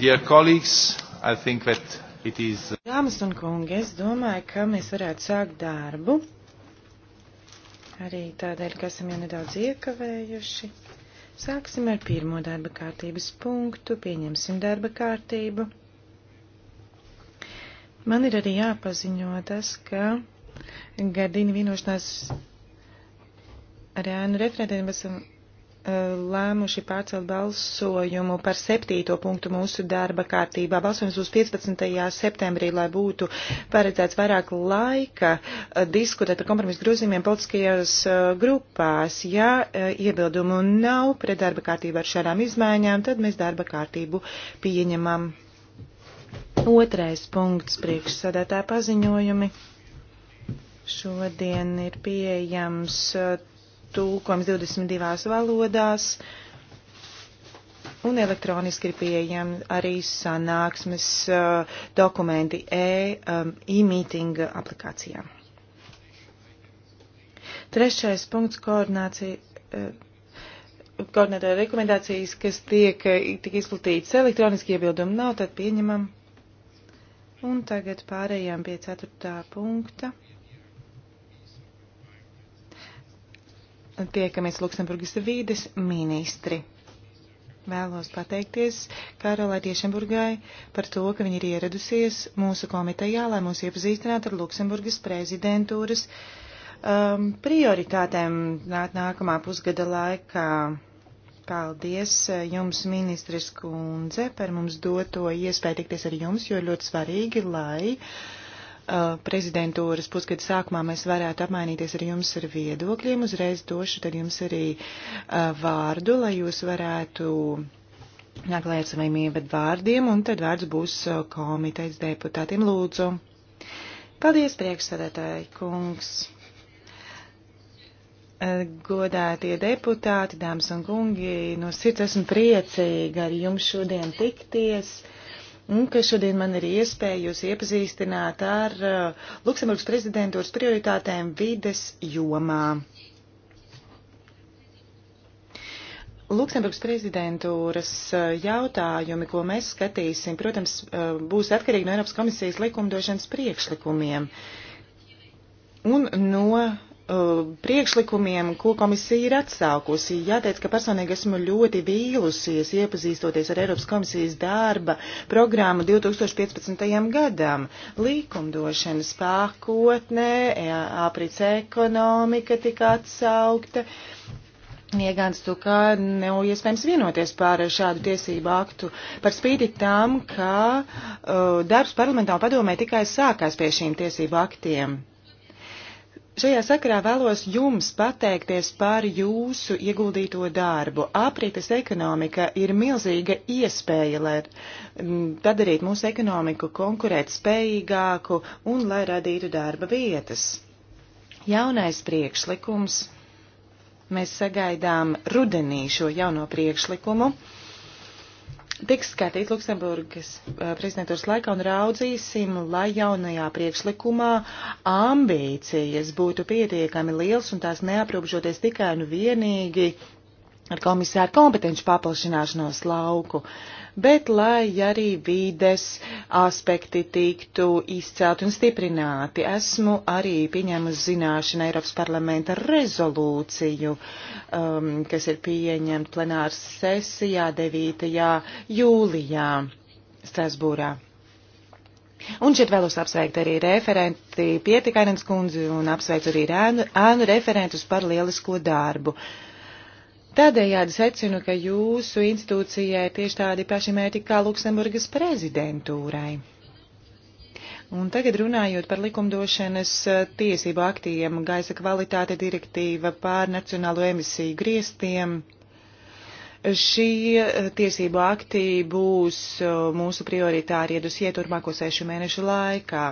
Dear colleagues, I think that it is. Uh, Dāmas un kungi, es domāju, ka mēs varētu sākt darbu. Arī tādēļ, ka esam jau nedaudz iekavējuši. Sāksim ar pirmo darba kārtības punktu, pieņemsim darba kārtību. Man ir arī jāpaziņo tas, ka Gardīna vienošanās ar Jānu referentiem esam Eh, lēmuši pārcelt balsojumu par septīto punktu mūsu darba kārtībā. Balsojums būs 15. septembrī, lai būtu paredzēts vairāk laika eh, diskutēt par kompromisu grozījumiem politiskajās eh, grupās. Ja iebildumu nav pret darba kārtību ar šādām izmaiņām, tad mēs darba kārtību pieņemam. Otrais punkts priekšsēdētāja paziņojumi. Šodien ir pieejams tūkojums 22 valodās un elektroniski ir pieejami arī sanāksmes uh, dokumenti e, um, e-meeting um, e aplikācijā. Trešais punkts - koordinācija. Uh, Koordinētāja rekomendācijas, kas tiek uh, tik izplatītas elektroniski iebildumi nav, tad pieņemam. Un tagad pārējām pie ceturtā punkta. tiekamies Luksemburgas vīdes ministri. Vēlos pateikties Karolai Tiešenburgai par to, ka viņa ir ieradusies mūsu komitejā, lai mūs iepazīstinātu ar Luksemburgas prezidentūras um, prioritātēm nākamā pusgada laikā. Paldies eh, jums, ministres kundze, par mums doto iespēju tikties ar jums, jo ļoti svarīgi, lai uh, Uh, prezidentūras pusgada sākumā mēs varētu apmainīties ar jums ar viedokļiem. Uzreiz došu tad jums arī uh, vārdu, lai jūs varētu nākt lai ar saviem ievad vārdiem, un tad vārds būs uh, komitejas deputātiem lūdzu. Paldies, priekšsēdētāji kungs! Godētie deputāti, dāmas un kungi, no sirds esmu priecīga ar jums šodien tikties. Uh, un ka šodien man ir iespēja jūs iepazīstināt ar uh, Luksemburgas prezidentūras prioritātēm vides jomā. Luksemburgas prezidentūras uh, jautājumi, ko mēs skatīsim, protams, uh, būs atkarīgi no Eiropas komisijas likumdošanas priekšlikumiem un no Uh, priekšlikumiem, ko komisija ir atsākusi. Jāteic, ka personīgi esmu ļoti vīlusies, iepazīstoties ar Eiropas komisijas darba programmu 2015. gadam. Līkumdošanas pakotnē, aprits ekonomika tika atsaukta. Iegānstu, ka nav iespējams vienoties par šādu tiesību aktu, par spīti tam, ka uh, darbs parlamentā un padomē tikai sākās pie šīm tiesību aktiem. Šajā sakarā vēlos jums pateikties par jūsu ieguldīto darbu. Aprītas ekonomika ir milzīga iespēja, lai mm, padarītu mūsu ekonomiku konkurēt spējīgāku un lai radītu darba vietas. Jaunais priekšlikums. Mēs sagaidām rudenī šo jauno priekšlikumu tiks skatīt Luksemburgas eh, prezidentūras laikā un raudzīsim, lai jaunajā priekšlikumā ambīcijas būtu pietiekami liels un tās neaprobežoties tikai un vienīgi ar komisāru kompetenci paplašināšanos lauku. Uh, bet lai arī vīdes aspekti tiktu izcelti un stiprināti. Esmu arī pieņēmusi zināšanu Eiropas parlamenta rezolūciju, um, kas ir pieņemta plenāras sesijā 9. jūlijā Strasbūrā. Un šeit vēlos apsveikt arī referenti Pietikainas kundzi un apsveicu arī ēnu, ēnu referentus par lielisko darbu. Uh, Tādējādi secinu, ka jūsu institūcijai tieši tādi paši mērķi kā Luksemburgas prezidentūrai. Un tagad runājot par likumdošanas eh, tiesību aktiem, gaisa kvalitāte direktīva pār nacionālo emisiju griestiem. Šie eh, tiesību akti būs eh, mūsu prioritārie dosie turpmāko sešu mēnešu laikā.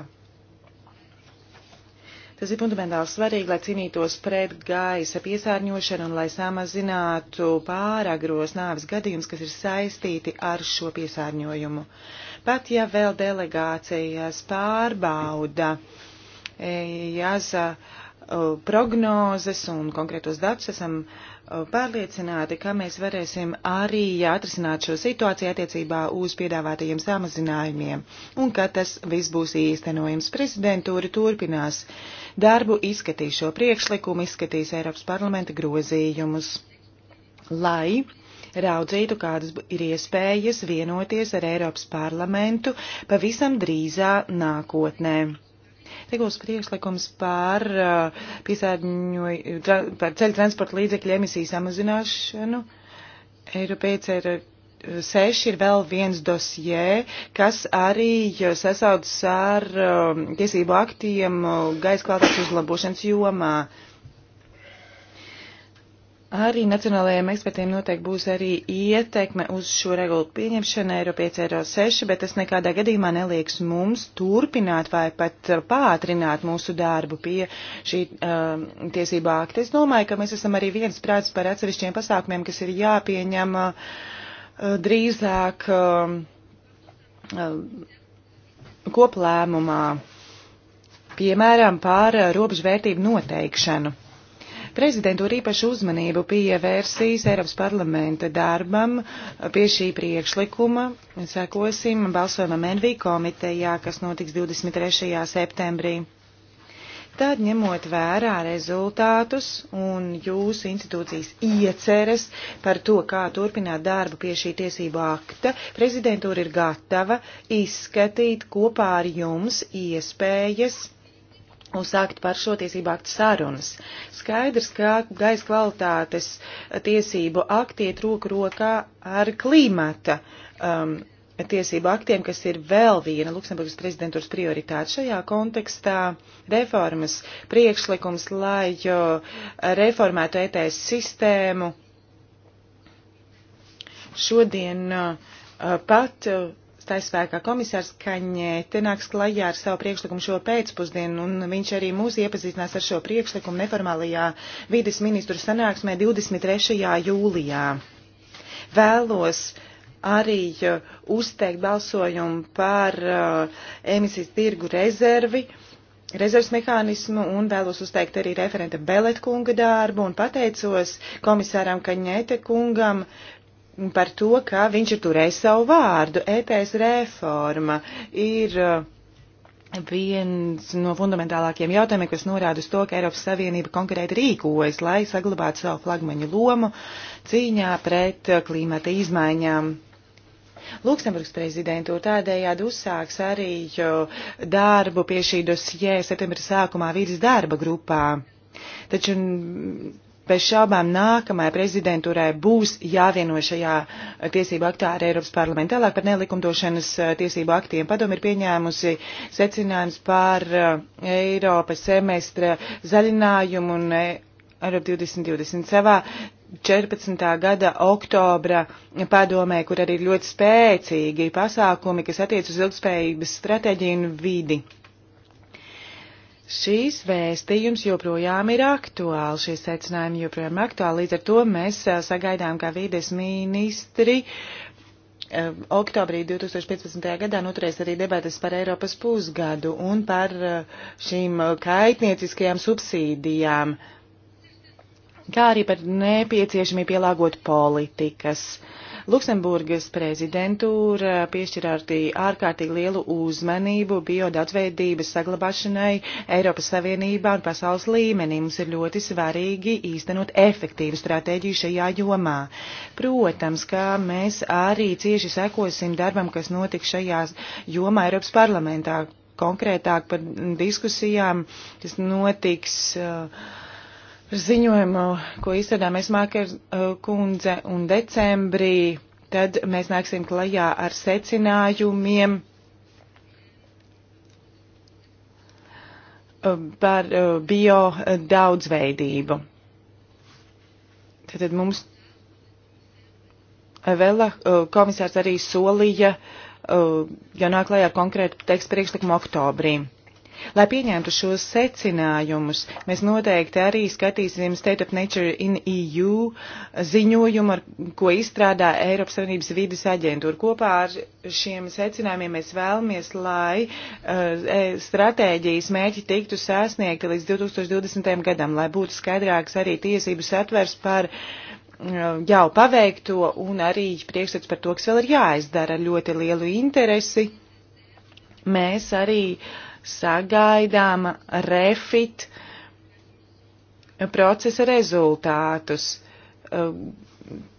Tas ir fundamentāli svarīgi, lai cīnītos pret gaisa piesārņošanu un lai samazinātu pāragros nāves gadījumus, kas ir saistīti ar šo piesārņojumu. Pat ja vēl delegācijas pārbauda, jāsa. E, ja Uh, prognozes un konkrētos datus esam uh, pārliecināti, ka mēs varēsim arī atrisināt šo situāciju attiecībā uz piedāvātajiem samazinājumiem un ka tas viss būs īstenojams. Prezidentūra turpinās darbu, izskatīs šo priekšlikumu, izskatīs Eiropas parlamenta grozījumus, lai raudzītu, kādas ir iespējas vienoties ar Eiropas parlamentu pavisam drīzā nākotnē Regulas priekšlikums par, uh, piesārņoju, tra, par ceļu transporta līdzekļu emisiju samazināšanu. Eiropēc ir seši ir vēl viens dosjē, kas arī sasaucas ar um, tiesību aktiem um, gaisa kvalitātes uzlabošanas jomā. Uh, Arī nacionālajiem ekspertiem noteikti būs arī ietekme uz šo regulu pieņemšanu eiro 5, eiro 6, bet tas nekādā gadījumā nelieks mums turpināt vai pat pātrināt mūsu darbu pie šī um, tiesībā akta. Es domāju, ka mēs esam arī viens prāts par atsevišķiem pasākumiem, kas ir jāpieņem uh, drīzāk uh, uh, koplēmumā, piemēram, par uh, robežvērtību noteikšanu Prezidentūra īpašu uzmanību pievērsīs Eiropas parlamenta darbam pie šī priekšlikuma. Sekosim balsojumam NV komitejā, kas notiks 23. septembrī. Tad, ņemot vērā rezultātus un jūsu institūcijas ieceres par to, kā turpināt darbu pie šī tiesību akta, prezidentūra ir gatava izskatīt kopā ar jums iespējas uzsākt par šo tiesību aktu sarunas. Skaidrs, ka gaisa kvalitātes tiesību akti iet roku rokā ar klimata um, tiesību aktiem, kas ir vēl viena Luksemburgas prezidentūras prioritāte šajā kontekstā - reformas priekšlikums, lai reformētu ETS sistēmu. Šodien uh, pat uh, Staisvēkā komisārs Kaņēte nāks klajā ar savu priekšlikumu šo pēcpusdienu, un viņš arī mūs iepazīstinās ar šo priekšlikumu neformālajā vides ministru sanāksmē 23. jūlijā. Vēlos arī uh, uzteikt balsojumu par uh, emisijas tirgu rezervi. Uh, rezerves mehānismu un vēlos uzteikt arī referenta Belet kunga darbu un pateicos komisāram Kaņete kungam par to, ka viņš ir turējis savu vārdu. EPS reforma ir eh, viens no fundamentālākiem jautājumiem, kas norāda uz to, ka Eiropas Savienība konkrēti rīkojas, lai saglabātu savu flagmaņu lomu cīņā pret eh, klimata izmaiņām. Luksemburgas prezidentūra tādējādi uzsāks arī eh, darbu pie šī dosjē septembra sākumā vīdes darba grupā. Taču mm, Bez šābām nākamajai prezidentūrai būs jāvieno šajā eh, tiesību aktā ar Eiropas parlamentu. Tālāk par nelikumdošanas eh, tiesību aktiem padomu ir pieņēmusi secinājums par eh, Eiropas semestra zaļinājumu un Eiropa 2020 savā 14. gada oktobra padomē, kur arī ir ļoti spēcīgi pasākumi, kas attiec uz ilgspējības stratēģiju un vidi šīs vēstījums joprojām ir aktuāli, šie secinājumi joprojām ir aktuāli, līdz ar to mēs sagaidām, kā vīdes ministri oktobrī 2015. gadā noturēs arī debatas par Eiropas pusgadu un par šīm kaitnieciskajām subsīdijām, kā arī par nepieciešamību pielāgot politikas. Uh, Luksemburgas prezidentūra piešķir arī ārkārtīgi lielu uzmanību biodaudzveidības saglabāšanai Eiropas Savienībā un pasaules līmenī. Mums ir ļoti svarīgi īstenot efektīvu stratēģiju šajā jomā. Protams, ka mēs arī cieši sekosim darbam, kas notiks šajā jomā Eiropas parlamentā konkrētāk par diskusijām, kas notiks uh, ziņojumu, ko izstrādā mēs Māker uh, kundze un decembrī, tad mēs nāksim klajā ar secinājumiem. Uh, par uh, bio daudzveidību. Tad mums vēl komisārs arī solīja, ja nāk klajā konkrētu tekstu priekšlikumu oktobrī. Lai pieņemtu šos secinājumus, mēs noteikti arī skatīsim State of Nature in EU ziņojumu, ar ko izstrādā Eiropas Savienības vidas aģentūra. Kopā ar šiem secinājumiem mēs vēlamies, lai uh, stratēģijas mērķi tiktu sasniegti līdz 2020. gadam, lai būtu skaidrāks arī tiesības atvers par eh, jau paveikto un arī priekšstats par to, kas vēl ir jāizdara ļoti lielu interesi. Mēs arī uh, sagaidām refit procesa rezultātus uh,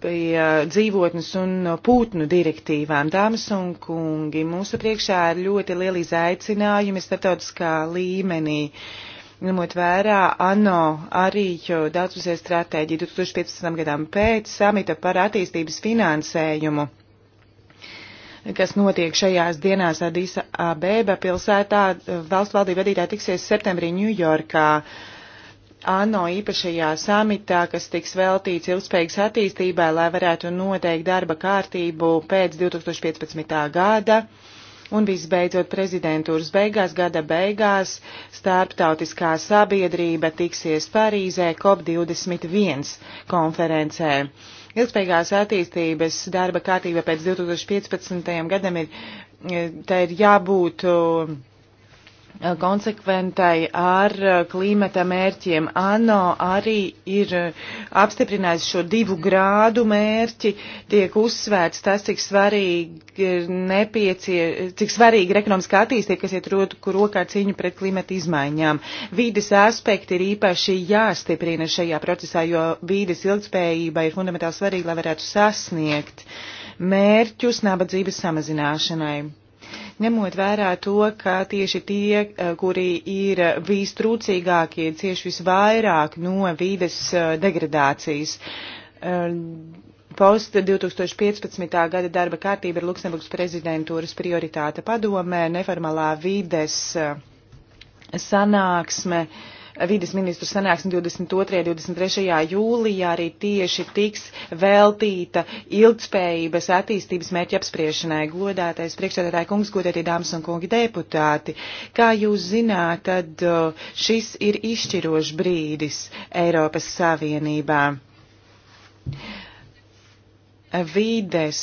pie dzīvotnes un pūtnu direktīvām. Dāmas un kungi, mūsu priekšā ir ļoti lieli izaicinājumi starptautiskā līmenī. Ņemot vērā ANO arī daudzpusē stratēģiju 2015. gadam pēc samita par attīstības finansējumu kas notiek šajās dienās Adisa Abeba pilsētā. Valstu valdība vadītāji tiksies septembrī Ņujorkā. ANO īpašajā samitā, kas tiks veltīts ilgspējīgas attīstībai, lai varētu noteikt darba kārtību pēc 2015. gada. Un visbeidzot, prezidentūras beigās, gada beigās, starptautiskā sabiedrība tiksies Parīzē COP21 konferencē. Ilgspējīgās attīstības darba kārtība pēc 2015. gadam ir, e, tā ir jābūt uh, Eh, konsekventai ar eh, klimata mērķiem. ANO arī ir eh, apstiprinājis šo divu grādu mērķi, tiek uzsvērts tas, cik svarīgi ir nepiecie, cik svarīgi ir ekonomiskā attīstība, kas iet roku rokā cīņu pret klimata izmaiņām. Vīdes aspekti ir īpaši jāstiprina šajā procesā, jo vīdes ilgspējība ir fundamentāli svarīga, lai varētu sasniegt mērķus nabadzības samazināšanai ņemot vērā to, ka tieši tie, eh, kuri ir vistrūcīgākie, cieši visvairāk no vīdes eh, degradācijas. Eh, post 2015. gada darba kārtība ir Luksemburgas prezidentūras prioritāte padomē, neformālā vides sanāksme. Uh, vides ministru sanāksmi 22. un 23. jūlijā arī tieši tiks veltīta ilgspējības attīstības mērķa apspriešanai. Godātais priekšstādātāji kungs, godētie dāmas un kungi deputāti, kā jūs zināt, tad šis ir izšķirošs brīdis Eiropas Savienībā vides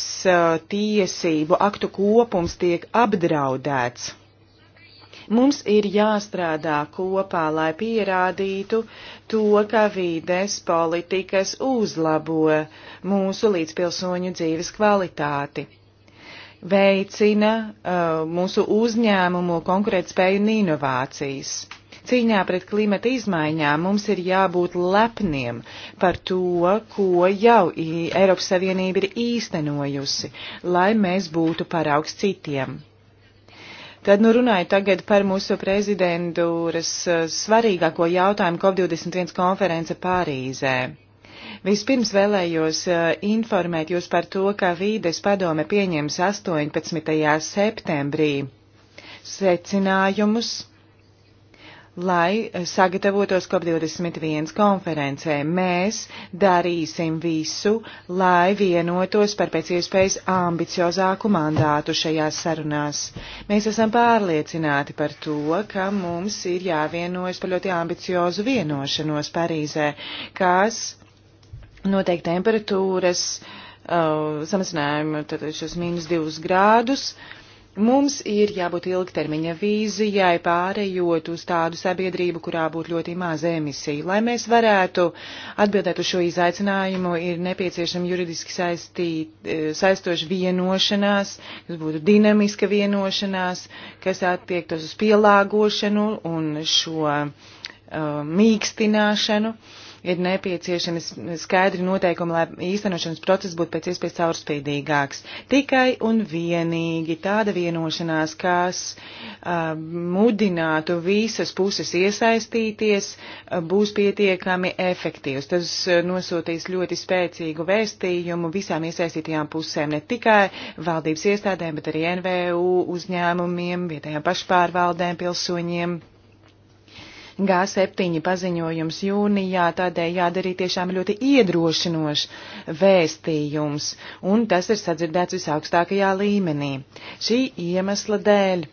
tiesību aktu kopums tiek apdraudēts. Mums ir jāstrādā kopā, lai pierādītu to, ka vides politikas uzlabo mūsu līdzpilsoņu dzīves kvalitāti veicina uh, mūsu uzņēmumu konkurētspēju un inovācijas. Cīņā pret klimata izmaiņām mums ir jābūt lepniem par to, ko jau Eiropas Savienība ir īstenojusi, lai mēs būtu paraugs citiem. Tad nu runāju tagad par mūsu prezidentūras eh, svarīgāko jautājumu COP21 konference Pārīzē. Vispirms vēlējos eh, informēt jūs par to, ka vīdes padome pieņems 18. septembrī secinājumus lai sagatavotos COP21 konferencē. Mēs darīsim visu, lai vienotos par pēc iespējas ambiciozāku mandātu šajās sarunās. Mēs esam pārliecināti par to, ka mums ir jāvienojas par ļoti ambiciozu vienošanos Parīzē, kas noteikti temperatūras uh, samazinājumu, tad šos mīnus divus grādus. Uh, Mums ir jābūt ilgtermiņa vīzijai, pārējot uz tādu sabiedrību, kurā būtu ļoti maz emisiju. Lai mēs varētu atbildēt uz šo izaicinājumu, ir nepieciešama juridiski saistīt, e, saistoša vienošanās, kas būtu dinamiska vienošanās, kas attiektos uz pielāgošanu un šo uh, mīkstināšanu. Uh, ir nepieciešami skaidri noteikumi, lai īstenošanas process būtu pēc iespējas caurspīdīgāks. Tikai un vienīgi tāda vienošanās, kas uh, mudinātu visas puses iesaistīties, uh, būs pietiekami efektīvs. Tas uh, nosūtīs ļoti spēcīgu vēstījumu visām iesaistītajām pusēm, ne tikai valdības iestādēm, bet arī NVU uzņēmumiem, vietējām pašpārvaldēm, pilsoņiem. G7 paziņojums jūnijā, tādēļ jādarī tiešām ļoti iedrošinošs vēstījums, un tas ir sadzirdēts visaugstākajā līmenī. Šī iemesla dēļ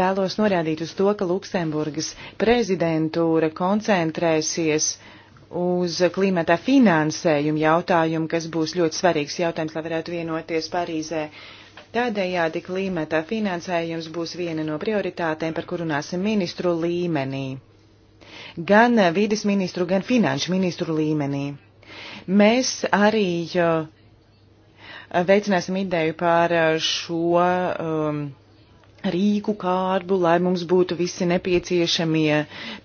vēlos norādīt uz to, ka Luksemburgas prezidentūra koncentrēsies uz klimata finansējumu jautājumu, kas būs ļoti svarīgs jautājums, lai varētu vienoties Parīzē. Tādējādi klimata finansējums būs viena no prioritātēm, par kur runāsim ministru līmenī gan vides ministru, gan finanšu ministru līmenī. Mēs arī uh, veicināsim ideju par uh, šo um, rīku kārdu, lai mums būtu visi nepieciešamie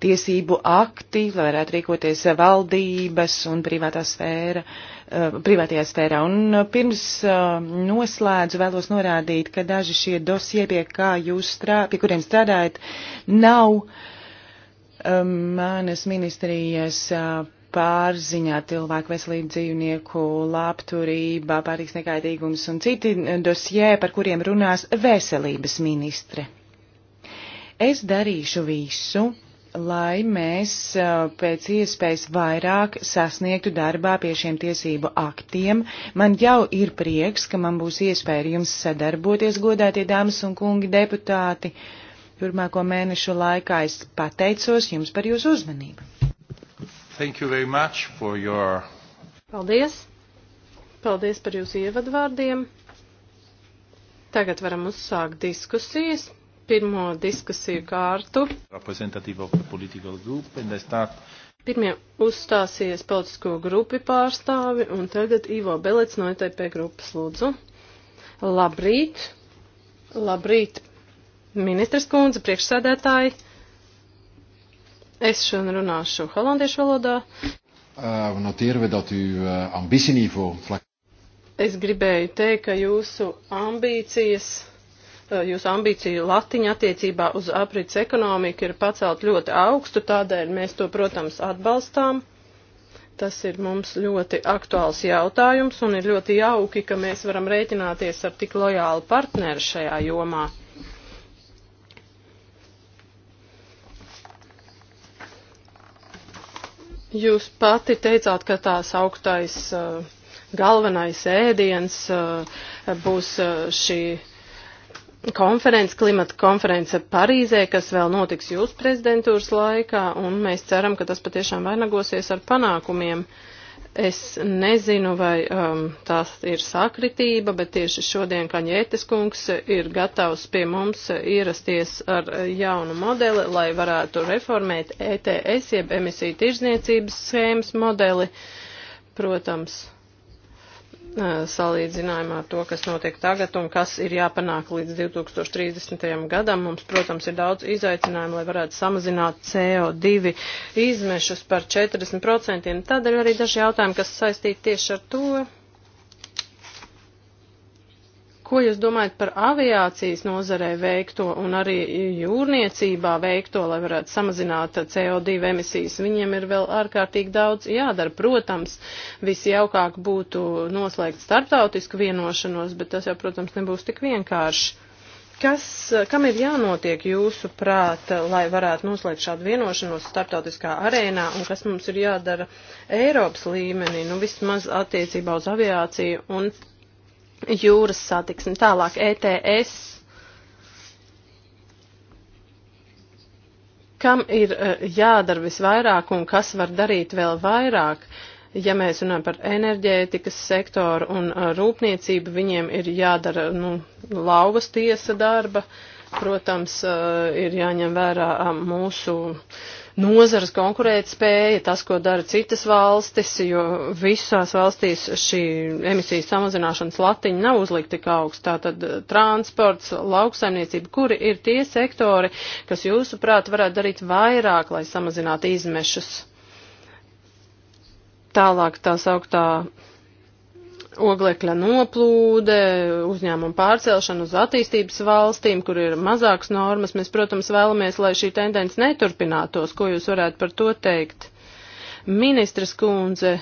tiesību akti, lai varētu rīkoties valdības un privātā sfēra, uh, privātajā sfērā. Un pirms noslēdzu vēlos norādīt, ka daži šie dosie, pie, kā jūs strā, pie kuriem strādājat, nav uh, Um, manas ministrijas uh, pārziņā cilvēku veselību dzīvnieku labturība, pārtiks nekaitīgums un citi uh, dosjē, par kuriem runās veselības ministre. Es darīšu visu, lai mēs uh, pēc iespējas vairāk sasniegtu darbā pie šiem tiesību aktiem. Man jau ir prieks, ka man būs iespēja ar jums sadarboties, godātie dāmas un kungi deputāti. Uh, turpmāko mēnešu laikā. Es pateicos jums par jūsu uzmanību. You your... Paldies! Paldies par jūsu ievadvārdiem. Tagad varam uzsākt diskusijas. Pirmo diskusiju kārtu. Pirmie uzstāsies politisko grupi pārstāvi un tagad Ivo Belets no ETP grupas lūdzu. Labrīt! Labrīt! Ministras kundze, priekšsēdētāji, es šodien runāšu holandiešu valodā. Uh, noteren we dat uw uh, ambitieniveau vlak. Es gribēju teikt, ka jūsu ambīcijas, jūsu ambīciju latiņa attiecībā uz aprits ekonomiku ir pacelt ļoti augstu, tādēļ mēs to, protams, atbalstām. Tas ir mums ļoti aktuāls jautājums un ir ļoti jauki, ka mēs varam rēķināties ar tik lojālu partneri šajā jomā. Jūs pati teicāt, ka tās augtais uh, galvenais ēdiens uh, būs uh, šī konference, klimata konference Parīzē, kas vēl notiks jūsu prezidentūras laikā, un mēs ceram, ka tas patiešām vainagosies ar panākumiem. Uh, Es nezinu, vai um, tās ir sakritība, bet tieši šodien Kaņētes kungs ir gatavs pie mums ierasties ar jaunu modeli, lai varētu reformēt ETS, jeb emisiju tirzniecības schēmas modeli. Protams, salīdzinājumā ar to, kas notiek tagad un kas ir jāpanāk līdz 2030. gadam. Mums, protams, ir daudz izaicinājumu, lai varētu samazināt CO2 izmešus par 40%. Tādēļ arī daži jautājumi, kas saistīti tieši ar to, Ko jūs domājat par aviācijas nozarē veikto un arī jūrniecībā veikto, lai varētu samazināt CO2 emisijas? Viņiem ir vēl ārkārtīgi daudz jādara. Protams, visjaukāk būtu noslēgt starptautisku vienošanos, bet tas jau, protams, nebūs tik vienkārši. Kas, kam ir jānotiek jūsu prāta, lai varētu noslēgt šādu vienošanos starptautiskā arēnā un kas mums ir jādara Eiropas līmenī, nu vismaz attiecībā uz aviāciju un jūras satiksmi. Tālāk ETS. Kam ir eh, jādara visvairāk un kas var darīt vēl vairāk? Ja mēs runājam par enerģētikas sektoru un eh, rūpniecību, viņiem ir jādara nu, lauvas tiesa darba. Protams, eh, ir jāņem vērā mūsu uh, nozaras konkurēt spēja, tas, ko dara citas valstis, jo visās valstīs šī emisijas samazināšanas latiņa nav uzlikta tik augsts. Tātad eh, transports, lauksaimniecība, kuri ir tie sektori, kas jūsuprāt varētu darīt vairāk, lai samazinātu izmešus. Tālāk tās augtā oglekļa noplūde, uzņēmuma pārcelšana uz attīstības valstīm, kur ir mazāks normas. Mēs, protams, vēlamies, lai šī tendence neturpinātos. Ko jūs varētu par to teikt? Ministras kundze,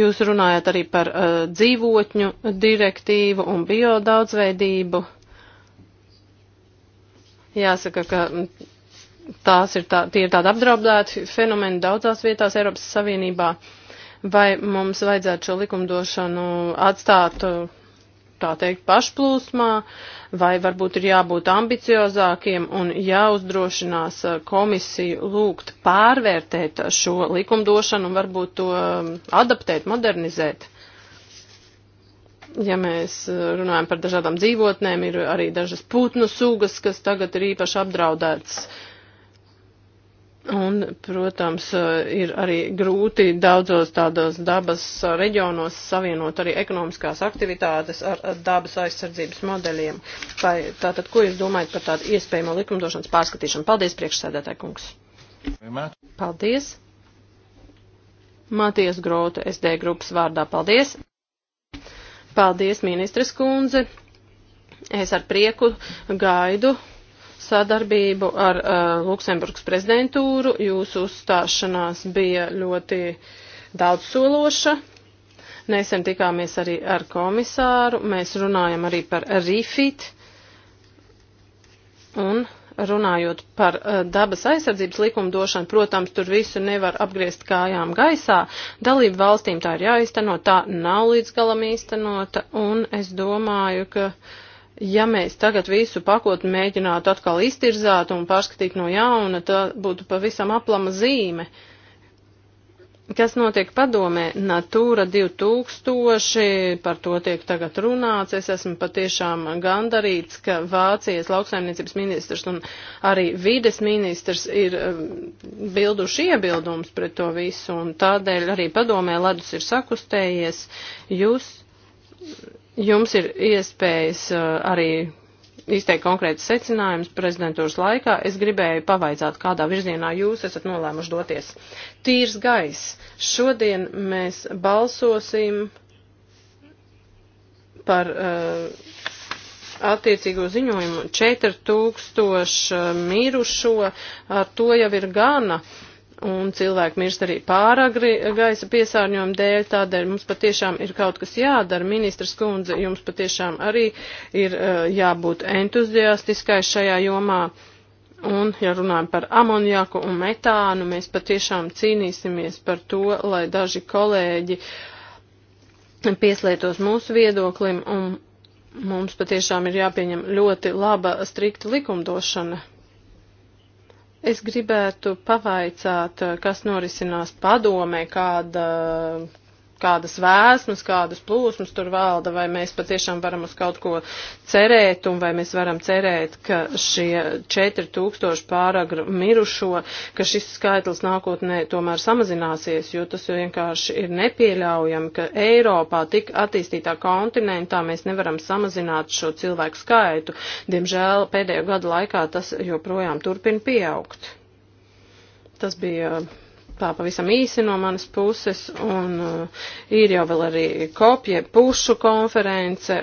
jūs runājat arī par uh, dzīvotņu direktīvu un biodaudzveidību. Jāsaka, ka mm, tās ir, tā, tie ir tādi apdraudēti fenomeni daudzās vietās Eiropas Savienībā. Uh, vai mums vajadzētu šo likumdošanu atstāt, tā teikt, pašplūsmā, vai varbūt ir jābūt ambiciozākiem un jāuzdrošinās eh, komisiju lūgt pārvērtēt šo likumdošanu un varbūt to eh, adaptēt, modernizēt ja mēs eh, runājam par dažādām dzīvotnēm, ir arī dažas putnu sugas, kas tagad ir īpaši apdraudētas. Un, protams, eh, ir arī grūti daudzos tādos dabas eh, reģionos savienot arī ekonomiskās aktivitātes ar dabas aizsardzības modeļiem. Vai tātad, ko jūs domājat par tādu iespējamo likumdošanas pārskatīšanu? Paldies, priekšsēdētāj kungs. Paldies. Matijas Grota, SD grupas vārdā, paldies. Paldies, ministres kundze. Es ar prieku gaidu sadarbību ar uh, Luksemburgas prezidentūru. Jūsu uzstāšanās bija ļoti daudzsološa. Nesen tikāmies arī ar komisāru. Mēs runājam arī par RIFIT. Un runājot par uh, dabas aizsardzības likumdošanu, protams, tur visu nevar apgriezt kājām gaisā. Dalību valstīm tā ir jāizteno, tā nav līdz galam īstenota, un es domāju, ka ja mēs tagad visu pakotni mēģinātu atkal iztirzāt un pārskatīt no jauna, tā būtu pavisam aplama zīme. Kas notiek padomē? Natūra 2000, par to tiek tagad runāts. Es esmu patiešām gandarīts, ka Vācijas lauksaimniecības ministrs un arī vides ministrs ir um, bilduši iebildums pret to visu, un tādēļ arī padomē ledus ir sakustējies. Jūs Jums ir iespējas uh, arī izteikt konkrētus secinājumus prezidentūras laikā. Es gribēju pavaicāt, kādā virzienā jūs esat nolēmuši doties. Tīrs gaiss. Šodien mēs balsosim par uh, attiecīgo ziņojumu 4000 mirušo. Ar to jau ir gana. Uh, un cilvēki mirst arī pāragri gaisa piesārņojuma dēļ, tādēļ mums patiešām ir kaut kas jādara. Ministras kundze, jums patiešām arī ir eh, jābūt entuziastiskai šajā jomā. Un, ja runājam par amonjaku un metānu, mēs patiešām cīnīsimies par to, lai daži kolēģi pieslētos mūsu viedoklim, un mums patiešām ir jāpieņem ļoti laba, strikta likumdošana. Es gribētu pavaicāt, kas norisinās padomē, kāda kādas vēsmas, kādas plūsmas tur valda, vai mēs patiešām varam uz kaut ko cerēt, un vai mēs varam cerēt, ka šie 4000 pāragru mirušo, ka šis skaitlis nākotnē tomēr samazināsies, jo tas vienkārši ir nepieļaujami, ka Eiropā, tik attīstītā kontinentā, mēs nevaram samazināt šo cilvēku skaitu. Diemžēl pēdējo gadu laikā tas joprojām turpina pieaugt. Tas bija tā pavisam īsi no manas puses, un uh, ir jau vēl arī kopja pušu konference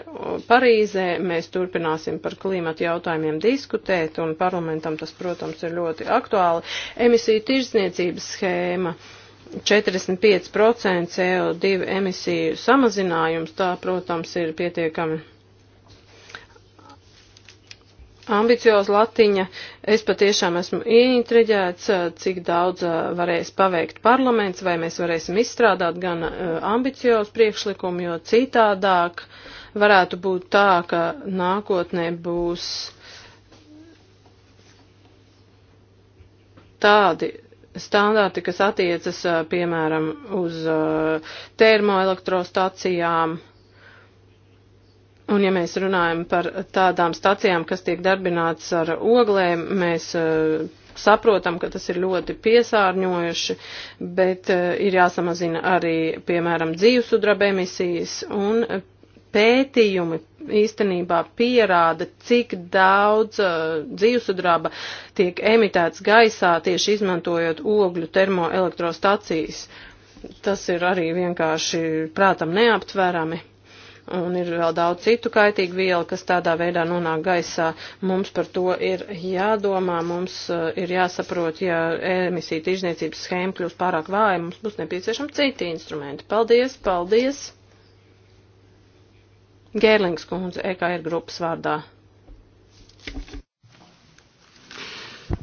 Parīzē. Mēs turpināsim par klimatu jautājumiem diskutēt, un parlamentam tas, protams, ir ļoti aktuāli. Emisiju tirzniecības schēma. 45% CO2 emisiju samazinājums, tā, protams, ir pietiekami ambiciozi latiņa. Es patiešām esmu ieintriģēts, cik daudz varēs paveikt parlaments, vai mēs varēsim izstrādāt gan ambiciozi priekšlikumu, jo citādāk varētu būt tā, ka nākotnē būs tādi standarti, kas attiecas, piemēram, uz termoelektrostacijām, Un ja mēs runājam par tādām stacijām, kas tiek darbināts ar oglēm, mēs uh, saprotam, ka tas ir ļoti piesārņojuši, bet uh, ir jāsamazina arī, piemēram, dzīvesudraba emisijas un pētījumi īstenībā pierāda, cik daudz uh, dzīvesudraba tiek emitēts gaisā tieši izmantojot ogļu termoelektrostacijas. Tas ir arī vienkārši prātam neaptverami un ir vēl daudz citu kaitīgu vielu, kas tādā veidā nonāk gaisā. Mums par to ir jādomā, mums uh, ir jāsaprot, ja emisija tirzniecības schēma kļūs pārāk vāja, mums būs nepieciešami citi instrumenti. Paldies, paldies! Gērlings kundze, EKR grupas vārdā.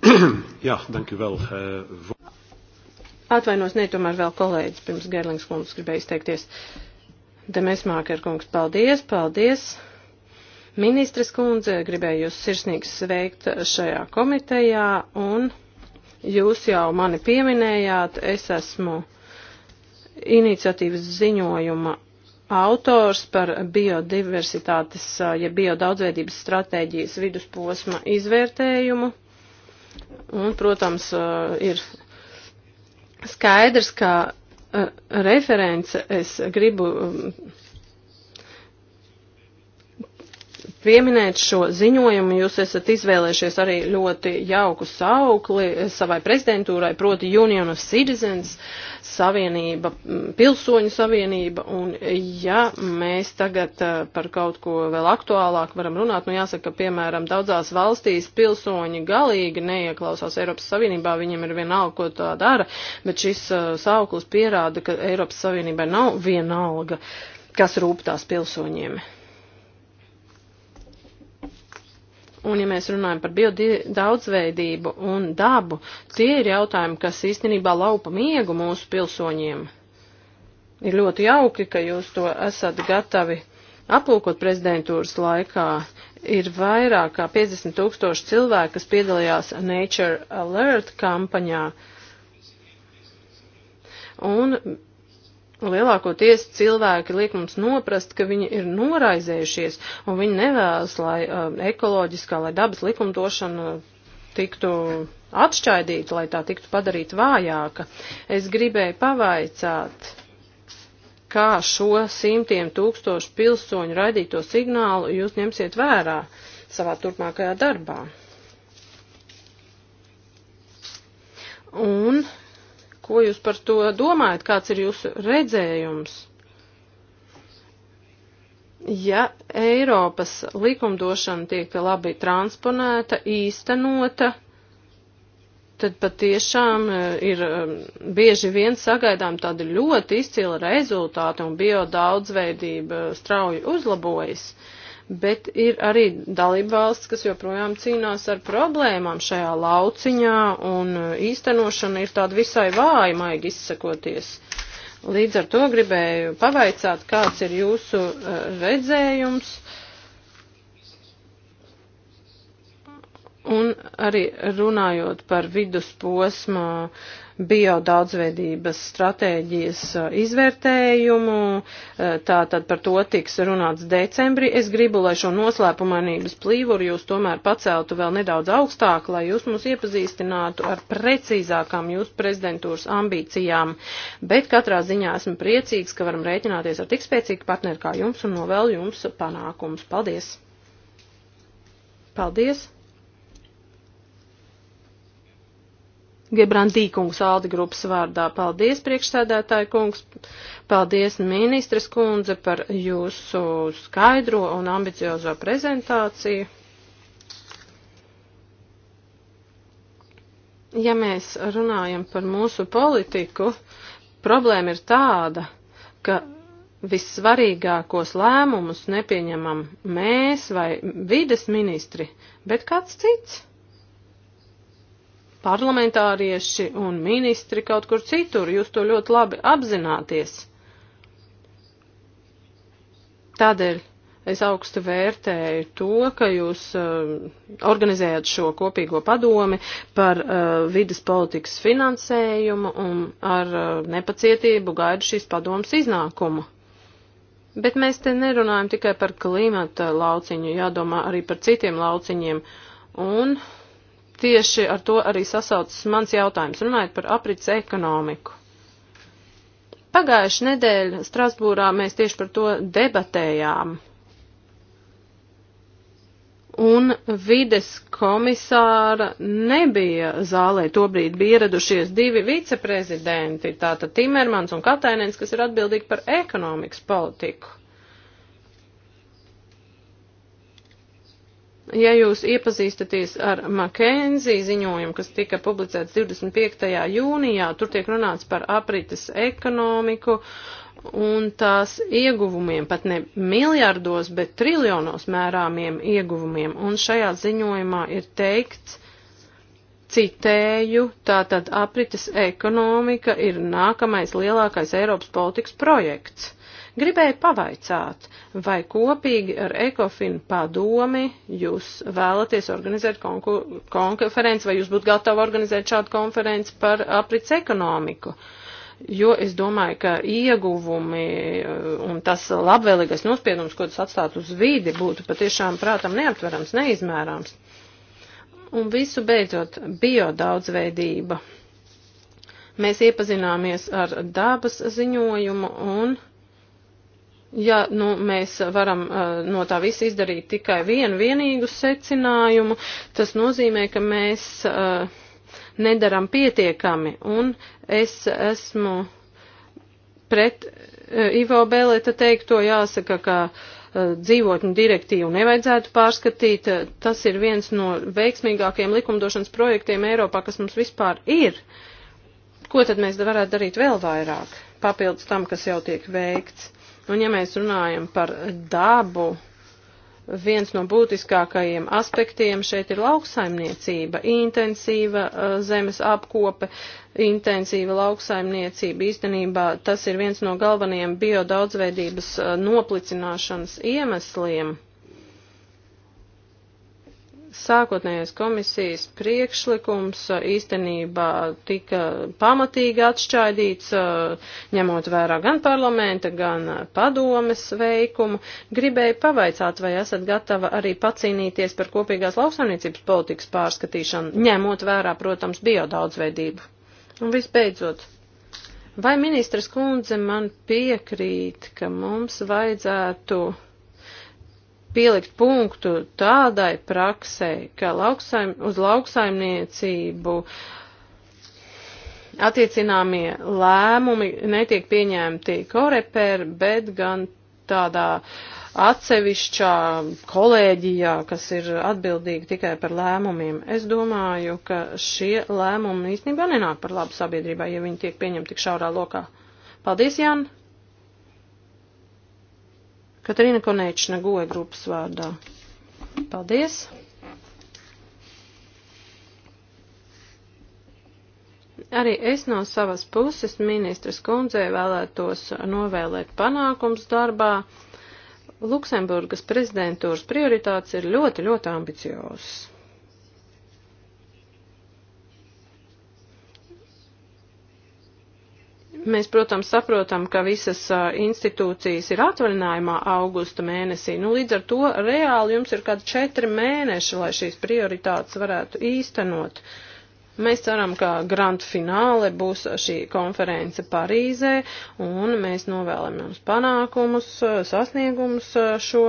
Jā, danki eh, vēl. Atvainos, ne, tomēr vēl kolēģis pirms Gērlings kundzes gribēja izteikties. Uh, Demēs Mākerkungs, paldies, paldies! Ministres kundze, gribēju jūs sirsnīgi sveikt šajā komitejā un jūs jau mani pieminējāt, es esmu iniciatīvas ziņojuma autors par biodiversitātes, ja biodaudzveidības stratēģijas vidusposma izvērtējumu. Un, protams, ir skaidrs, ka reference es gribu um, pieminēt šo ziņojumu. Jūs esat izvēlējušies arī ļoti jauku saukli savai prezidentūrai, proti Union of Citizens, savienība, mm, pilsoņu savienība. Un ja mēs tagad eh, par kaut ko vēl aktuālāk varam runāt, nu jāsaka, ka, piemēram, daudzās valstīs pilsoņi galīgi neieklausās Eiropas Savienībā, viņiem ir vienalga, ko tā dara, bet šis eh, sauklis pierāda, ka Eiropas Savienībai nav vienalga, kas rūp tās pilsoņiem. Un ja mēs runājam par biodaudzveidību un dabu, tie ir jautājumi, kas īstenībā laupa miegu mūsu pilsoņiem. Ir ļoti jauki, ka jūs to esat gatavi aplūkot prezidentūras laikā. Ir vairāk kā 50 tūkstoši cilvēku, kas piedalījās Nature Alert kampaņā. Un lielākoties cilvēki liek mums noprast, ka viņi ir noraizējušies un viņi nevēlas, lai uh, ekoloģiskā, lai dabas likumdošana tiktu atšķaidīta, lai tā tiktu padarīta vājāka. Es gribēju pavaicāt, kā šo simtiem tūkstošu pilsoņu raidīto signālu jūs ņemsiet vērā savā turpmākajā darbā. Un Ko jūs par to domājat? Kāds ir jūsu redzējums? Ja Eiropas likumdošana tiek labi transponēta, īstenota, tad patiešām e, ir e, bieži vien sagaidām tādi ļoti izcila rezultāti un bio daudzveidība strauji uzlabojas. Uh, bet ir arī dalībvalsts, kas joprojām cīnās ar problēmām šajā lauciņā, un uh, īstenošana ir tāda visai vāja, maigi izsakoties. Līdz ar to gribēju pavaicāt, kāds ir jūsu uh, redzējums Un arī runājot par vidusposma biodaudzveidības stratēģijas izvērtējumu, tātad par to tiks runāts decembrī. Es gribu, lai šo noslēpumainības plīvuru jūs tomēr paceltu vēl nedaudz augstāk, lai jūs mūs iepazīstinātu ar precīzākām jūsu prezidentūras ambīcijām. Bet katrā ziņā esmu priecīgs, ka varam rēķināties ar tik spēcīgu partneri kā jums un novēlu jums panākumus. Paldies! Paldies! Gebrandī kungs Aldi grupas vārdā. Paldies, priekšsēdētāji kungs. Paldies, ministres kundze, par jūsu skaidro un ambiciozo prezentāciju. ja mēs runājam par mūsu politiku, problēma ir tāda, ka vissvarīgākos lēmumus nepieņemam mēs vai vides ministri, bet kāds cits parlamentārieši un ministri kaut kur citur. Jūs to ļoti labi apzināties. Tādēļ es augstu vērtēju to, ka jūs uh, organizējat šo kopīgo padomi par uh, vidas politikas finansējumu un ar uh, nepacietību gaidu šīs padomas iznākumu. Bet mēs te nerunājam tikai par klimata lauciņu, jādomā arī par citiem lauciņiem. Un uh, tieši ar to arī sasaucas mans jautājums, runājot par aprits ekonomiku. Pagājuši nedēļa Strasbūrā mēs tieši par to debatējām. Un vides komisāra nebija zālē, tobrīd bija ieradušies divi viceprezidenti, tātad Timermans un Katainens, kas ir atbildīgi par ekonomikas politiku. Ja jūs iepazīstaties ar McKenzie ziņojumu, kas tika publicēts 25. jūnijā, tur tiek runāts par aprites ekonomiku un tās ieguvumiem, pat ne miljardos, bet triljonos mērāmiem ieguvumiem. Un šajā ziņojumā ir teikts, citēju, tātad aprites ekonomika ir nākamais lielākais Eiropas politikas projekts. Gribēju pavaicāt, vai kopīgi ar Ekofinu padomi jūs vēlaties organizēt konferenci, vai jūs būtu gatavi organizēt šādu konferenci par aprits ekonomiku? Jo es domāju, ka ieguvumi eh, un tas labvēlīgais nospiedums, ko tas atstātu uz vīdi, būtu patiešām prātam neaptverams, neizmērāms. Un visu beidzot, biodaudzveidība mēs iepazināmies ar dabas ziņojumu un Ja nu, mēs varam uh, no tā visa izdarīt tikai vienu vienīgu secinājumu, tas nozīmē, ka mēs uh, nedaram pietiekami. Un es esmu pret uh, Ivo Bēlēta teikto jāsaka, ka uh, dzīvotņu direktīvu nevajadzētu pārskatīt. Uh, tas ir viens no veiksmīgākajiem likumdošanas projektiem Eiropā, kas mums vispār ir. Ko tad mēs varētu darīt vēl vairāk, papildus tam, kas jau tiek veikts? Un ja mēs runājam par dabu, viens no būtiskākajiem aspektiem šeit ir lauksaimniecība, intensīva eh, zemes apkope, intensīva lauksaimniecība. Īstenībā tas ir viens no galvenajiem biodaudzveidības eh, noplicināšanas iemesliem sākotnējais komisijas priekšlikums īstenībā tika pamatīgi atšķaidīts, ņemot vērā gan parlamenta, gan padomes veikumu. Gribēju pavaicāt, vai esat gatava arī pacīnīties par kopīgās lauksaimniecības politikas pārskatīšanu, ņemot vērā, protams, biodaudzveidību. Un visbeidzot, vai ministras kundze man piekrīt, ka mums vajadzētu pielikt punktu tādai praksei, ka lauksaim, uz lauksaimniecību attiecināmie lēmumi netiek pieņemti koreper, bet gan tādā atsevišķā kolēģijā, kas ir atbildīga tikai par lēmumiem. Es domāju, ka šie lēmumi īstenībā nenāk par labu sabiedrībai, ja viņi tiek pieņemti tik šaurā lokā. Paldies, Jāna! Katrīna Konēčina goja grupas vārdā. Paldies! Arī es no savas puses ministras kundzei vēlētos novēlēt panākums darbā. Luksemburgas prezidentūras prioritātes ir ļoti, ļoti ambiciozas. Mēs, protams, saprotam, ka visas institūcijas ir atvaļinājumā augusta mēnesī. Nu, līdz ar to reāli jums ir kādi četri mēneši, lai šīs prioritātes varētu īstenot. Mēs ceram, ka grand fināle būs šī konference Parīzē, un mēs novēlam jums panākumus, sasniegumus šo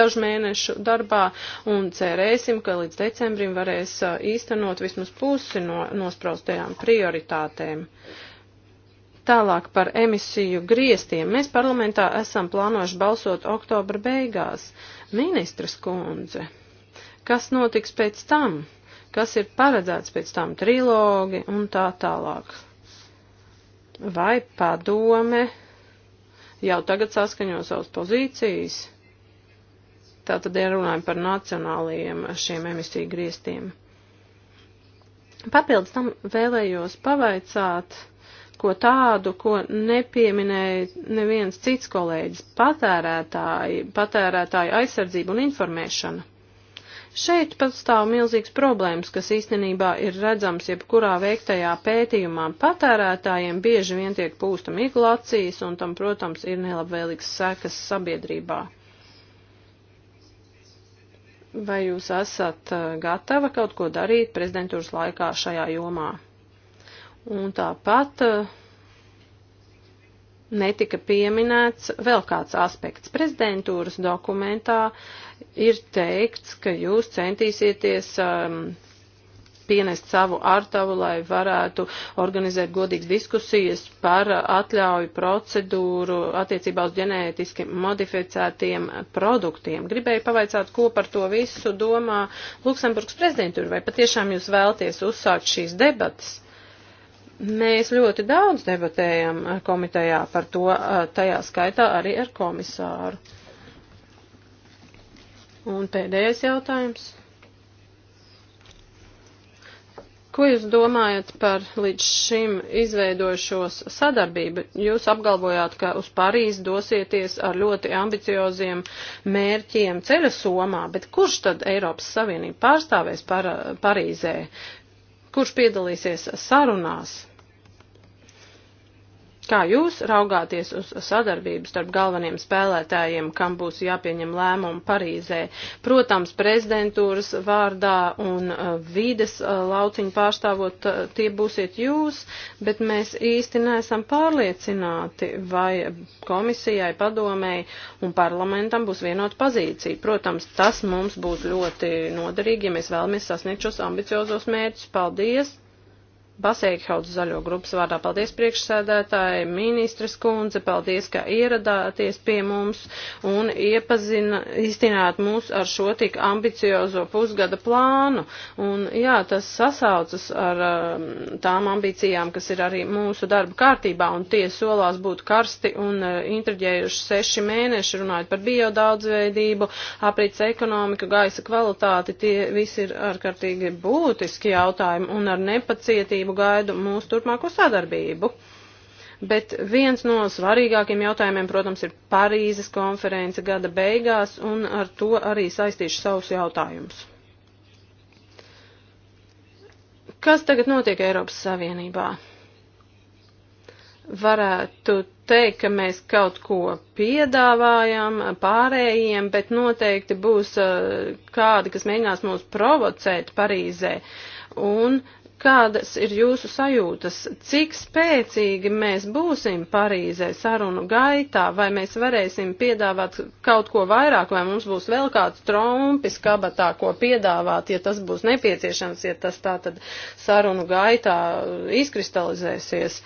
dažu mēnešu darbā un cerēsim, ka līdz decembrim varēs īstenot vismaz pusi no nospraustajām prioritātēm. Tālāk par emisiju griestiem. Mēs parlamentā esam plānojuši balsot oktobra beigās. Ministras kundze, kas notiks pēc tam? Kas ir paredzēts pēc tam trilogi un tā tālāk? Vai padome jau tagad saskaņo savas pozīcijas? Tātad, ja runājam par nacionālajiem šiem emisiju griestiem. Papildus tam vēlējos pavaicāt, uh, ko tādu, ko nepieminēja neviens cits kolēģis - patērētāji, patērētāju aizsardzību un informēšana. Šeit pastāv milzīgs problēmas, kas īstenībā ir redzams jebkurā veiktajā pētījumā. Patērētājiem bieži vien tiek pūsta migla acīs, un tam, protams, ir nelabvēlīgs sekas sabiedrībā. Vai jūs esat eh, gatava kaut ko darīt prezidentūras laikā šajā jomā? Un tāpat eh, netika pieminēts vēl kāds aspekts. Prezidentūras dokumentā ir teikts, ka jūs centīsieties um, pienest savu artavu, lai varētu organizēt godīgas diskusijas par atļauju procedūru attiecībā uz ģenētiski modificētiem produktiem. Gribēju pavaicāt, ko par to visu domā Luksemburgas prezidentūra, vai patiešām jūs vēlties uzsākt šīs debatas? Mēs ļoti daudz debatējam komitejā par to, tajā skaitā arī ar komisāru. Un pēdējais jautājums. Ko jūs domājat par līdz šim izveidošos sadarbību? Jūs apgalvojāt, ka uz Parīzi dosieties ar ļoti ambicioziem mērķiem ceļa somā, bet kurš tad Eiropas Savienību pārstāvēs par, Parīzē? Kurš piedalīsies sarunās? Kā jūs raugāties uz sadarbību starp galveniem spēlētājiem, kam būs jāpieņem lēmumu Parīzē? Protams, prezidentūras vārdā un uh, vīdes uh, lauciņu pārstāvot uh, tie būsiet jūs, bet mēs īsti neesam pārliecināti, vai komisijai, padomēji un parlamentam būs vienota pozīcija. Protams, tas mums būs ļoti noderīgi, ja mēs vēlamies sasniegt šos ambiciozos mērķus. Paldies! Basēkhaudz zaļo grupas vārdā. Paldies priekšsēdētāji, ministres kundze, paldies, ka ieradāties pie mums un iepazīstināt mūs ar šo tik ambiciozo pusgada plānu. Un jā, tas sasaucas ar um, tām ambīcijām, kas ir arī mūsu darba kārtībā un tie solās būt karsti un uh, intriģējuši seši mēneši, runājot par biodaudzveidību, aprīts ekonomiku, gaisa kvalitāti. Tie visi ir ārkārtīgi būtiski jautājumi un ar nepacietību nepacietību gaidu mūsu turpmāko sadarbību. Bet viens no svarīgākiem jautājumiem, protams, ir Parīzes konference gada beigās, un ar to arī saistīšu savus jautājumus. Kas tagad notiek Eiropas Savienībā? Varētu teikt, ka mēs kaut ko piedāvājam pārējiem, bet noteikti būs uh, kādi, kas mēģinās mūs provocēt Parīzē. Un Kādas ir jūsu sajūtas? Cik spēcīgi mēs būsim Parīzē sarunu gaitā? Vai mēs varēsim piedāvāt kaut ko vairāk, vai mums būs vēl kāds trompis kabatā, ko piedāvāt, ja tas būs nepieciešams, ja tas tā tad sarunu gaitā izkristalizēsies?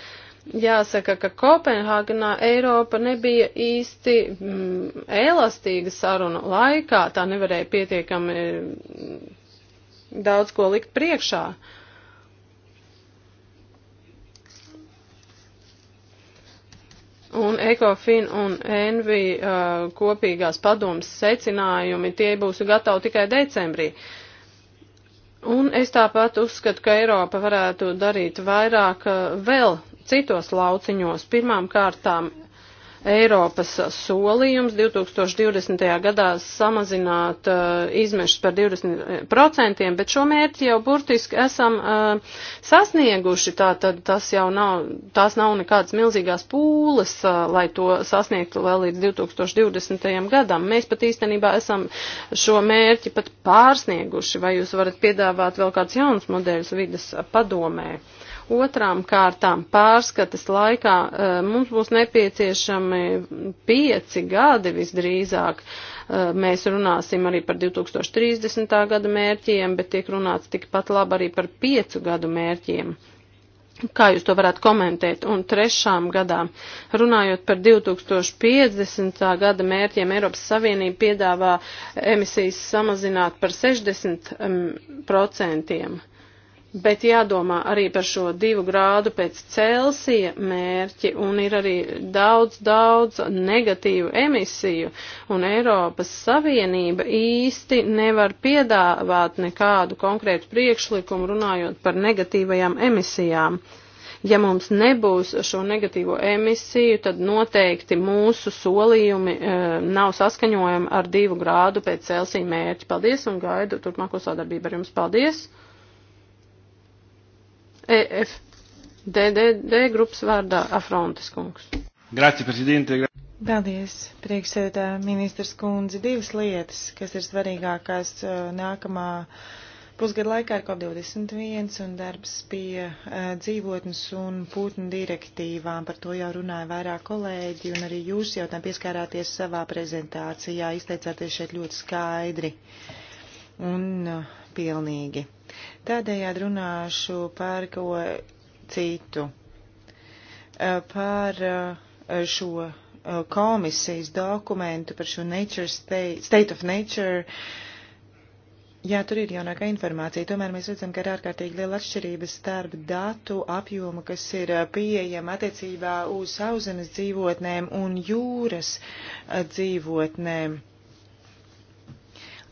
jāsaka, ka Kopenhāgenā Eiropa nebija īsti mm, elastīga saruna laikā, tā nevarēja pietiekami mm, daudz ko likt priekšā. Uh, Un ECOFIN un ENVI uh, kopīgās padomas secinājumi tie būs gatavi tikai decembrī. Un es tāpat uzskatu, ka Eiropa varētu darīt vairāk uh, vēl citos lauciņos. Pirmām kārtām Eiropas solījums 2020. gadā samazināt uh, eh, izmešus par 20%, bet šo mērķi jau burtiski esam uh, sasnieguši, tātad tas jau nav, tās nav nekādas milzīgās pūles, uh, lai to sasniegtu vēl līdz 2020. gadam. Mēs pat īstenībā esam šo mērķi pat pārsnieguši, vai jūs varat piedāvāt vēl kāds jauns modeļus vidas padomē? Otrām kārtām pārskatas laikā eh, mums būs nepieciešami pieci gadi visdrīzāk. Eh, mēs runāsim arī par 2030. gada mērķiem, bet tiek runāts tikpat labi arī par piecu gadu mērķiem. Kā jūs to varētu komentēt? Un trešām gadām, runājot par 2050. gada mērķiem, Eiropas Savienība piedāvā emisijas samazināt par 60%. Bet jādomā arī par šo divu grādu pēc Celsija mērķi un ir arī daudz, daudz negatīvu emisiju un Eiropas Savienība īsti nevar piedāvāt nekādu konkrētu priekšlikumu runājot par negatīvajām emisijām. Ja mums nebūs šo negatīvo emisiju, tad noteikti mūsu solījumi e, nav saskaņojami ar divu grādu pēc Celsija mērķi. Paldies un gaidu turpmāko sadarbību ar jums. Paldies! EFDD grupas vārdā Afrontes kungs. Grācija, prezidente. Grā... Paldies, priekšsēdā ministrs kundze. Divas lietas, kas ir svarīgākās uh, nākamā pusgada laikā ir COP21 un darbs pie uh, dzīvotnes un putnu direktīvām. Par to jau runāja vairāk kolēģi un arī jūs jau tam pieskārāties savā prezentācijā, izteicāties šeit ļoti skaidri un uh, pilnīgi. Tādējādi runāšu par ko citu. Eh, par eh, šo eh, komisijas dokumentu, par šo nature state, state of nature. Jā, tur ir jaunākā informācija. Tomēr mēs redzam, ka ir ārkārtīgi liela atšķirība starp datu apjomu, kas ir pieejama attiecībā uz sauzemes dzīvotnēm un jūras dzīvotnēm. Uh,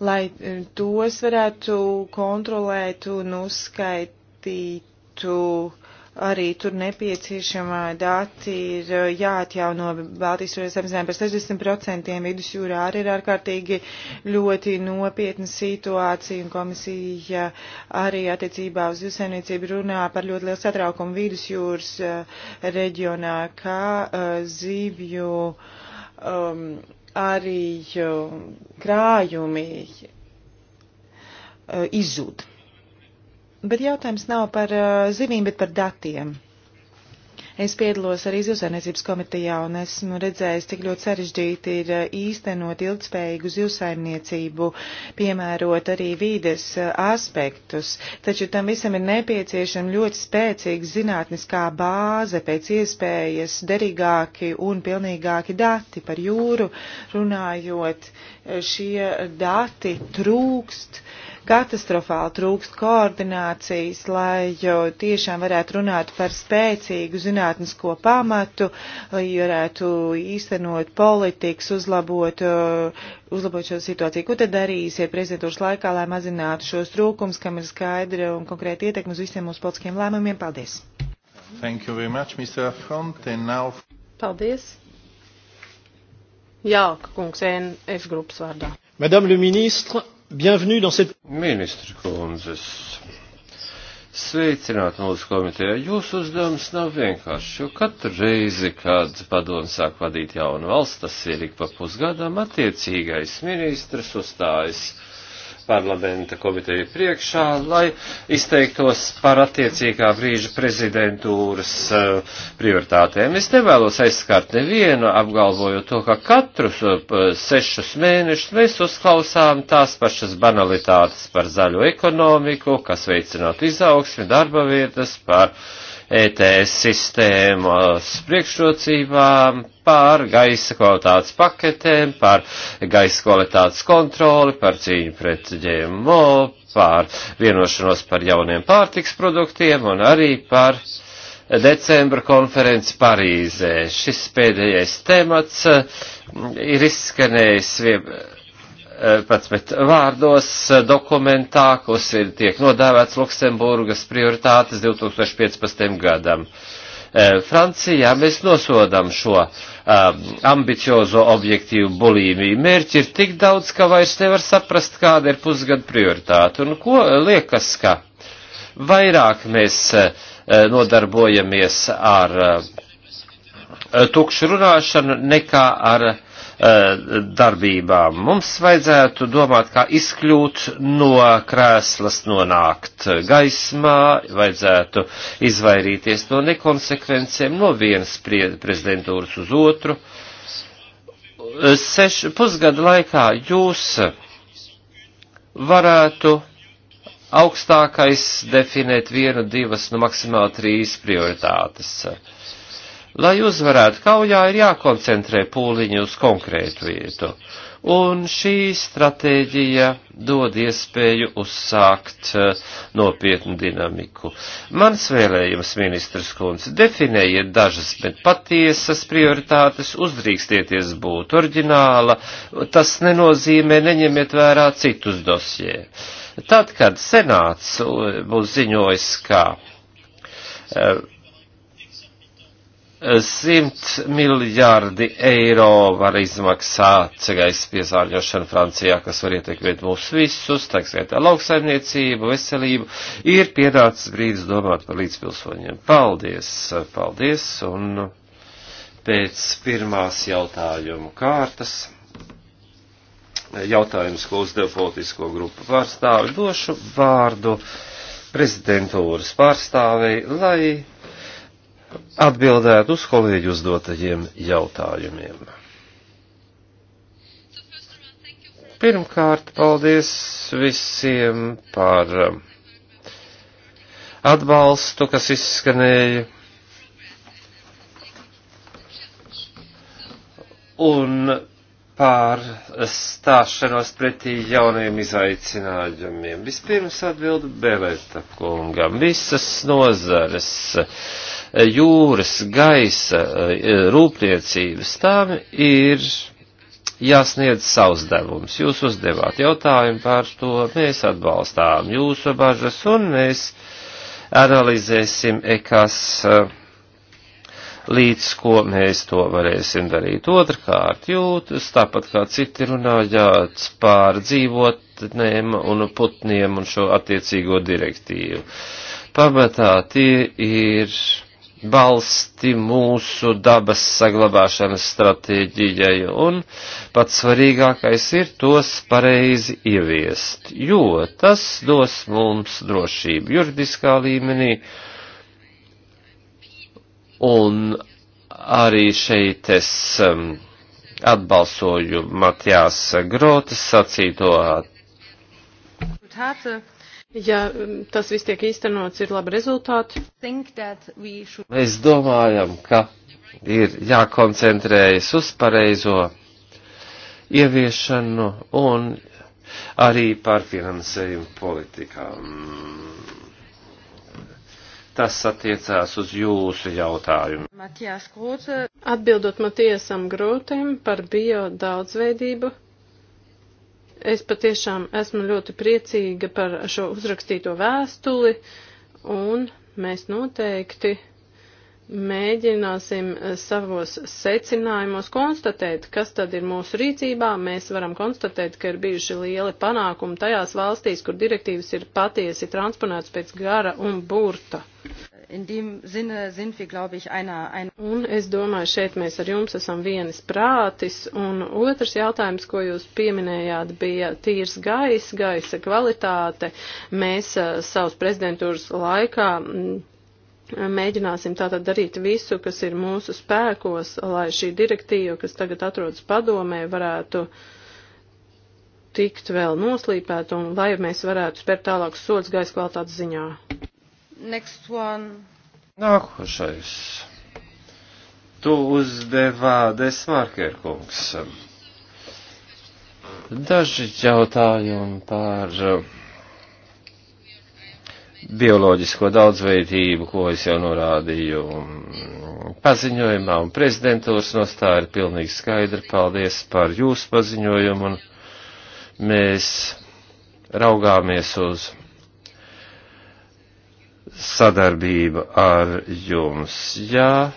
lai e, tos varētu kontrolēt un uzskaitītu arī tur nepieciešamā dati ir e, jāatjauno Baltijas jūras apzinājumi par 60%, vidusjūrā arī ir ārkārtīgi ļoti nopietna situācija, un komisija arī attiecībā uz jūsainiecību runā par ļoti lielu satraukumu vidusjūras e, reģionā, kā zivju. Um, arī krājumi eh, izzūd. Bet jautājums nav par eh, zivīm, bet par datiem. Es piedalos arī zivsainiecības komitejā un esmu redzējis, cik ļoti sarežģīti ir eh, īstenot ilgspējīgu zivsainiecību, piemērot arī vīdes eh, aspektus. Taču tam visam ir nepieciešama ļoti spēcīga zinātniskā bāze, pēc iespējas derīgāki un pilnīgāki dati par jūru runājot. Eh, šie dati trūkst. Uh, katastrofāli trūkst koordinācijas, lai tiešām varētu runāt par spēcīgu zinātnisko pamatu, lai varētu īstenot politikas, uzlabot, uh, uzlabot šo situāciju. Ko tad darīsiet prezidentūras laikā, lai mazinātu šos trūkums, kam ir skaidra un konkrēta ietekme uz visiem mūsu politiskiem lēmumiem? Paldies! Thank you very much, Mr. Front, and now... Paldies! Jā, kungs, NF grupas vārdā. Madame le ministre, Bienvenue dans cette... Ministra kundzes, sveicināt mūsu komitejā. Jūsu uzdevums nav vienkāršs, jo katru reizi, kad padomu sāk vadīt jaunu valsts, tas ir ik pa pusgadam, attiecīgais ministrs uzstājas parlamenta komiteju priekšā, lai izteiktos par attiecīgā brīža prezidentūras uh, prioritātēm. Es nevēlos aizskart nevienu, apgalvojot to, ka katrus uh, sešus mēnešus mēs uzklausām tās pašas banalitātes par zaļo ekonomiku, kas veicinātu izaugsmi, darba vietas, par ETS sistēmas priekšrocībām, par gaisa kvalitātes paketēm, par gaisa kvalitātes kontroli, par cīņu pret GMO, par vienošanos par jauniem pārtiks produktiem un arī par decembra konferenci Parīzē. Šis pēdējais temats mm, ir izskanējis pats bet vārdos dokumentā, kas ir tiek nodēvēts Luksemburgas prioritātes 2015. gadam. Eh, Francijā mēs nosodam šo um, ambiciozo objektīvu bulīmiju. Mērķi ir tik daudz, ka vairs nevar saprast, kāda ir pusgada prioritāte. Un ko eh, liekas, ka vairāk mēs uh, nodarbojamies ar uh, tukšu runāšanu nekā ar uh, Eh, darbībām. Mums vajadzētu domāt, kā izkļūt no krēslas, nonākt gaismā, vajadzētu izvairīties no nekonsekvencēm no vienas prezidentūras uz otru. Eh, seš, pusgada laikā jūs varētu augstākais definēt vienu, divas, nu maksimāli trīs prioritātes. Uh, Lai uzvarētu kaujā, ir jākoncentrē pūliņi uz konkrētu vietu. Un šī stratēģija dod iespēju uzsākt eh, nopietnu dinamiku. Mans vēlējums, ministrs Kunds, definējiet dažas, bet patiesas prioritātes, uzdrīkstieties būt oriģināla, tas nenozīmē neņemiet vērā citus dosjē. Tad, kad senāts eh, būs ziņojis, kā 100 miljārdi eiro var izmaksāt gaisa piesārņošana Francijā, kas var ietekmēt mūs visus, tā skaitā lauksaimniecību, veselību, ir pienācis brīdis domāt par līdzpilsoņiem. Paldies, paldies, un pēc pirmās jautājumu kārtas, jautājums, ko uzdev politisko grupu pārstāvi, došu vārdu prezidentūras pārstāvei, lai atbildētu uz kolēģi uzdotajiem jautājumiem. Pirmkārt, paldies visiem par um, atbalstu, kas izskanēja. Un par stāšanos pretī jauniem izaicinājumiem. Vispirms atbildu Belēta kungam. Visas nozares, jūras, gaisa, rūpniecības, tām ir jāsniedz savs devums. Jūs uzdevāt jautājumu par to, mēs atbalstām jūsu bažas un mēs analizēsim ekas. Uh, līdz ko mēs to varēsim darīt. Otrkārt, jūtas tāpat kā citi runājāt pār dzīvotnēm un putniem un šo attiecīgo direktīvu. Pamatā tie ir balsti mūsu dabas saglabāšanas stratēģijai, un pats svarīgākais ir tos pareizi ieviest, jo tas dos mums drošību juridiskā līmenī, uh, Un arī šeit es um, atbalsoju Matjās Grotas sacīto. Ja um, tas viss tiek īstenots, ir labi rezultāti. Should... Mēs domājam, ka ir jākoncentrējas uz pareizo ieviešanu un arī par finansējumu politikām. Tas attiecās uz jūsu jautājumu. Matijās Grūte. Atbildot Matiesam Grūtem par bio daudzveidību, es patiešām esmu ļoti priecīga par šo uzrakstīto vēstuli, un mēs noteikti mēģināsim eh, savos secinājumos konstatēt, kas tad ir mūsu rīcībā. Mēs varam konstatēt, ka ir bijuši lieli panākumi tajās valstīs, kur direktīvas ir patiesi transponētas pēc gara un burta. Un es domāju, šeit mēs ar jums esam vienis prātis. Un otrs jautājums, ko jūs pieminējāt, bija tīrs gaiss, gaisa kvalitāte. Mēs eh, savas prezidentūras laikā. M, Mēģināsim tātad darīt visu, kas ir mūsu spēkos, lai šī direktīva, kas tagad atrodas padomē, varētu tikt vēl noslīpēt un lai mēs varētu spērt tālākus soļus gaisa kvalitātes ziņā. Next one. Nākošais. Tu uzdevā desmarkerkungs. Daži jautājumi par. Uh, bioloģisko daudzveidību, ko es jau norādīju paziņojumā, un prezidentūras nostāja ir pilnīgi skaidra. Paldies par jūsu paziņojumu, un mēs raugāmies uz sadarbību ar jums. Jā,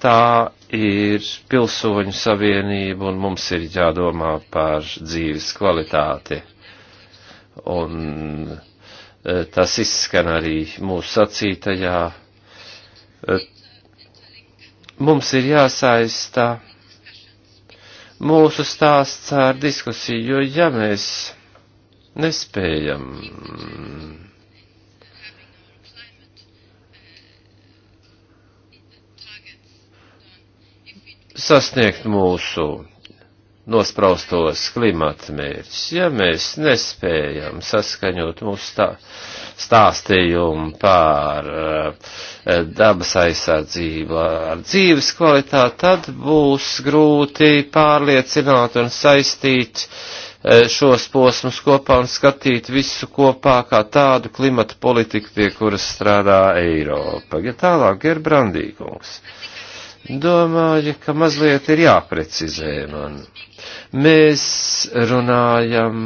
tā ir pilsoņu savienība, un mums ir jādomā par dzīves kvalitāti. Un Eh, tas izskan arī mūsu sacītajā. Eh, mums ir jāsaistā mūsu stāsts ar diskusiju, jo ja mēs nespējam sasniegt mūsu nospraustos klimata mērķus, ja mēs nespējam saskaņot mūsu stā, stāstījumu pār eh, dabas aizsardzību ar dzīves kvalitāti, tad būs grūti pārliecināt un saistīt eh, šos posmus kopā un skatīt visu kopā kā tādu klimata politiku, pie kuras strādā Eiropa. Ja tālāk ir brandīkums domāju, ka mazliet ir jāprecizē man. Mēs runājam,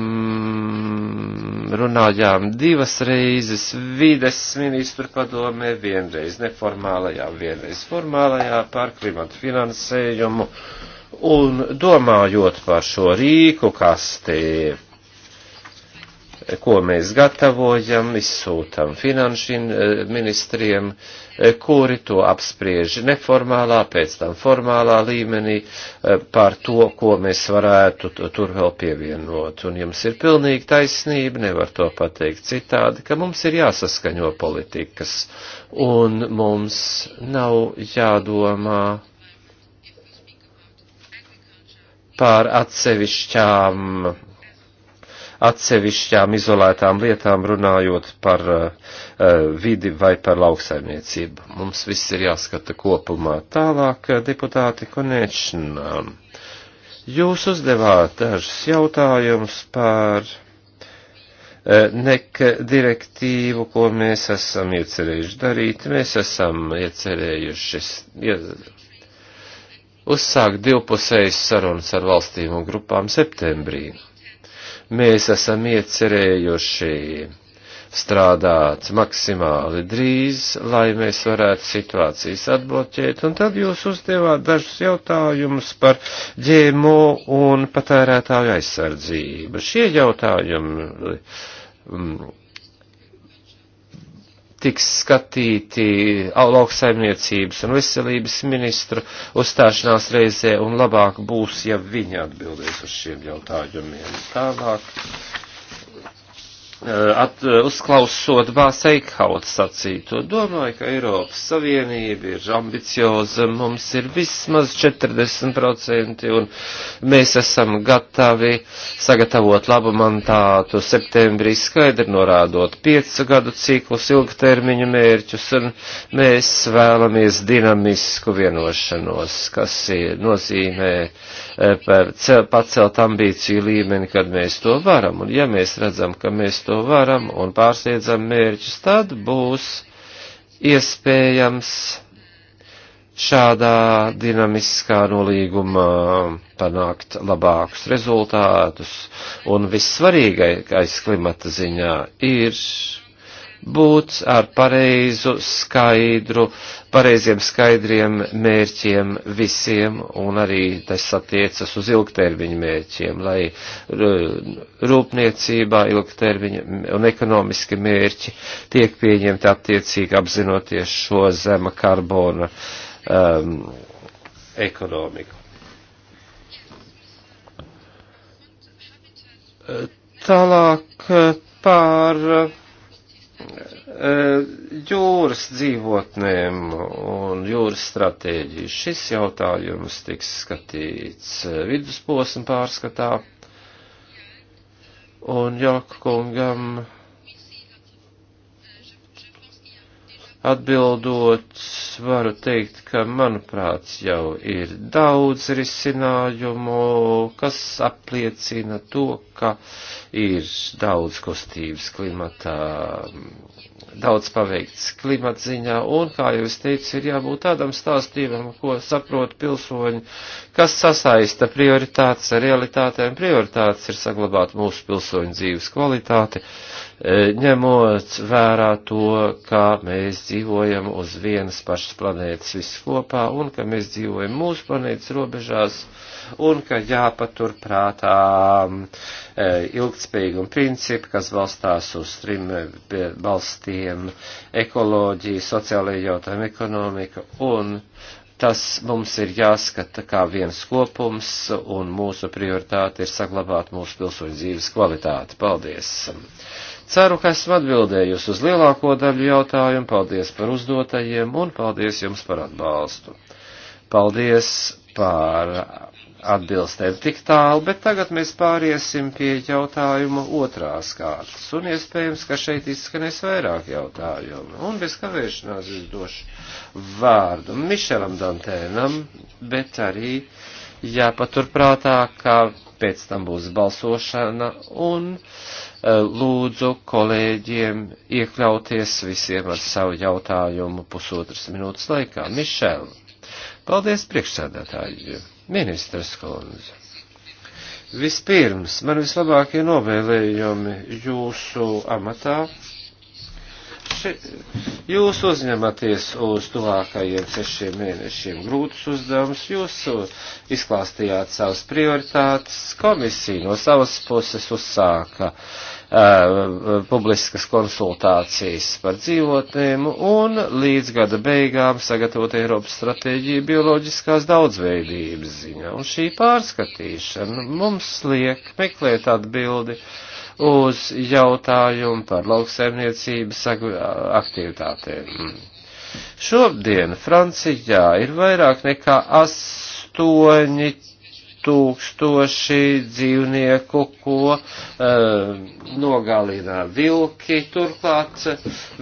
runājām divas reizes vides ministru padomē, vienreiz neformālajā, vienreiz formālajā par klimatu finansējumu un domājot par šo rīku kastē, ko mēs gatavojam, izsūtam finanšu ministriem, uh, kuri to apspriež neformālā, pēc tam formālā līmenī eh, par to, ko mēs varētu tur vēl pievienot. Un jums ir pilnīgi taisnība, nevar to pateikt citādi, ka mums ir jāsaskaņo politikas un mums nav jādomā par atsevišķām atsevišķām izolētām lietām runājot par uh, vidi vai par lauksaimniecību. Mums viss ir jāskata kopumā. Tālāk, eh, deputāti Konečna, jūs uzdevāt dažus jautājumus par uh, nek direktīvu, ko mēs esam iecerējuši darīt. Mēs esam iecerējuši ja, uzsākt divpusējas sarunas ar valstīm un grupām septembrī. Mēs esam iecerējuši strādāt maksimāli drīz, lai mēs varētu situācijas atbloķēt, un tad jūs uzdevāt dažus jautājumus par ģēmo un patērētāju aizsardzību. Šie jautājumi mm, tiks skatīti lauksaimniecības un veselības ministra uzstāšanās reizē, un labāk būs, ja viņi atbildēs uz šiem jautājumiem. Tālāk Eh, at, eh, uzklausot Bāsa Eikhauts sacīto, domāju, ka Eiropas Savienība ir ambicioza, mums ir vismaz 40% un mēs esam gatavi sagatavot labu mantātu septembrī skaidri norādot 5 gadu ciklus ilgtermiņu mērķus un mēs vēlamies dinamisku vienošanos, kas ir, nozīmē Eh, pacelt ambīciju līmeni, kad mēs to varam. Un ja mēs redzam, ka mēs to varam un pārsniedzam mērķus, tad būs iespējams šādā dinamiskā nolīgumā panākt labākus rezultātus. Un vissvarīgākais klimata ziņā ir būt ar pareizu, skaidru, pareiziem skaidriem mērķiem visiem, un arī tas attiecas uz ilgtermiņu mērķiem, lai rūpniecībā ilgtermiņa un ekonomiski mērķi tiek pieņemti attiecīgi apzinoties šo zema karbona um, ekonomiku. Tālāk uh, par Eh, jūras dzīvotnēm un jūras stratēģiju. Šis jautājums tiks skatīts eh, vidusposma pārskatā. Un Jāka kungam atbildot, varu teikt, ka manuprāt jau ir daudz risinājumu, kas apliecina to, ka ir daudz kustības klimatā, daudz paveikts klimata ziņā, un, kā jau es teicu, ir jābūt tādam stāstījumam, ko saprot pilsoņi, kas sasaista prioritātes ar realitātēm. Prioritātes ir saglabāt mūsu pilsoņu dzīves kvalitāti, e, ņemot vērā to, kā mēs dzīvojam uz vienas pašas planētas viss kopā, un ka mēs dzīvojam mūsu planētas robežās un ka jāpatur prātā mm, e, ilgtspējīguma principi, kas balstās uz trim e, balstiem - ekoloģija, sociālajie jautājumi, ekonomika un tas mums ir jāskata kā viens kopums, un mūsu prioritāte ir saglabāt mūsu pilsoņu dzīves kvalitāti. Paldies! Ceru, ka esmu atbildējusi uz lielāko daļu jautājumu, paldies par uzdotajiem, un paldies jums par atbalstu. Paldies par atbilstēm tik tālu, bet tagad mēs pāriesim pie jautājuma otrās kārtas, un iespējams, ka šeit izskanēs vairāk jautājumu, un bez kavēšanās es došu vārdu Mišelam Dantēnam, bet arī jāpaturprātā, ka pēc tam būs balsošana, un e, lūdzu kolēģiem iekļauties visiem ar savu jautājumu pusotras minūtes laikā. Mišel, paldies priekšsēdētāji! Ministras kundze. Vispirms, man vislabākie novēlējumi jūsu amatā. Še, jūs uzņematies uz tuvākajiem sešiem mēnešiem grūtus uzdevumus, jūs izklāstījāt savas prioritātes, komisija no savas puses uzsāka uh, uh, publiskas konsultācijas par dzīvotnēm un līdz gada beigām sagatavot Eiropas stratēģiju bioloģiskās daudzveidības ziņā. Un šī pārskatīšana mums liek meklēt atbildi uz jautājumu par lauksaimniecības aktivitātēm. Šodien Francijā ir vairāk nekā astoņi tūkstoši dzīvnieku, ko uh, nogalina vilki. Turklāt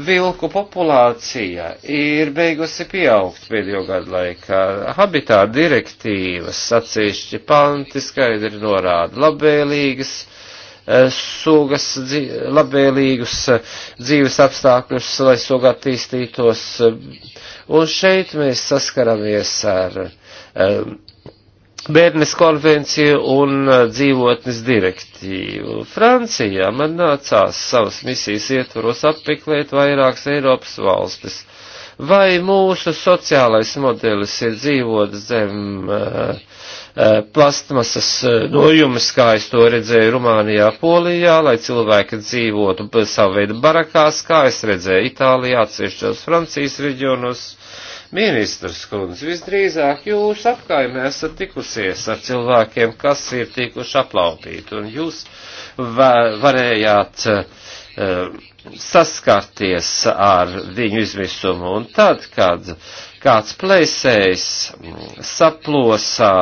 vilku populācija ir beigusi pieaugt pēdējo gadu laikā. Habitā direktīvas atsevišķi panti skaidri norāda labvēlīgas uh, sugas, dzī, labvēlīgus uh, dzīves apstākļus, lai suga attīstītos. Un šeit mēs saskaramies ar um, bērnes konvenciju un uh, dzīvotnes direktīvu. Francijā man nācās savas misijas ietvaros apmeklēt vairākas Eiropas valstis. Vai mūsu sociālais modelis ir dzīvot zem uh, uh plastmasas uh, nojumes, kā es to redzēju Rumānijā, Polijā, lai cilvēki dzīvotu savu veidu barakās, kā es redzēju Itālijā, atsevišķos Francijas reģionos, uh, Ministrs kundze, visdrīzāk jūs apkaimē esat tikusies ar cilvēkiem, kas ir tikuši aplaupīti, un jūs varējāt uh, saskarties ar viņu izmisumu, un tad, kad kāds plēsējs mm, saplosā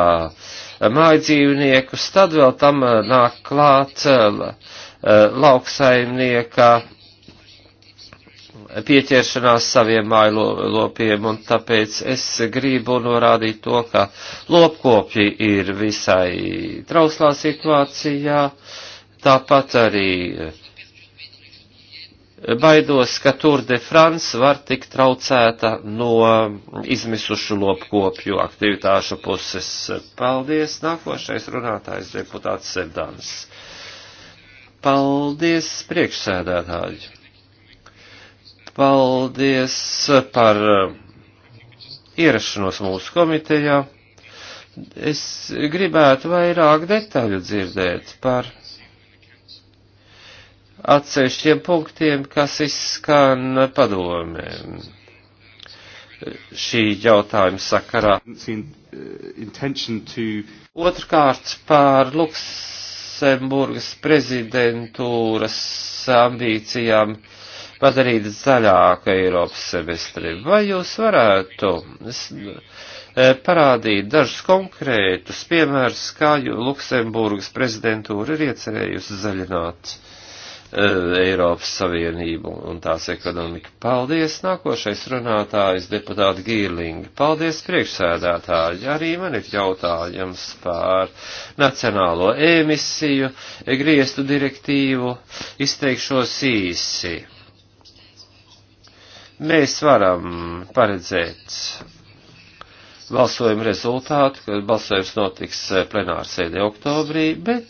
mājdzīvniekus, tad vēl tam eh, nāk klāt eh, lauksaimnieka pieķeršanās saviem mājlopiem, un tāpēc es gribu norādīt to, ka lopkopji ir visai trauslā situācijā, tāpat arī baidos, ka Tour de France var tikt traucēta no izmisušu lopkopju aktivitāšu puses. Paldies, nākošais runātājs deputāts Sevdans. Paldies, priekšsēdētāji. Paldies par uh, ierašanos mūsu komitejā. Es gribētu vairāk detaļu dzirdēt par atsevišķiem punktiem, kas izskan padomēm šī jautājuma sakarā. Uh, Otrkārt par Luksemburgas prezidentūras ambīcijām padarīt zaļāku Eiropas semestri. Vai jūs varētu e, parādīt dažus konkrētus piemērus, kā Luksemburgas prezidentūra ir iecerējusi zaļināt? E, Eiropas Savienību un tās ekonomiku. Paldies, nākošais runātājs, deputāti Gīrlingi. Paldies, priekšsēdētāji. Arī man ir jautājums par nacionālo emisiju, e, griestu direktīvu. Izteikšos īsi. Mēs varam paredzēt balsojumu rezultātu, ka balsojums notiks eh, plenāra sēdē oktobrī, bet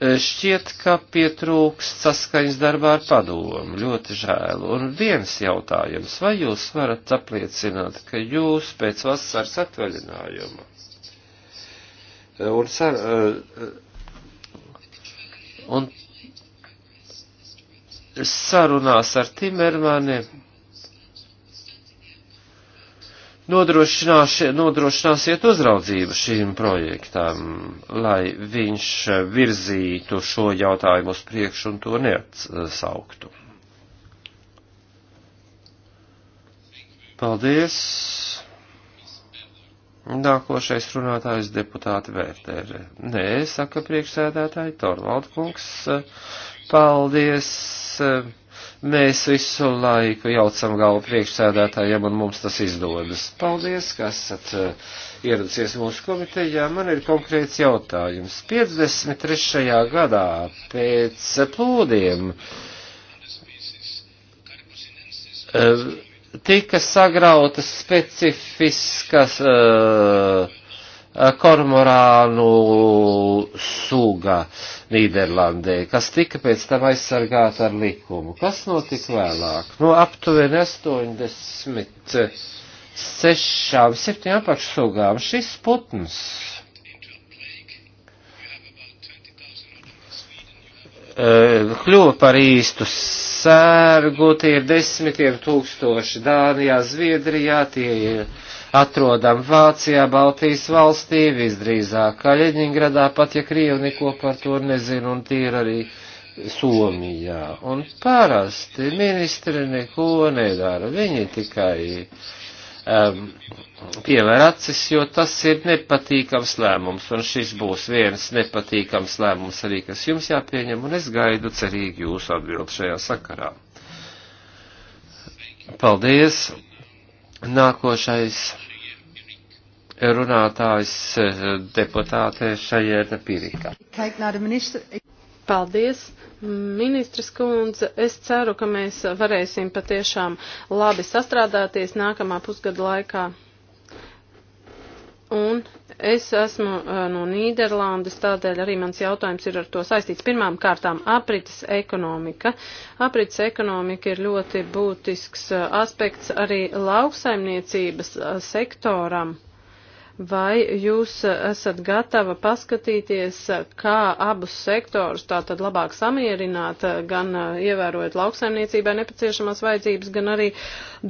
eh, šķiet, ka pietrūkst saskaņas darbā ar padomu. Ļoti žēl. Un viens jautājums, vai jūs varat apliecināt, ka jūs pēc vasaras atvaļinājuma eh, un, sar, un sarunās ar Timermani nodrošināsiet uzraudzību šīm projektām, lai viņš virzītu šo jautājumu uz priekšu un to neatsauktu. Paldies! Nākošais runātājs deputāti Vērtēri. Nē, saka priekšsēdētāji Torvaldkungs. Paldies! E, mēs visu laiku jaucam galvu priekšsēdētājiem un mums tas izdodas. Paldies, ka esat e, ieradusies mūsu komitejā. Man ir konkrēts jautājums. 53. gadā pēc plūdiem e, tika sagrautas specifiskas uh, Eh, kormorānu suga Nīderlandē, kas tika pēc tam aizsargāta ar likumu. Kas notika vēlāk? No nu, aptuveni 86, 7 apakšsugām šis putns. Eh, kļuva par īstu sērgu, tie ir desmitiem tūkstoši Dānijā, Zviedrijā, tie ir atrodam Vācijā, Baltijas valstī, visdrīzāk Kaļiņingradā, pat ja Krievi neko par to nezinu, un tie ir arī Somijā. Un parasti ministri neko nedara, viņi tikai um, pievēr acis, jo tas ir nepatīkams lēmums, un šis būs viens nepatīkams lēmums arī, kas jums jāpieņem, un es gaidu cerīgi jūsu atbildi šajā sakarā. Paldies! Nākošais runātājs eh, deputāte Šajēna Pirika. Paldies, ministrs kundze. Es ceru, ka mēs varēsim patiešām labi sastrādāties nākamā pusgada laikā. Un Es esmu uh, no Nīderlandes, tādēļ arī mans jautājums ir ar to saistīts. Pirmām kārtām aprites ekonomika. Aprites ekonomika ir ļoti būtisks uh, aspekts arī lauksaimniecības uh, sektoram. Vai jūs esat gatava paskatīties, kā abus sektorus tātad labāk samierināt, gan ievērojot lauksaimniecībai nepieciešamās vajadzības, gan arī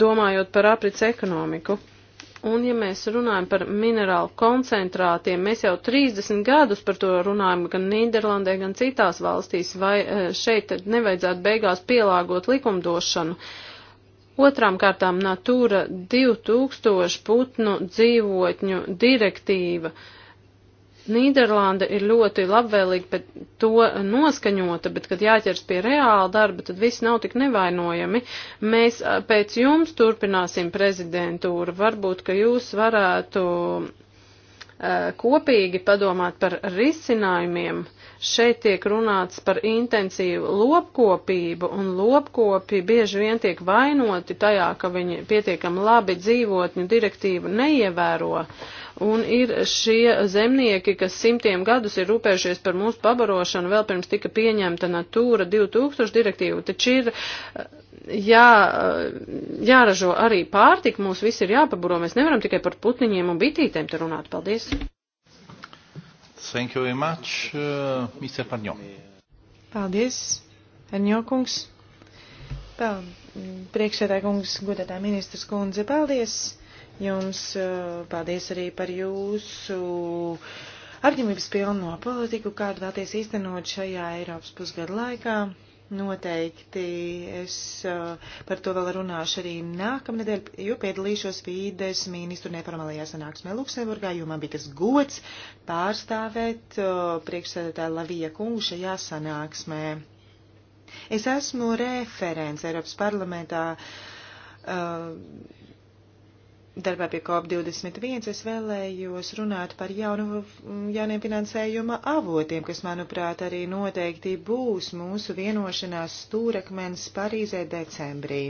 domājot par aprits ekonomiku? Uh, Un ja mēs runājam par minerālu koncentrātiem, mēs jau 30 gadus par to runājam gan Nīderlandē, gan citās valstīs, vai e, šeit nevajadzētu beigās pielāgot likumdošanu. Otrām kārtām Natūra 2000 putnu dzīvotņu direktīva. Uh, Nīderlanda ir ļoti labvēlīgi pret to noskaņota, bet, kad jāķers pie reāla darba, tad viss nav tik nevainojami. Mēs pēc jums turpināsim prezidentūru. Varbūt, ka jūs varētu kopīgi padomāt par risinājumiem. Šeit tiek runāts par intensīvu lopkopību, un lopkopi bieži vien tiek vainoti tajā, ka viņi pietiekami labi dzīvotņu direktīvu neievēro. Un ir šie zemnieki, kas simtiem gadus ir rūpējušies par mūsu pabarošanu, vēl pirms tika pieņemta Natūra 2000 direktīva, taču ir eh, jā, eh, jāražo arī pārtika, mūs visi ir jāpabaro, mēs nevaram tikai par putniņiem un bitītēm te runāt. Paldies! Thank you very much, uh, Mr. Parņo. Paldies, Parņokungs. Priekšsēdētājkungs, godētā ministrs kundze, paldies jums. Eh, paldies arī par jūsu apņemības pilno politiku, kādu vēlties īstenot šajā Eiropas pusgada laikā. Noteikti es eh, par to vēl runāšu arī nākamnedēļ, jo piedalīšos vīdes ministru neformālajā sanāksmē Luksemburgā, jo man bija tas gods pārstāvēt eh, priekšsēdētāju Lavija kungu šajā sanāksmē. Es esmu referents Eiropas parlamentā. Uh, darbā pie COP21 es vēlējos runāt par jaunu, jauniem finansējuma avotiem, kas, manuprāt, arī noteikti būs mūsu vienošanās stūrakmens Parīzē decembrī.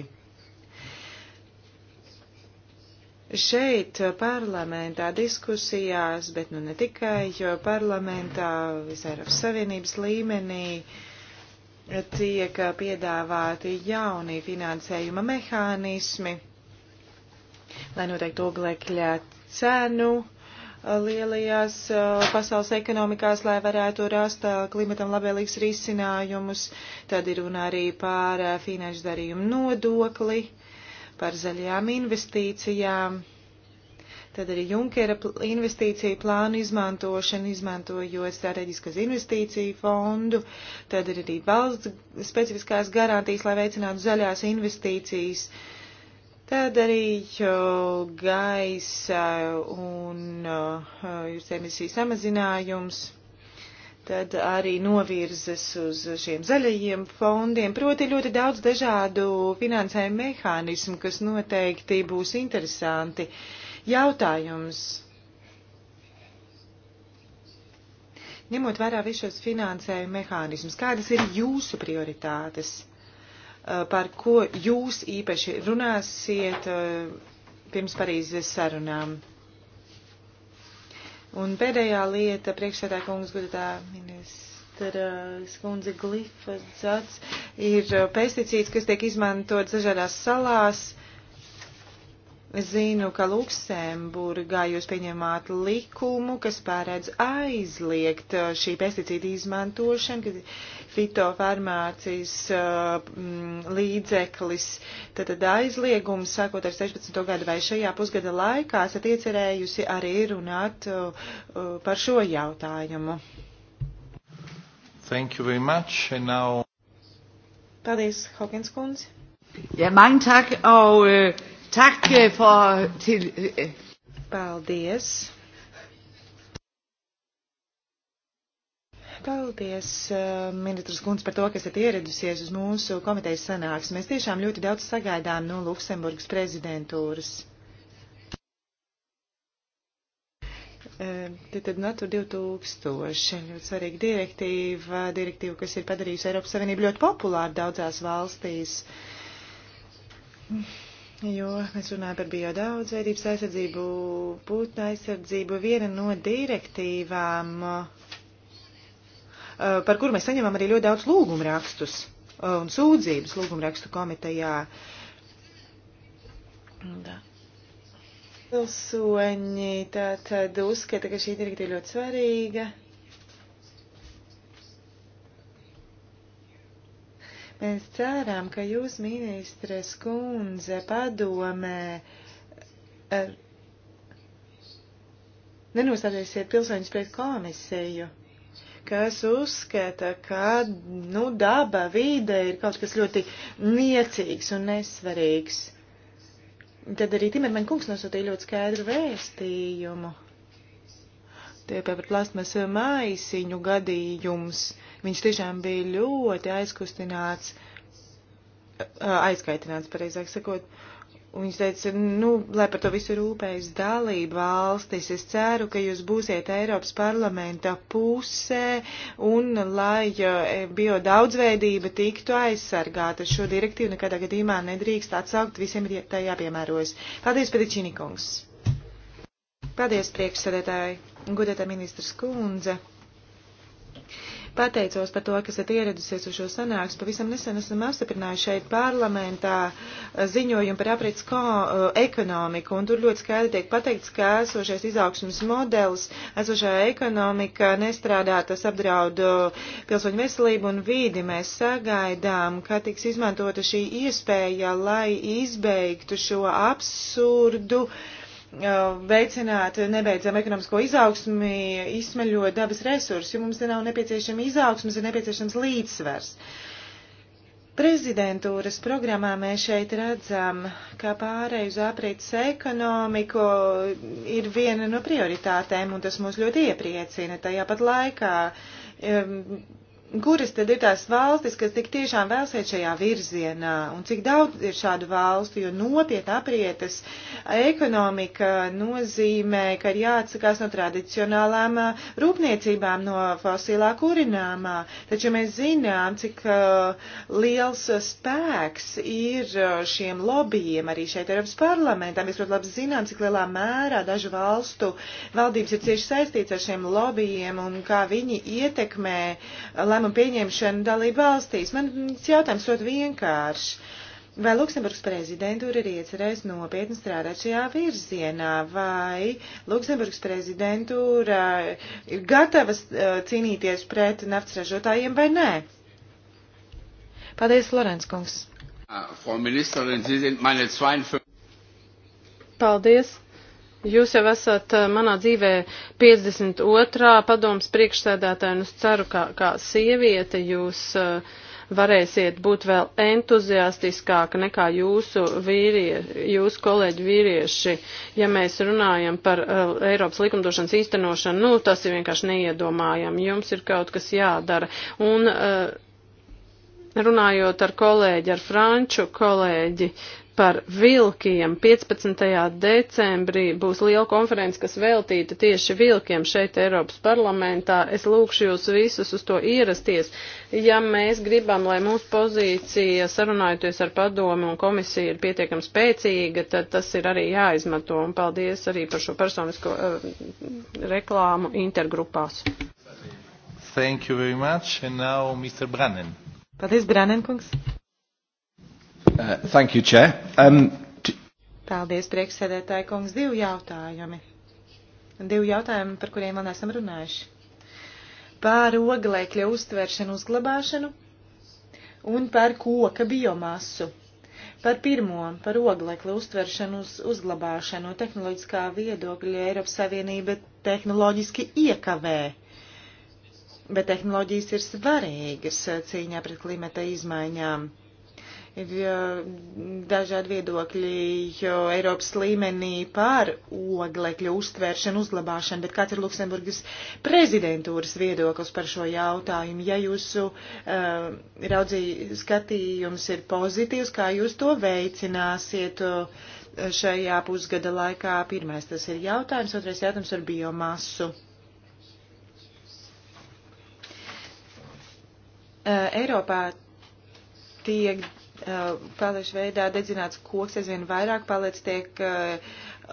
Šeit parlamentā diskusijās, bet nu ne tikai parlamentā, visā Eiropas Savienības līmenī, uh, tiek piedāvāti jauni finansējuma mehānismi, lai noteikti oglekļa cenu uh, lielajās uh, pasaules ekonomikās, lai varētu rast uh, klimatam labvēlīgs risinājumus. Tad ir runa arī par finanšu darījumu nodokli, par zaļajām investīcijām. Tad arī Junkera investīcija plānu izmantošana, izmantojot strateģiskas investīciju fondu. Tad ir arī valsts specifiskās garantijas, lai veicinātu zaļās investīcijas. Uh, Tad arī gaisa un uh, jūras emisiju samazinājums tad arī novirzes uz šiem zaļajiem fondiem. Proti ļoti daudz dažādu finansējumu mehānismu, kas noteikti būs interesanti. Jautājums. Ņemot vērā visus finansējumu mehānismus, kādas ir jūsu prioritātes? Eh, par ko jūs īpaši runāsiet eh, pirms Parīzes sarunām. Un pēdējā lieta, priekšsēdā kungs, gudrā ministra skundze glifozats, ir eh, pesticīds, kas tiek izmantots dažādās salās. Es zinu, ka Luksemburgā jūs pieņemāt likumu, kas pārēdz aizliegt šī pesticīda izmantošanu, kad fitofarmācijas uh, mm, līdzeklis, tad, tad aizliegums sākot ar 16. gadu vai šajā pusgada laikā esat iecerējusi arī runāt uh, uh, par šo jautājumu. Thank you very much. And now... Paldies, Hawkins Kunz. Ja, mange tak, og øh, tak øh, for til... Øh. øh. Paldies. Paldies, eh, ministrs Kunds, par to, kas esat ieradusies uz mūsu komitejas sanāksmi. Mēs tiešām ļoti daudz sagaidām no Luksemburgas prezidentūras. Eh, tad, tad Natur 2000, ļoti svarīga direktīva, direktīva, kas ir padarījusi Eiropas Savienību ļoti populāru daudzās valstīs. Jo mēs runājam par biodaudzveidības aizsardzību, putnu aizsardzību. Viena no direktīvām uh, Eh, par kuru mēs saņemam arī ļoti daudz lūgumrakstus eh, un sūdzības lūgumrakstu komitejā. Da. Pilsoņi tātad uzskata, ka šī direktīva ļoti svarīga. Mēs ceram, ka jūs, ministres kundze, padomē, er, nenostādīsiet pilsoņus pret komisiju kas uzskata, ka nu, daba, vīde ir kaut kas ļoti niecīgs un nesvarīgs. Tad arī Timerman kungs nosūtīja ļoti skaidru vēstījumu. Tie par plasmas maisiņu gadījums. Viņš tiešām bija ļoti aizkustināts, aizkaitināts, pareizāk sakot. Uh, Un viņš teica, nu, lai par to visu rūpējas dalība valstis, es ceru, ka jūs būsiet Eiropas parlamenta pusē un lai eh, bio daudzveidība tiktu aizsargāta. Šo direktīvu nekādā gadījumā nedrīkst atsaukt, visiem ir tā jāpiemērojas. Paldies, Pedičīnikungs! Paldies, priekšsēdētāji! Godētā ministrs Kundze! Pateicos par to, kas esat ieradusies uz šo sanāks. Pavisam nesen esam apstiprinājuši šeit parlamentā eh, ziņojumu par aprits eh, ekonomiku, un tur ļoti skaidri tiek pateikts, ka esošais izaugsmas modelis, esošā ekonomika nestrādā, tas apdraud eh, pilsoņu veselību un vīdi. Mēs sagaidām, ka tiks izmantota šī iespēja, lai izbeigtu šo absurdu. Uh, Uh, veicināt nebeidzamu ekonomisko izaugsmi, izsmeļot dabas resursus, jo mums nav nepieciešama izaugsmas, ir nepieciešams līdzsvers. Prezidentūras programmā mēs šeit redzam, ka pārēj uz aprīts ekonomiku ir viena no prioritātēm, un tas mūs ļoti iepriecina. Tajā pat laikā um, kuras tad ir tās valstis, kas tik tiešām vēlas iet šajā virzienā, un cik daudz ir šādu valstu, jo nopiet aprietas ekonomika nozīmē, ka ir jāatsakās no tradicionālām uh, rūpniecībām, no fosilā kurināmā. Taču mēs zinām, cik uh, liels spēks ir uh, šiem lobbyiem arī šeit Eiropas parlamentā. Mēs ļoti labi zinām, cik lielā mērā dažu valstu valdības ir cieši saistīts ar šiem lobbyiem un kā viņi ietekmē lēmumu pieņemšanu dalību valstīs. Man jautājums ļoti vienkārši. Vai Luksemburgas prezidentūra ir iecerējusi nopietni strādāt šajā virzienā, vai Luksemburgas prezidentūra ir gatava uh, cīnīties pret naftas ražotājiem vai nē? Paldies, Lorenz kungs. Ah, Frau Ministerin, Sie sind meine 52. Paldies, Jūs jau esat eh, manā dzīvē 52. padoms priekšsēdētāja, un es ceru, ka kā sieviete jūs uh, varēsiet būt vēl entuziastiskāka nekā jūsu, vīrie, jūsu kolēģi vīrieši. Ja mēs runājam par uh, Eiropas likumdošanas īstenošanu, nu, tas ir vienkārši neiedomājami. Jums ir kaut kas jādara. Un, uh, runājot ar kolēģi, ar franču kolēģi, uh, par vilkiem. 15. decembrī būs liela konference, kas veltīta tieši vilkiem šeit Eiropas parlamentā. Es lūkšu jūs visus uz to ierasties. Ja mēs gribam, lai mūsu pozīcija sarunājoties ar padomu un komisiju ir pietiekami spēcīga, tad tas ir arī jāizmanto. Un paldies arī par šo personisko uh, reklāmu intergrupās. Thank you very much. And now Mr. Brannen. Paldies, Brannen kungs. Uh, thank you, Chair. Um, Paldies, priekšsēdētāji kungs. Divi jautājumi. Divi jautājumi, par kuriem man esam runājuši. Pār oglekļa uztveršanu, uzglabāšanu un par koka biomasu. Par pirmo, par oglekli uztveršanu uz uzglabāšanu tehnoloģiskā viedokļa Eiropas Savienība tehnoloģiski iekavē. Bet tehnoloģijas ir svarīgas cīņā pret klimata izmaiņām ir dažādi viedokļi Eiropas līmenī par oglekļu uztvēršanu, uzglabāšanu, bet kāds ir Luksemburgas prezidentūras viedoklis par šo jautājumu? Ja jūsu uh, raudzī skatījums ir pozitīvs, kā jūs to veicināsiet eh, šajā pusgada laikā? Pirmais tas ir jautājums, otrais jautājums ar biomasu. Uh, Eiropā tiek palešu uh, veidā dedzināts koks aizvien vairāk palec tiek uh,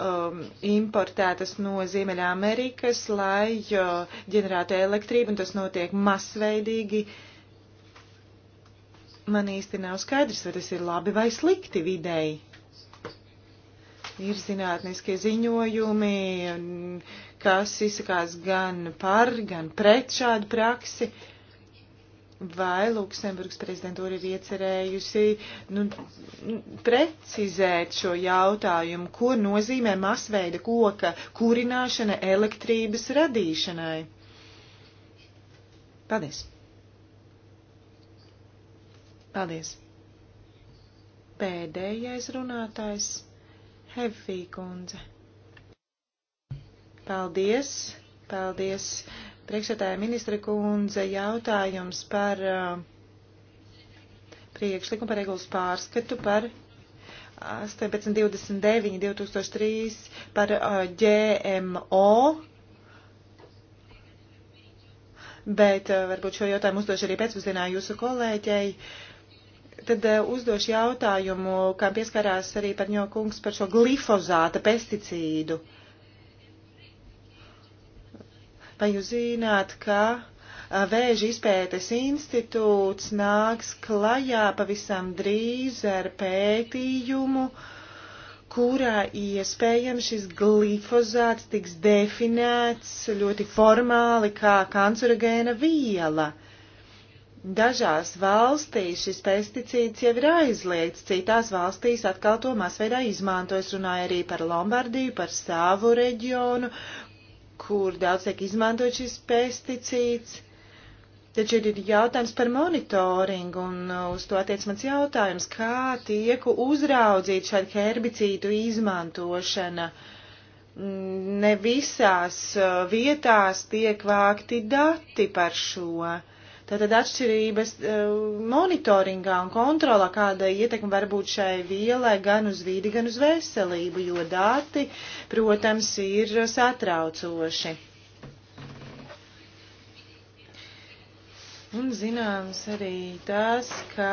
um, importētas no Ziemeļamerikas, lai uh, ģenerētu elektrību, un tas notiek masveidīgi. Man īsti nav skaidrs, vai tas ir labi vai slikti videi. Ir zinātniskie ziņojumi, kas izsakās gan par, gan pret šādu praksi. Uh, vai Luksemburgas prezidentūra ir iecerējusi nu, nu, precizēt šo jautājumu, ko nozīmē masveida koka kurināšana elektrības radīšanai. Paldies! Paldies! Pēdējais runātājs - Hevī kundze. Paldies! Paldies! Priekšsētāja ministra kundze jautājums par uh, priekšlikumu par regulas pārskatu par 1829 2003 par uh, GMO bet uh, varbūt šo jautājumu uzdošu arī pēcpusdienā jūsu kolēģei. Tad uzdošu jautājumu, kam pieskarās arī par ņokungs par šo glifozāta pesticīdu. Uh, Vai jūs zināt, ka Vēža izpētes institūts nāks klajā pavisam drīz ar pētījumu, kurā iespējams šis glifozāts tiks definēts ļoti formāli kā kancerogēna viela. Dažās valstīs šis pesticīds jau ir aizliegts, citās valstīs atkal to masveidā izmantojas. Runāja arī par Lombardiju, par savu reģionu, kur daudz tiek izmantot šis pesticīds. Taču ir jautājums par monitoringu, un uh, uz to attiec mans jautājums, kā tiek uzraudzīt šādu herbicīdu izmantošana. Mm, ne visās uh, vietās tiek vākti dati par šo. Uh, Tātad atšķirības e, monitoringā un kontrolā, kāda ietekme var būt šai vielai gan uz vīdi, gan uz veselību, jo dati, protams, ir satraucoši. Un zināms arī tas, ka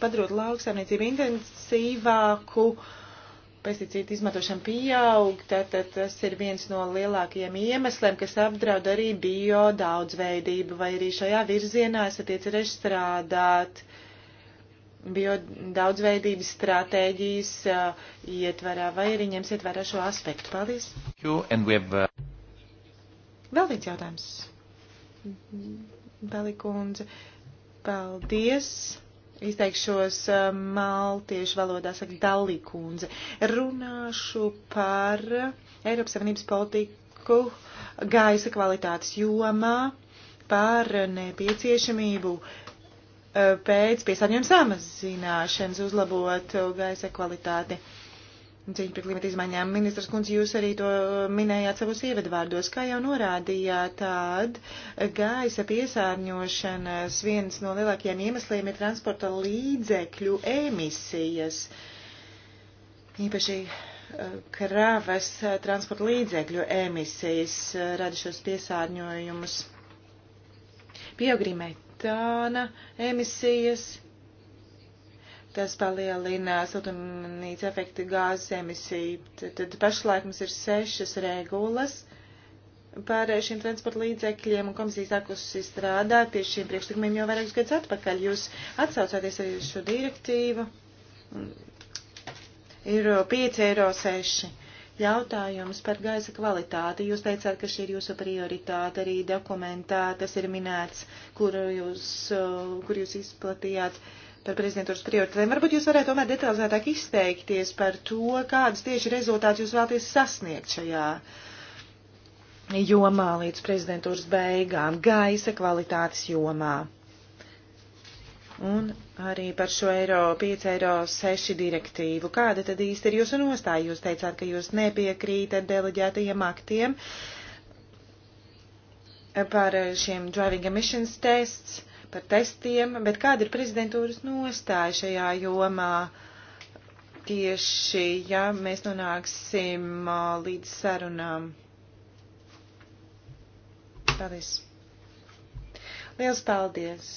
padarot lauksaimniecību intensīvāku uh, pesticīdu izmantošana pieaug, tātad tas ir viens no lielākajiem iemesliem, kas apdraud arī bio daudzveidību, vai arī šajā virzienā esat iecerējuši strādāt bio daudzveidības stratēģijas uh, ietvarā, vai arī ņemsiet vērā šo aspektu. Paldies! Uh, Vēl viens jautājums. Belikundze, paldies! izteikšos eh, maltiešu valodā, saka Dalīkundze. Runāšu par Eiropas Savienības politiku gaisa kvalitātes jomā, par nepieciešamību eh, pēc piesārņojuma samazināšanas uzlabot gaisa kvalitāti. Uh, cīņu pret klimata izmaiņām. Ministrs kundze, jūs arī to minējāt savos ievadvārdos, kā jau norādījāt, tad gaisa piesārņošanas viens no lielākajiem iemesliem ir transporta līdzekļu emisijas. Īpaši eh, kravas eh, transporta līdzekļu emisijas eh, rada šos piesārņojumus. Pieaug arī metāna emisijas, tas palielina siltumnīca efekta gāzes emisiju. Tad, tad pašlaik mums ir sešas regulas par šiem transporta līdzekļiem, un komisija sākusi strādāt pie šiem priekšlikumiem jau vairākus gadus atpakaļ. Jūs atsaucāties arī uz šo direktīvu. Ir 5,6 eiro. 6. Jautājums par gaisa kvalitāti. Jūs teicāt, ka šī ir jūsu prioritāte arī dokumentā, tas ir minēts, kur jūs, uh, kur jūs izplatījāt. Uh, par prezidentūras prioritātēm. Varbūt jūs varētu tomēr detalizētāk izteikties par to, kādas tieši rezultātus jūs vēlaties sasniegt šajā jomā līdz prezidentūras beigām, gaisa kvalitātes jomā. Un arī par šo eiro 5, eiro 6 direktīvu. Kāda tad īsti ir jūsu nostāja? Jūs teicāt, ka jūs nepiekrītat deleģētajiem aktiem par šiem driving emissions tests par testiem, bet kāda ir prezidentūras nostāja šajā jomā? Tieši, ja mēs nonāksim līdz sarunām. Paldies. Liels paldies.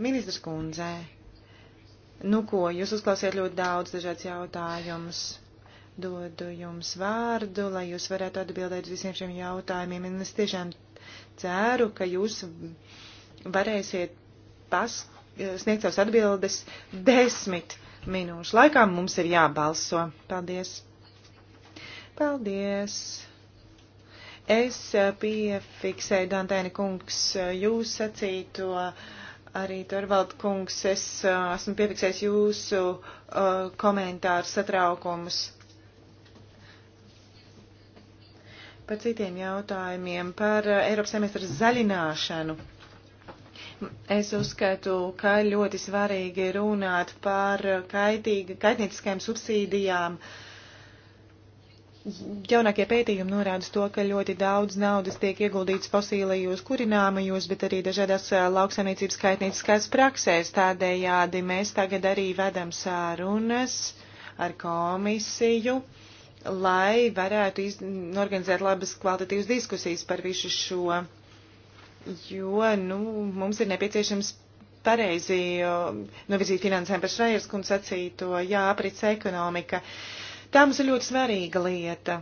Ministrs kundzē. Nu ko, jūs uzklausījāt ļoti daudz dažādas jautājumus dodu jums vārdu, lai jūs varētu atbildēt visiem šiem jautājumiem. Un es tiešām ceru, ka jūs varēsiet pas, sniegt savas atbildes desmit minūšu laikā. Mums ir jābalso. Paldies! Paldies! Es eh, piefiksēju, Dantēni kungs, eh, jūs sacīto, arī Torvald kungs, es eh, esmu piefiksējis jūsu uh, komentāru satraukumus. Par citiem jautājumiem, par Eiropas semestra zaļināšanu. Es uzskatu, ka ļoti svarīgi runāt par kaitīga, kaitnieciskajām subsīdijām. Jaunākie pētījumi norāda to, ka ļoti daudz naudas tiek ieguldīts fosīlajos kurināmajos, bet arī dažādās lauksaimniecības kaitnieciskās praksēs. Tādējādi mēs tagad arī vedam sārunas ar komisiju, lai varētu iz... organizēt labas kvalitatīvas diskusijas par visu šo jo, nu, mums ir nepieciešams pareizi uh, novirzīt nu, finansēm par Šrajers kundz sacīto, jā, aprits ekonomika. Tā mums ir ļoti svarīga lieta.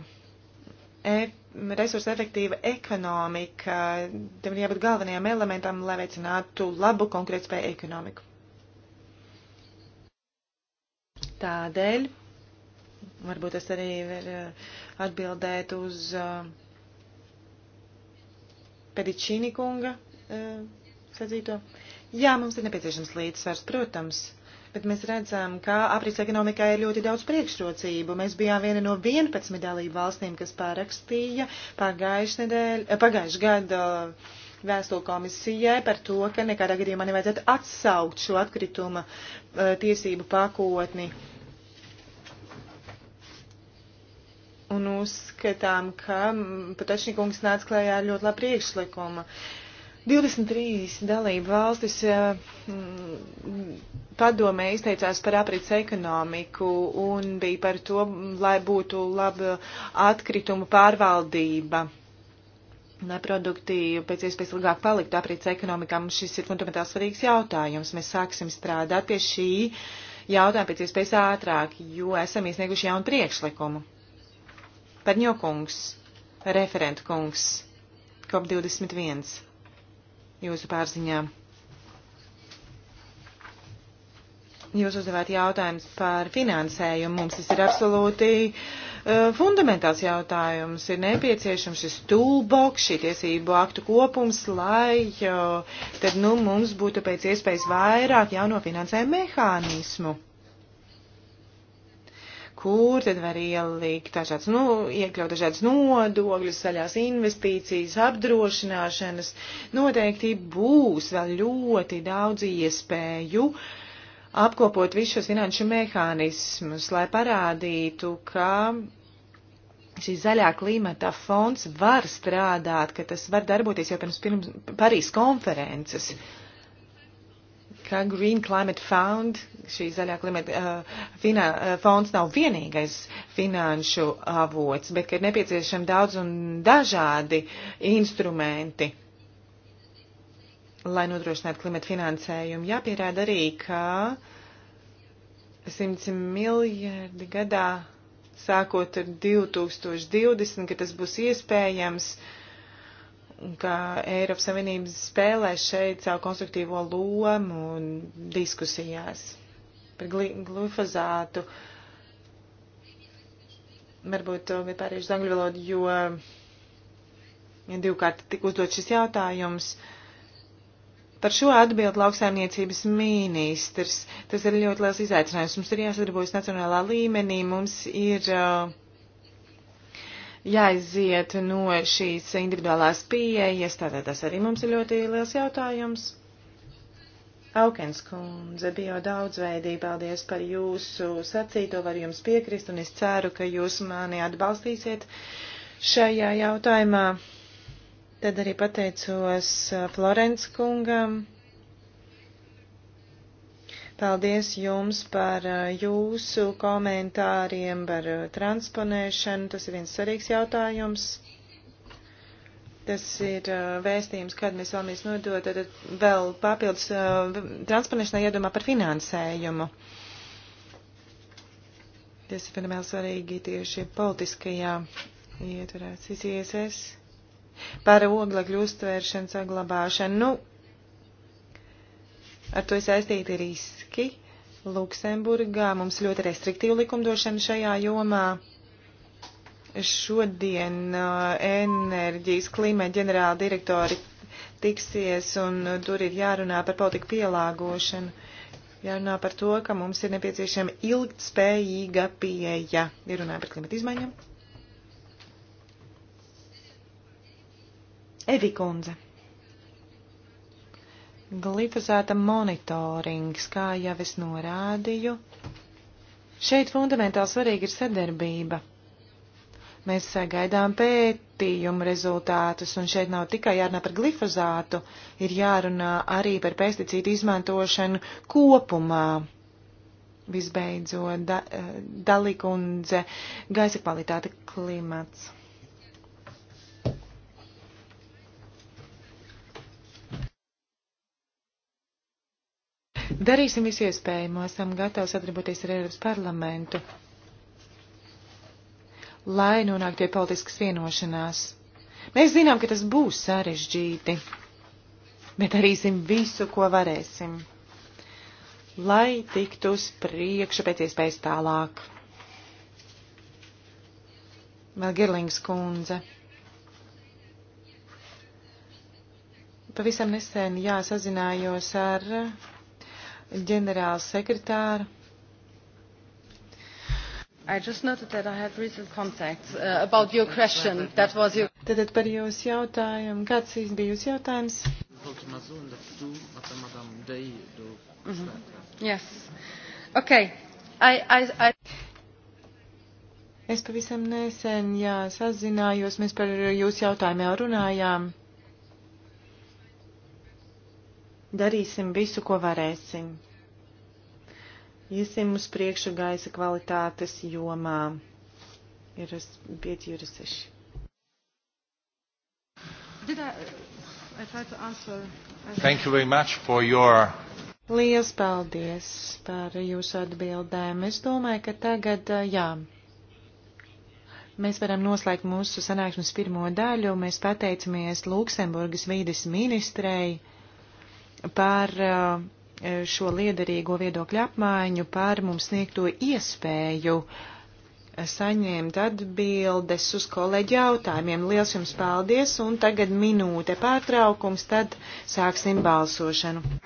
E, resursa efektīva ekonomika, tam ir jābūt galvenajam elementam, lai veicinātu labu konkurētspēju ekonomiku. Tādēļ, varbūt es arī varu uh, atbildēt uz uh, Pedičīni kunga uh, e, sacīto. Jā, mums ir nepieciešams līdzsvars, protams, bet mēs redzam, ka aprīts ekonomikā ir ļoti daudz priekšrocību. Mēs bijām viena no 11 dalību valstīm, kas pārakstīja pagājušā e, pagājuš gada vēstuli komisijai par to, ka nekādā gadījumā nevajadzētu atsaukt šo atkrituma e, tiesību pakotni un uzskatām, ka mm, Patačnikungs nāca klējā ar ļoti labu priekšlikumu. 23 dalību valstis mm, padomē izteicās par aprits ekonomiku un bija par to, mm, lai būtu laba atkritumu pārvaldība, lai produkti pēc iespējas ilgāk paliktu aprits ekonomikā. Mums šis ir fundamentāli svarīgs jautājums. Mēs sāksim strādāt pie šī jautājuma pēc iespējas ātrāk, jo esam iesnieguši jaunu priekšlikumu. Parņokungs, referentu kungs, COP21, jūsu pārziņā. Jūs uzdevāt jautājums par finansējumu. Mums tas ir absolūti uh, fundamentāls jautājums. Ir nepieciešams šis toolbox, šī tiesību aktu kopums, lai uh, tad, nu, mums būtu pēc iespējas vairāk jauno finansējuma mehānismu kur tad var ielikt dažādas, nu, iekļaut dažādas nodokļus, saļās investīcijas, apdrošināšanas. Noteikti būs vēl ļoti daudz iespēju apkopot visus šos finanšu mehānismus, lai parādītu, ka šī zaļā klimata fonds var strādāt, ka tas var darboties jau pirms, pirms Parīs konferences. Mm ka Green Climate Fund, šī zaļā klimata uh, finā, uh, fonds nav vienīgais finanšu avots, bet ka ir nepieciešami daudz un dažādi instrumenti, lai nodrošinātu klimata finansējumu. Jāpierāda arī, ka 100 miljardi gadā, sākot ar 2020, ka tas būs iespējams. Uh, ka Eiropas Savienības spēlē šeit savu konstruktīvo lomu diskusijās par glifozātu. Varbūt pārējuši uz angļu valodu, jo ja divkārt tika uzdot šis jautājums. Par šo atbild lauksaimniecības ministrs. Tas ir ļoti liels izaicinājums. Mums ir jāsadarbojas nacionālā līmenī, mums ir uh, jāiziet no šīs individuālās pieejas, tātad tas arī mums ir ļoti liels jautājums. Aukens kundze, bio daudzveidība, paldies par jūsu sacīto, varu jums piekrist, un es ceru, ka jūs mani atbalstīsiet šajā jautājumā. Tad arī pateicos uh, Florence kungam Paldies jums par uh, jūsu komentāriem, par uh, transponēšanu. Tas ir viens svarīgs jautājums. Tas ir uh, vēstījums, kad mēs vēlamies nodot vēl papildus transponēšanai iedomā par finansējumu. Tas ir vienmēr svarīgi tieši politiskajā ietverā. CCSS par oglekļu uztvēršanu saglabāšanu. Nu, ar to saistīti riski. Luksemburgā mums ļoti restriktīva likumdošana šajā jomā. Šodien uh, enerģijas klimata ģenerāla direktori tiksies, un uh, tur ir jārunā par politiku pielāgošanu. Jārunā par to, ka mums ir nepieciešama ilgtspējīga pieeja. Ir runā par klimata izmaiņām. Evi Konze. Glifosāta monitorings, kā jau es norādīju, šeit fundamentāli svarīga ir sadarbība. Mēs sagaidām pētījumu rezultātus, un šeit nav tikai jārunā par glifosātu, ir jārunā arī par pesticīdu izmantošanu kopumā. Visbeidzot, da, eh, dalīkundze, gaisa kvalitāte, klimats. Darīsim visu iespējamo, esam gatavi sadarboties ar Eiropas parlamentu, lai nonāktu pie politiskas vienošanās. Mēs zinām, ka tas būs sarežģīti, bet darīsim visu, ko varēsim, lai tiktu uz priekšu pēc iespējas tālāk. Vēl Girlings kundze. Pavisam nesen jāsazinājos ar ģenerāla sekretāra. I just noted that I had recent contacts uh, about your question. That was your... Tātad par jūsu jautājumu. Kāds bija jūsu jautājums? Mm -hmm. Yes. Okay. I, I, I... Es pavisam nesen, jā, sazinājos, mēs par jūsu jautājumu jau runājām. Mm. Darīsim visu, ko varēsim. Iesim uz priekšu gaisa kvalitātes jomā. Ir 5, ir 6. Uh, Thank you very much for your Liels paldies par jūsu atbildēm. Es domāju, ka tagad, uh, jā, mēs varam noslēgt mūsu sanāksmes pirmo daļu. Mēs pateicamies Luksemburgas vīdes ministrei par uh, šo liederīgo viedokļu apmaiņu, par mums sniegto iespēju saņemt atbildes uz kolēģi jautājumiem. Liels jums paldies, un tagad minūte pārtraukums, tad sāksim balsošanu.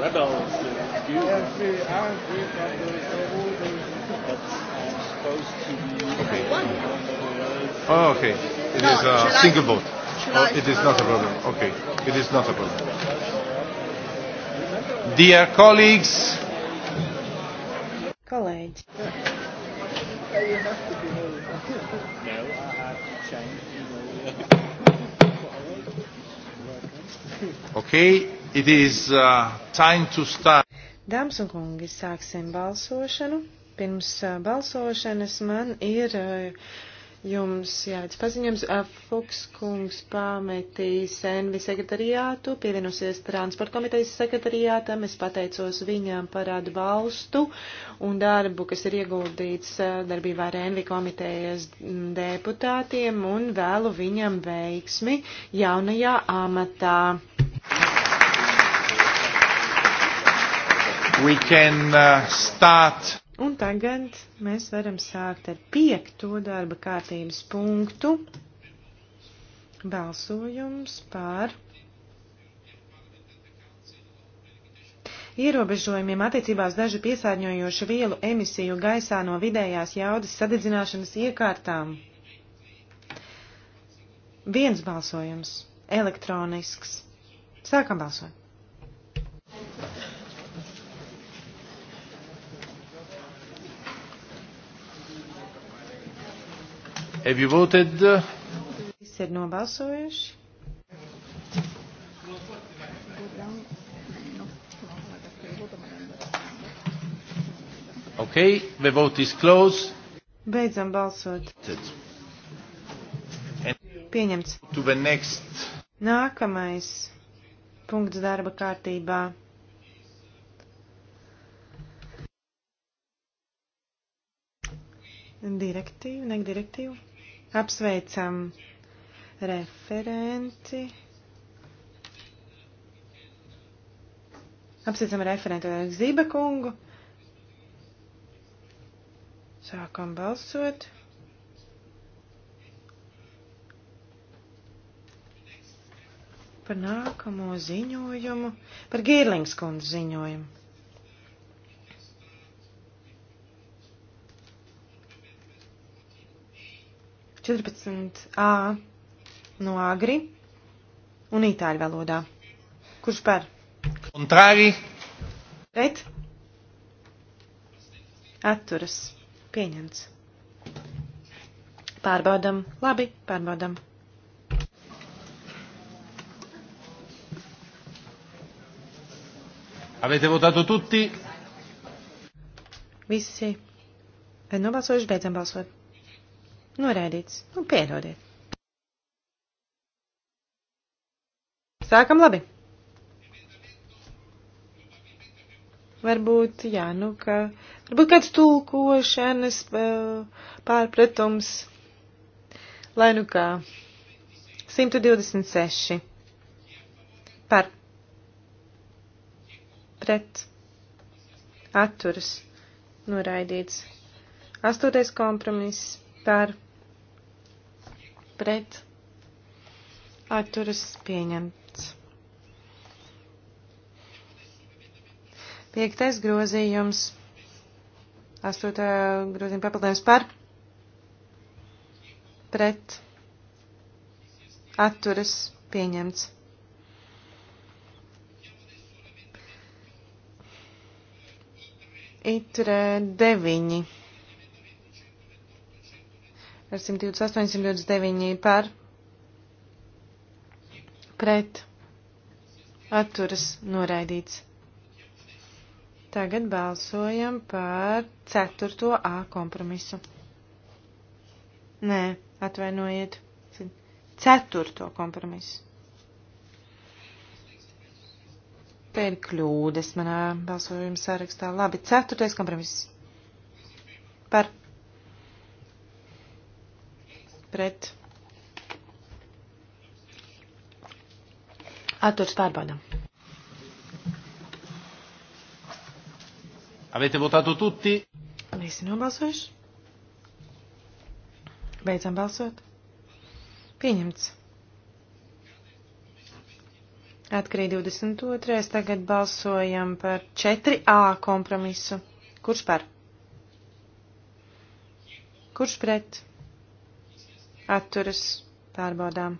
rebels, the excuse. Every, I'm free from the But I'm supposed to be okay. Oh, okay. It no, is a I, single vote. Oh, it is not a problem. Okay. It is not a problem. Dear colleagues. Colleagues. No, I have to change. Okay, it is uh, time to start. Dāmas un kungi, sāksim balsošanu. Pirms uh, balsošanas man ir uh, Jums jāveic paziņojums. Fuchs kungs pametīs Envi sekretariātu, pievienosies transporta komitejas sekretariātam. Es pateicos viņām par atbalstu un darbu, kas ir ieguldīts darbībā ar Envi komitejas deputātiem un vēlu viņam veiksmi jaunajā amatā. We can uh, start Un tagad mēs varam sākt ar piekto darba kārtības punktu. Balsojums par ierobežojumiem attiecībās dažu piesārņojošu vielu emisiju gaisā no vidējās jaudas sadedzināšanas iekārtām. Viens balsojums - elektronisks. Sākam balsot! Have you voted? Visi ir nobalsojuši. Okay, the vote is closed. Beidzam balsot. Pieņemts. To the next. Nākamais punkts darba kārtībā. Direktīva, nek direktīva. Apsveicam referenti. Apsveicam referentu Zība kungu. Sākam balsot. Par nākamo ziņojumu, par Gīrlings kundu ziņojumu. 14a no agri un itāļu valodā. Kurš par? Kontrāri. Pret. Atturas. Pieņemts. Pārbaudam. Labi, pārbaudam. Avete votato tutti? Visi. Nobalsojuši, beidzam balsot. Noraidīts. Nu, piedodiet. Sākam labi. Varbūt, jā, nu, ka, varbūt kāds tulkošanas pārpratums, lai nu kā. 126. Par. Pret. Atturas. Noraidīts. Astotais kompromiss. Par pret atturas pieņemts. Piektais grozījums, astotā grozījuma papildinājums par pret atturas pieņemts. Itre deviņi ar 128, 129 par pret atturas noraidīts. Tagad balsojam par 4. A kompromisu. Nē, atvainojiet, 4. kompromisu. Te ir kļūdas manā balsojuma sarakstā. Labi, 4. kompromiss. Par pret atturs pārbaudam. Avete votato tutti? Visi nobalsojuši. Beidzam balsot. Pieņemts. Atkarīja 22. Tagad balsojam par 4A kompromisu. Kurš par? Kurš pret? atturas pārbaudām.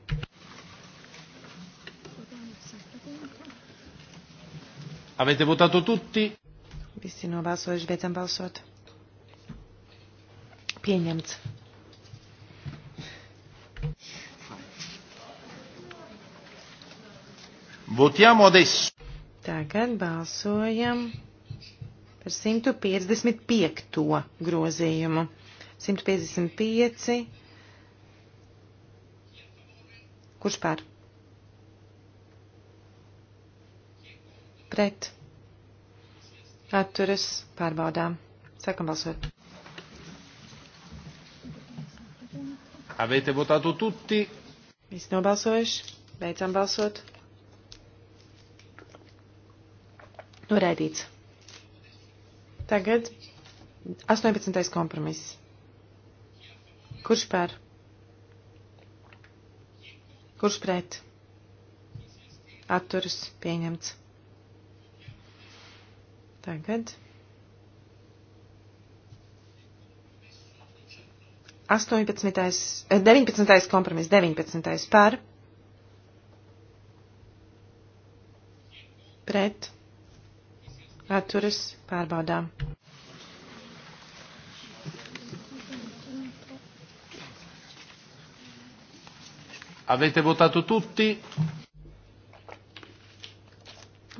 Avete votato tutti? Visi nobalsojuši, beidzam balsot. Pieņemts. Votiamo adesso. Tagad balsojam par 155. grozījumu. 155 Kurš pār? Pret. Atturas pārbaudām. Sākam balsot. Avete votato tutti? Visi nobalsojuši. Beidzam balsot. Noraidīts. Tagad 18. kompromiss. Kurš pēr? Kurš pret? Atturas pieņemts. Tagad. 18. 19. Eh, kompromiss, 19. par, pret, atturas pārbaudām. Avete votato tutti?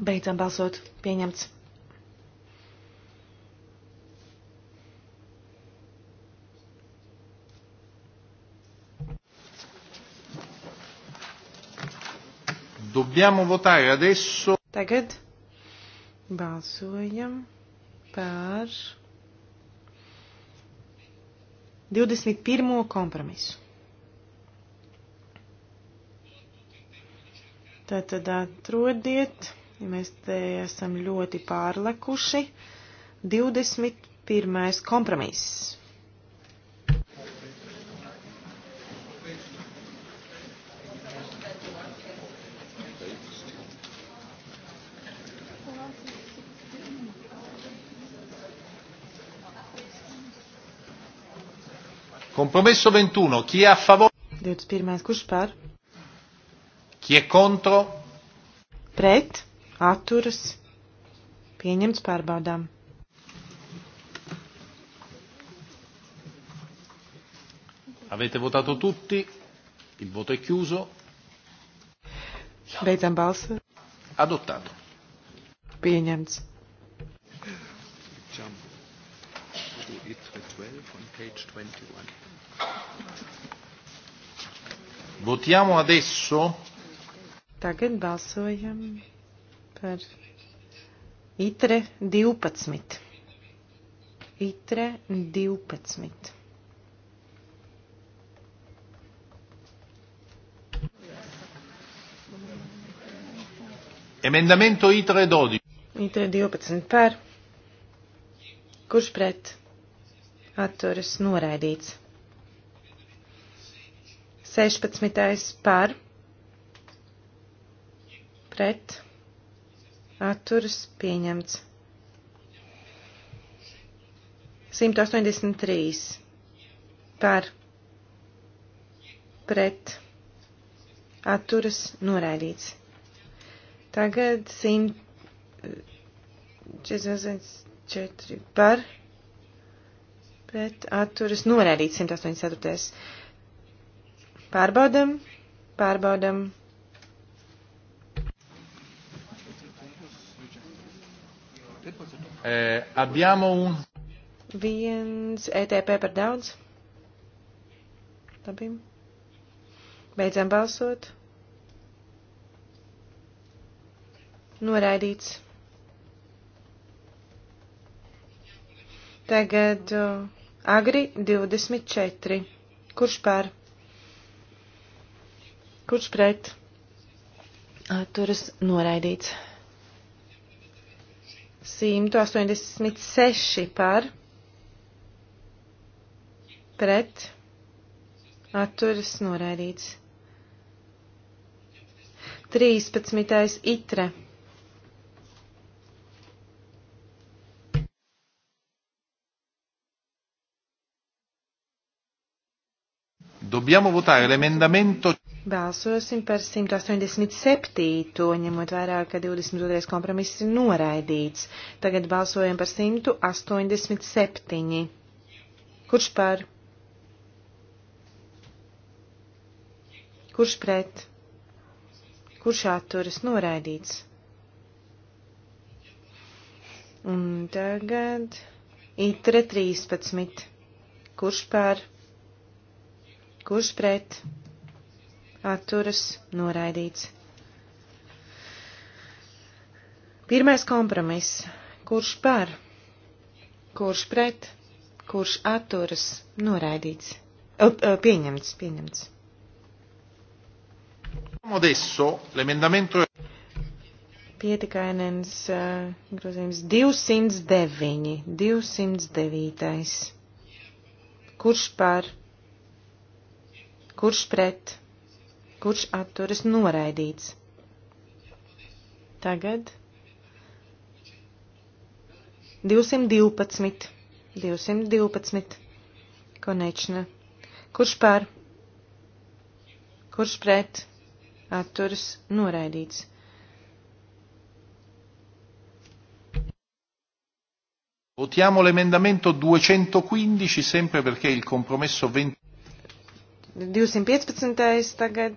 Beidzam balsot. Pieņemts. Dobbiamo votare adesso. Tagad balsojam par 21. kompromisu. Tātad atrodiet, ja mēs te esam ļoti pārlekuši, 21. kompromiss. Compromesso 21. Chi è a favore? 21. Kurš par? Chi è contro? Pret, atturas, pieņemts pārbaudām. Avete votato tutti? Il voto è chiuso. Beidzam balsu. Adottato. Pieņemts. Jump to ITRE 12 on page 21. Votiamo adesso Tagad balsojam par itre 12. Itre 12. Emendamento ITRE 12. ITRE 12 par. Kurš pret? Atturas noraidīts. 16. par pret atturas pieņemts. 183 par pret atturas noraidīts. Tagad 144 par pret atturas noraidīts 184. Pārbaudam, pārbaudam Eh, abbiamo un. Viens ETP par daudz. Labi. Beidzam balsot. Noraidīts. Tagad uh, agri 24. Kurš pār? Kurš pret? Turas noraidīts. 186 par pret atturas noraidīts. 13. itre. Dobbiamo votare l'emendamento Balsosim par 187, ņemot vērā, ka 22. kompromiss ir noraidīts. Tagad balsojam par 187. Kurš par? Kurš pret? Kurš atturas noraidīts? Un tagad itre 13. Kurš par? Kurš pret? atturas noraidīts. Pirmais kompromiss. Kurš par? Kurš pret? Kurš atturas noraidīts? O, o, pieņemts, pieņemts. Adesso l'emendamento Pietikainens uh, grozījums 209. 209. Kurš par? Kurš pret? kurš atturas noraidīts. Tagad 212, 212, konečna. Kurš pār? Kurš pret? Atturas noraidīts. Votiamo l'emendamento 215 sempre perché il compromesso 20. 215. tagad.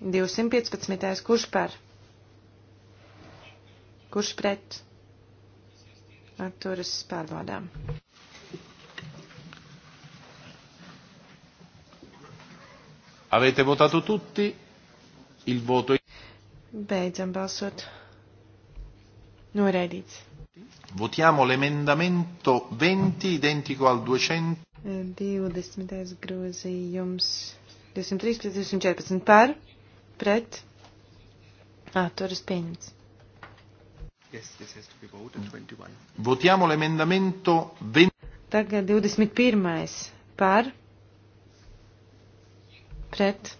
215. Kurš par? Kurš pret? Atturas pārbaudām. Avete votato tutti? Il voto. Beidzam balsot. Noraidīts. Votiamo l'emendamento 20 identico al 200. 20. grozījums. 213, 214 par, pret, atturas pieņemts. Yes, this has to be voted 21. Mm. Votiamo l'emendamento 20. Tagad 21. par, pret,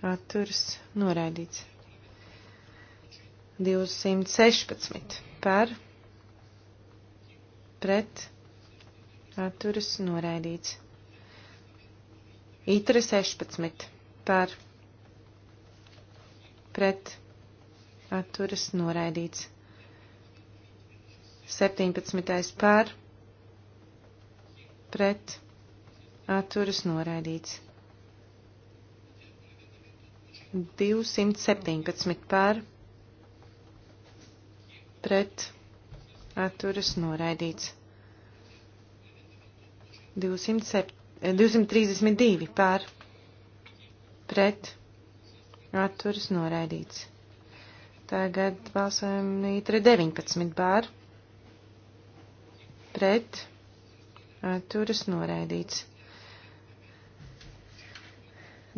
atturas noraidīts. 216 par, pret, atturas noraidīts. Itre 16 par pret atturas noraidīts. 17. par pret atturas noraidīts. 217 par pret atturas noraidīts. 207 232 pār pret atturas noraidīts. Tagad balsojam itre 19 pār pret atturas noraidīts.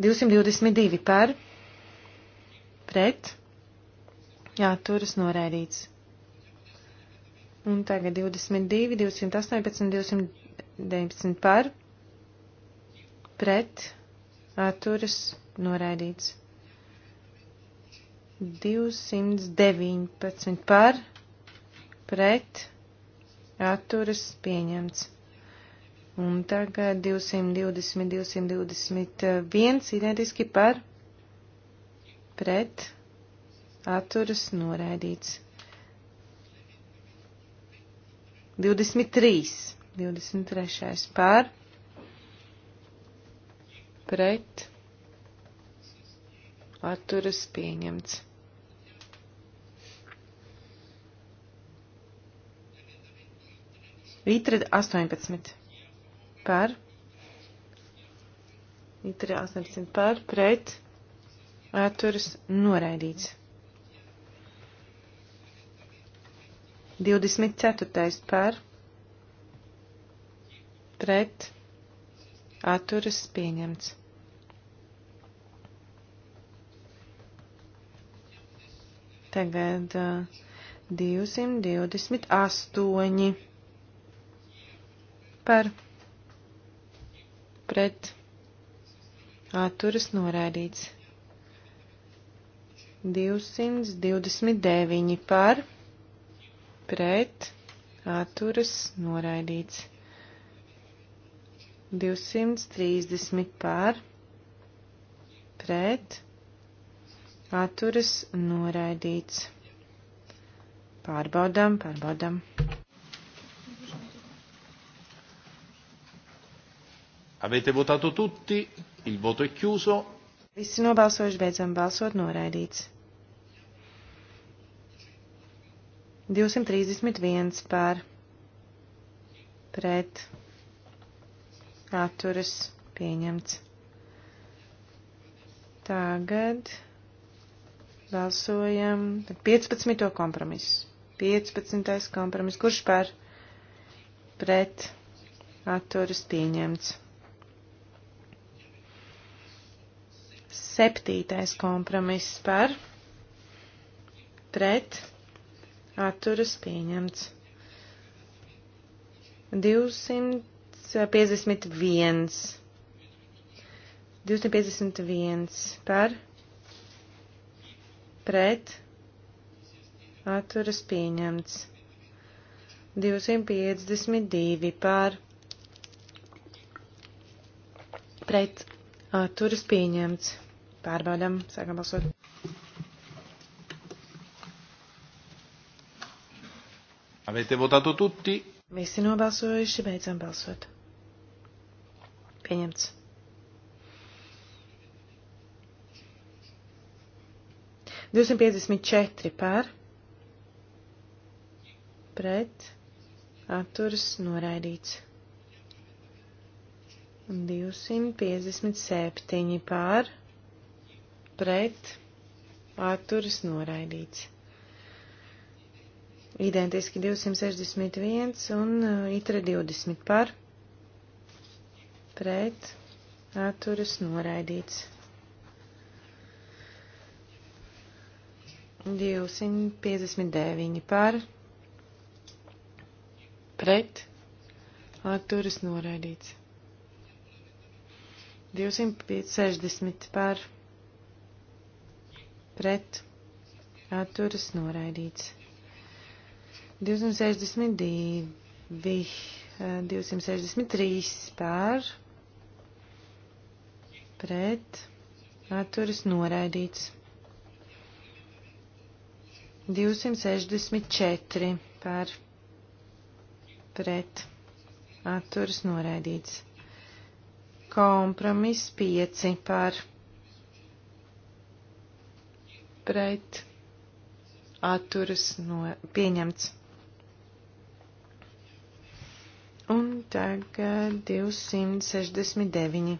222 par pret atturas noraidīts. Un tagad 22, 218, 219 par pret pret atturas noraidīts. 219 par pret atturas pieņemts. Un tagad 220, 221 identiski par pret atturas noraidīts. 23, 23 par pret pret atturas pieņemts. Rītra 18 par. Rītra 18 par pret atturas noraidīts. 24. par pret atturas pieņemts. Tagad uh, 228 par pret atturas noraidīts. 229 par pret atturas noraidīts. 230 pār pret atturas noraidīts. Pārbaudām, pārbaudām. Avete votato tutti? Il voto è chiuso. Visi nobalsojuši beidzam balsot noraidīts. 231 pār pret atturas pieņemts. Tagad balsojam 15. kompromiss. 15. kompromiss. Kurš par pret atturas pieņemts? 7. kompromiss par pret atturas pieņemts. 200 251. 251 par pret atturas pieņemts. 252 par pret atturas pieņemts. Pārbaudam, sākam balsot. Avete votato tutti? Visi nobalsojuši, beidzam balsot. Pieņemts. Divsimt piecdesmit četri par, pret, atturas noraidīts. 257 pār, pret, atturas noraidīts. Identiski 261 un itra 20 pār, pret atturas noraidīts. 259 par pret atturas noraidīts. 260 par pret atturas noraidīts. 262, 263 eh, par pret atturas noraidīts. 264 par pret atturas noraidīts. Kompromiss 5 par pret atturas no, pieņemts. Un tagad 269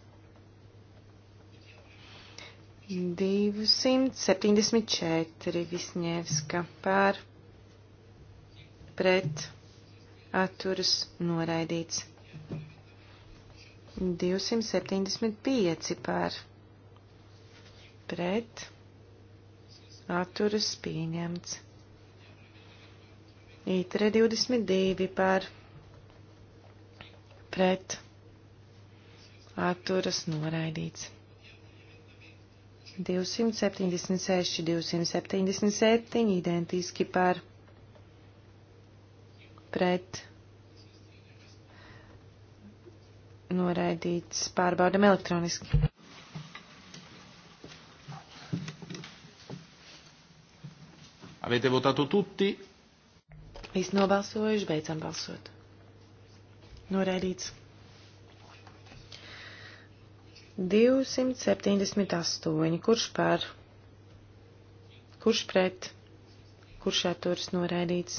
274 Visņēvska pār pret atturas noraidīts. 275 pār pret atturas pieņemts. Itre 22 pār pret atturas noraidīts. 276, 277 identiski par pret noraidīts pārbaudam elektroniski. Avete votato tutti? Viss nobalsojuši, beidzam balsot. Noraidīts. 278. Kurš par? Kurš pret? Kurš atturas noraidīts?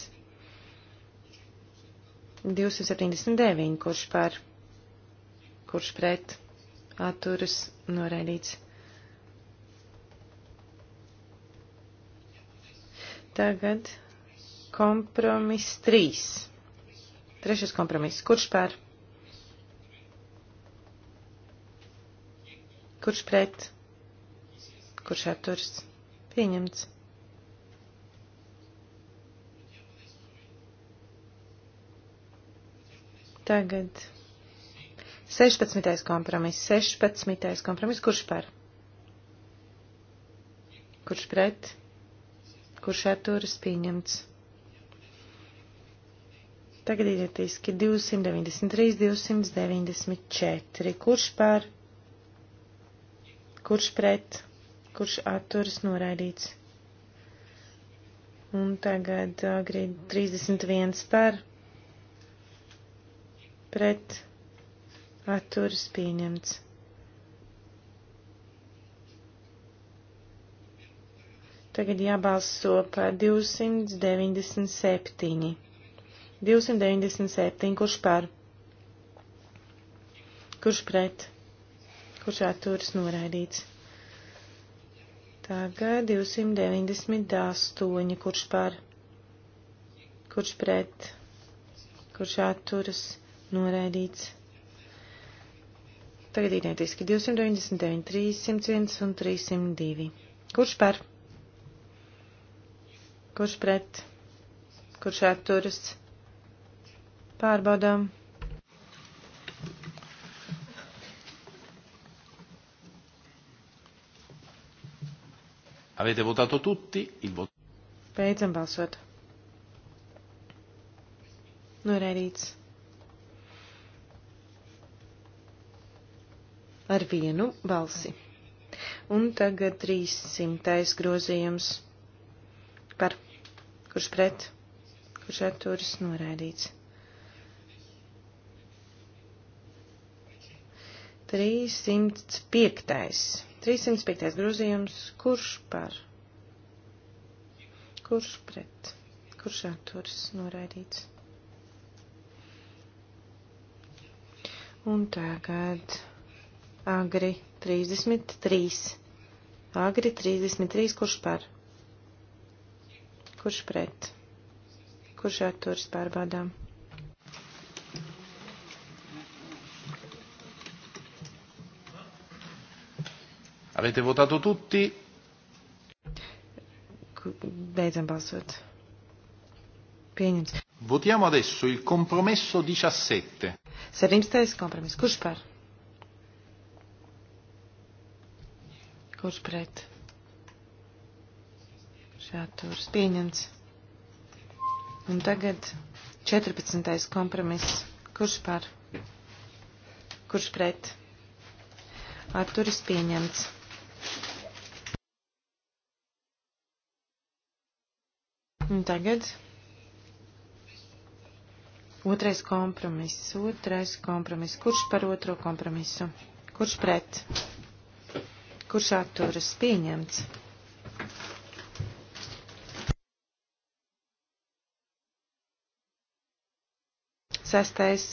279. Kurš par? Kurš pret? Atturas noraidīts. Tagad kompromiss 3. Trešais kompromiss. Kurš par? Kurš pret? Kurš atturs? Pieņemts. Tagad 16. kompromiss, 16. kompromiss, kurš par? Kurš pret? Kurš atturas pieņemts? Tagad identiski 293, 294, kurš par? kurš pret, kurš atturas noraidīts. Un tagad uh, grib 31 par, pret, atturas pieņemts. Tagad jābalso par 297. 297, kurš par? Kurš pret? kurš atturas noraidīts. Tagad 298, kurš par, kurš pret, kurš atturas noraidīts. Tagad identiski 299, 301 un 302. Kurš par? Kurš pret? Kurš atturas? Pārbaudām. Avete votato tutti il voto. Beidzam balsot. Noraidīts. Nu, Ar vienu balsi. Un tagad 300. grozījums par kurš pret, kurš atturis noraidīts. 305. 305. grozījums, kurš par, kurš pret, kurš atturs noraidīts. Un tagad agri 33. Agri 33, kurš par? Kurš pret? Kurš atturs pārbaudām? Avete votato tutti? Beidzam balsot. Pieņems. Votiamo adesso il compromesso 17. 17. kompromiss. Kurš par? Kurš pret? Šāturs pieņemts. Un tagad 14. kompromiss. Kurš par? Kurš pret? Atturis pieņemts. Un tagad otrais kompromiss, otrais kompromiss. Kurš par otro kompromisu? Kurš pret? Kurš atturas pieņemts? Sestais,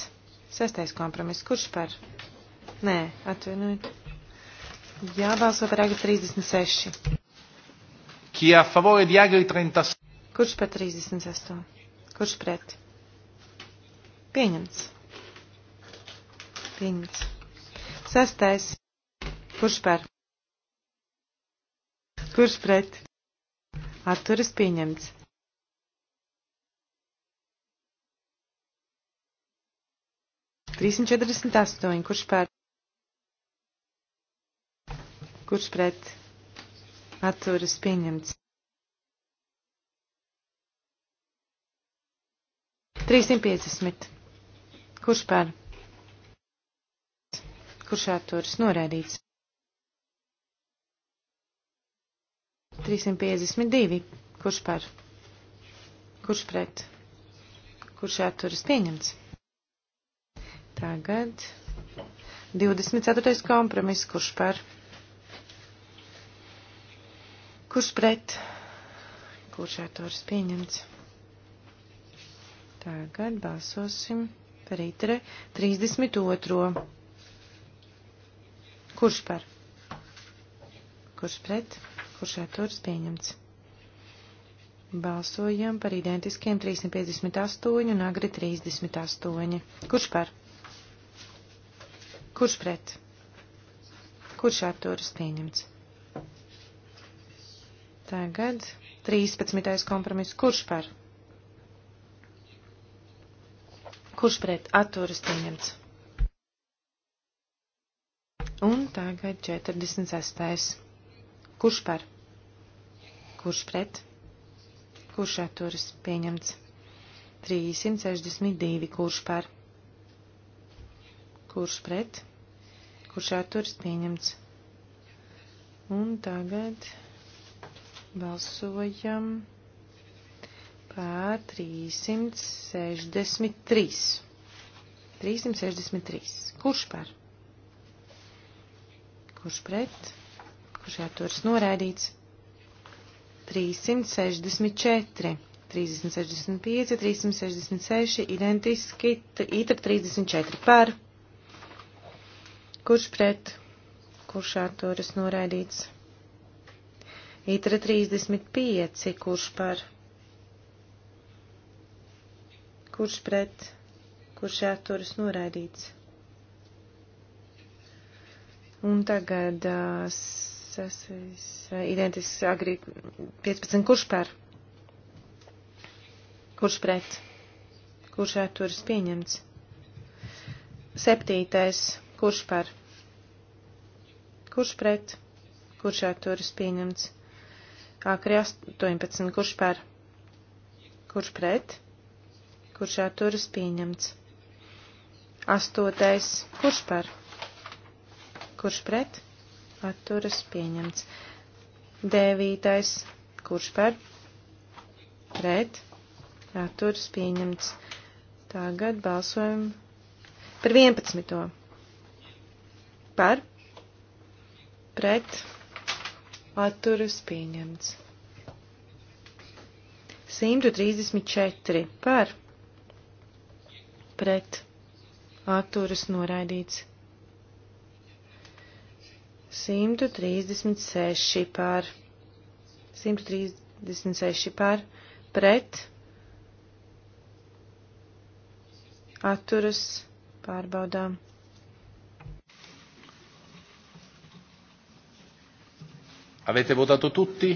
sestais kompromiss. Kurš par? Nē, atvainojiet. Jābalso par agri 36. Chi a favore di agri 36. Kurš par 38? Kurš pret? Pieņemts. Pieņemts. Sastais. Kurš par? Kurš pret? Atturas pieņemts. Trīsim četrdesmit astoņi. Kurš pēr? Kurš pret? Atturas pieņemts. 350. Kurš par? Kurš atturas? Noraidīts. 352. Kurš par? Kurš pret? Kurš atturas pieņemts? Tagad 24. kompromiss. Kurš par? Kurš pret? Kurš atturas pieņemts? Tagad balsosim par itre 32. Kurš par? Kurš pret? Kurš atturs pieņemts? Balsojam par identiskiem 358 un agri 38. Kurš par? Kurš pret? Kurš atturas pieņemts? Tagad 13. kompromiss. Kurš par? kurš pret atturas pieņemts. Un tagad 46. Kurš par? Kurš pret? Kurš atturas pieņemts? 362. Kurš par? Kurš pret? Kurš atturas pieņemts? Un tagad balsojam pār 363. 363. Kurš par? Kurš pret? Kurš jāturas noraidīts? 364. 365, 366, identiski, itra 34 par. Kurš pret? Kurš atturas noraidīts? Itra 35, kurš par? kurš pret, kurš atturas noraidīts. Un tagad sasīs, identisks agrī 15, kurš par, kurš pret, kurš atturas pieņemts. Septītais, kurš par, kurš pret, kurš atturas pieņemts. Akri 18, kurš par, kurš pret, kurš atturas pieņemts. Astotais, kurš par, kurš pret, atturas pieņemts. Devītais, kurš par, pret, atturas pieņemts. Tagad balsojam par 11. Par, pret, atturas pieņemts. 134 par pret atturas noraidīts. 136 pār 136 pār pret atturas pārbaudām. Avete votato tutti?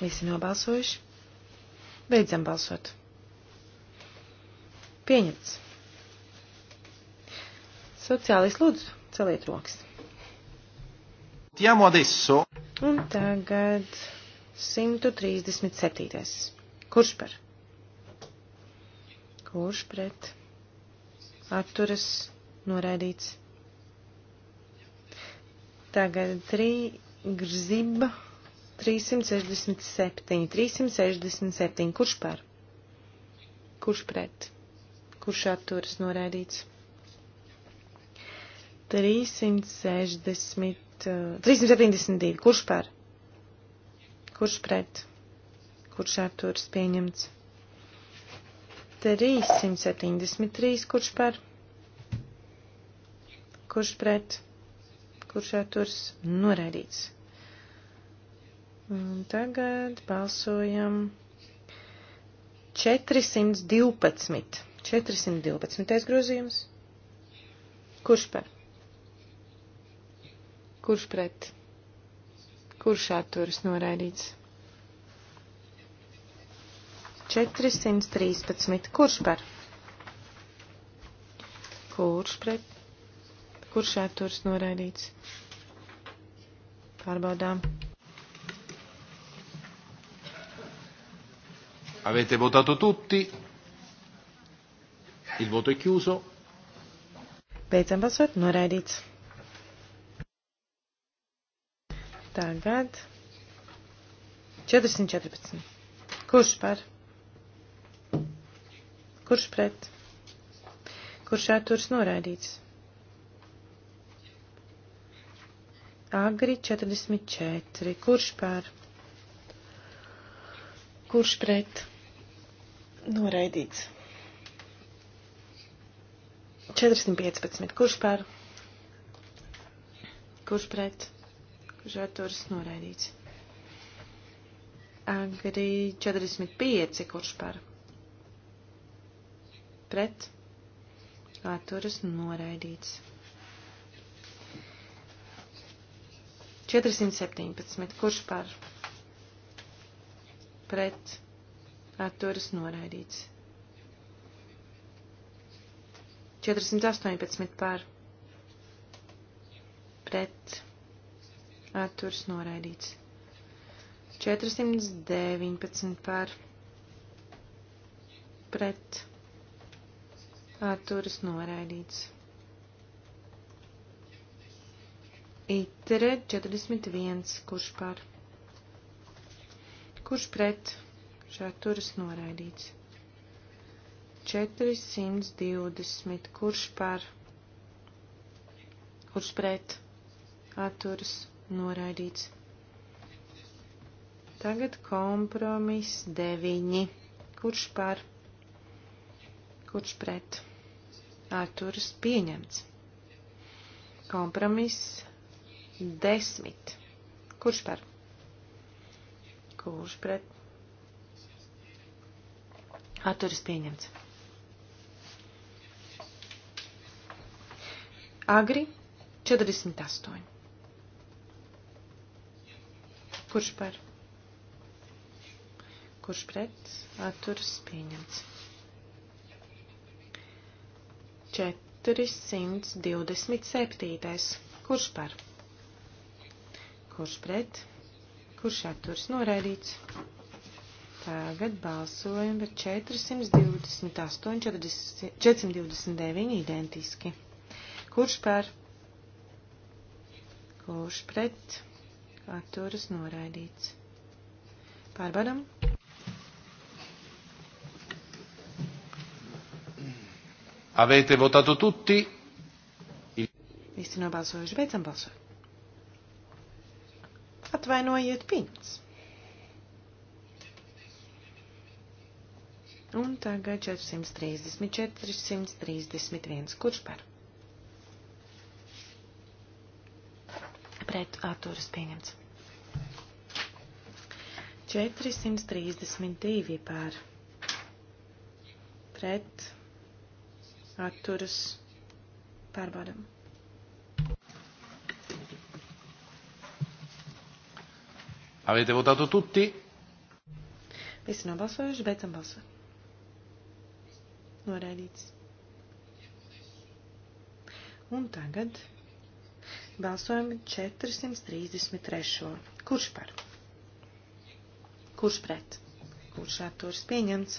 Visi nobalsojuši. Beidzam balsot. Pieņemts. Sociālis lūdzu, celiet rokas. Tiamo adesso. Un tagad 137. Kurš par? Kurš pret? Atturas noraidīts. Tagad 3 grziba 367. 367. Kurš par? Kurš pret? kurš atturas noraidīts. 360, 372, eh, kurš par, kurš pret, kurš atturas pieņemts. 373, kurš par, kurš pret, kurš atturas noraidīts. Un tagad balsojam 412. 412. grozījums. Kurš par? Kurš pret? Kurš atturas noraidīts? 413. Kurš par? Kurš pret? Kurš atturas noraidīts? Pārbaudām. Avete votato tutti? Il voto è chiuso. Beidzam balsot, noraidīts. Tagad 414. Kurš par? Kurš pret? Kurš atturs noraidīts? Agri 44. Kurš par? Kurš pret? Noraidīts. 415. Kurš par? Kurš pret? Kurš atturs noraidīts? Agri 45. Kurš par? Pret? Atturs noraidīts. 417. Kurš par? Pret? Atturs noraidīts. 418 par pret atturs noraidīts. 419 par pret atturs noraidīts. Itere 41, kurš par, kurš pret, šā turas noraidīts. 420. Kurš par? Kurš pret? Atturas noraidīts. Tagad kompromiss 9. Kurš par? Kurš pret? Atturas pieņemts. Kompromiss 10. Kurš par? Kurš pret? Atturas pieņemts. Agri 48. Kurš par? Kurš pret? Atturas pieņemts. 427. Kurš par? Kurš pret? Kurš atturas noraidīts? Tagad balsojam par 428, 40, 429 identiski. Kurš par? Kurš pret? Atturas noraidīts. Pārbaudam. Avete votato tutti? Visi nobalsojuši, beidzam balsot. Atvainojiet, pieņemts. Un tagad 430, 431. Kurš par? pret atturas pieņemts. 432 pār pret atturas pārbaudam. Avete votato tutti? Visi nobalsojuši, beidzam balsot. Noraidīts. Un tagad Balsojam 433. Kurš par? Kurš pret? Kurš atturs pieņemts?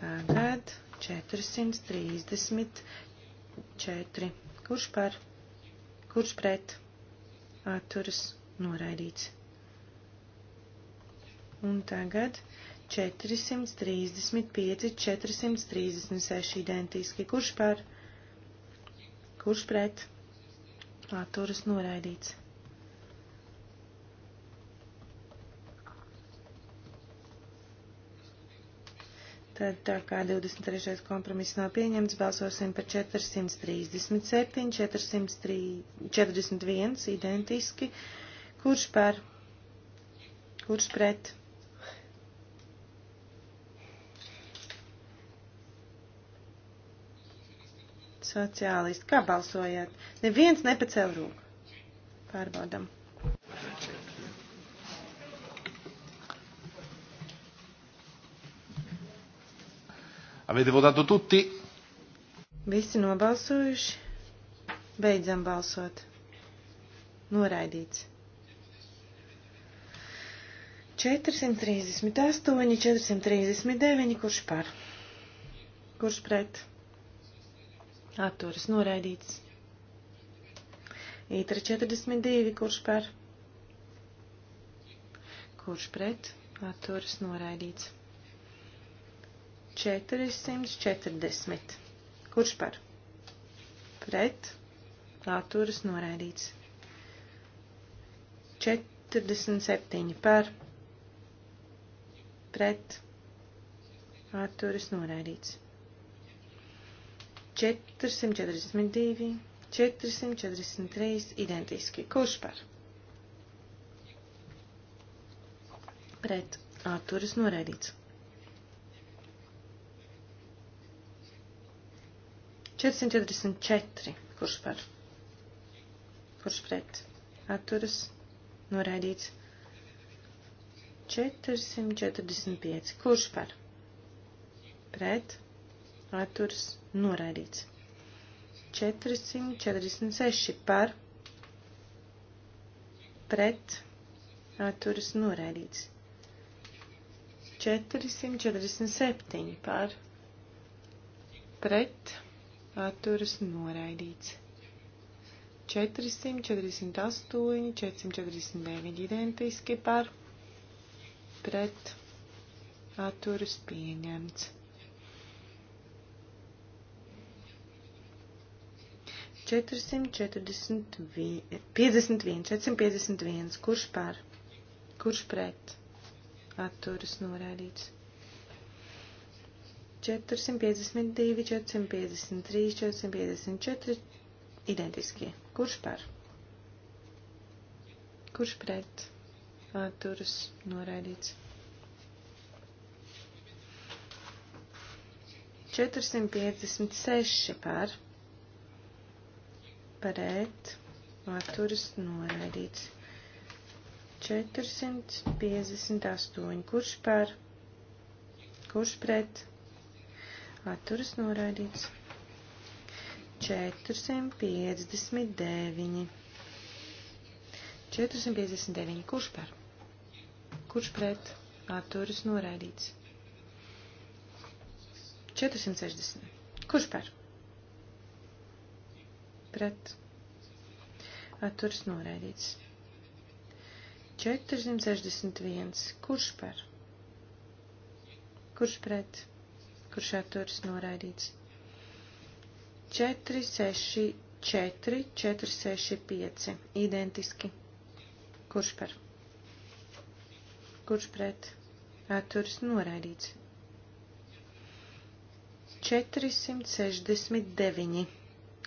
Tagad 434. Kurš par? Kurš pret? Atturas noraidīts. Un tagad 435, 436 identiski. Kurš par? Kurš pret? atturas noraidīts. Tad tā kā 23. kompromiss nav pieņemts, balsosim par 437, 441 identiski, kurš par, kurš pret, Sociālisti, kā balsojāt? Neviens nepacēl rūku. Pārbaudam. Avete votato tutti? Visi nobalsojuši. Beidzam balsot. Noraidīts. 438, 439, kurš par? Kurš pret? atturas noraidīts. Ītra 42, kurš par, kurš pret, atturas noraidīts. 440, kurš par, pret, atturas noraidīts. 47 par, pret, atturas noraidīts. 442, 443 identiski. Kurš par? Pret atturas noraidīts. 444. Kurš par? Kurš pret? Atturas noraidīts. 445. Kurš par? Pret? Atturas noraidīts noraidīts. 446 par pret atturas noraidīts. 447 par pret atturas noraidīts. 400, 448, 449 identiski par pret atturas pieņemts. 441, 451, kurš par, kurš pret, atturas norādīts. 452, 453, 454, identiskie. Kurš par, kurš pret, atturas norādīts. 456 par pret atturas noraidīts. 458. Kurš par? Kurš pret? Atturas noraidīts. 459. 459. Kurš par? Kurš pret? Atturas noraidīts. 460. Kurš par? pret atturas noraidīts. 461. Kurš par? Kurš pret? Kurš atturas noraidīts? 464, 465. Identiski. Kurš par? Kurš pret? Atturas noraidīts. 469.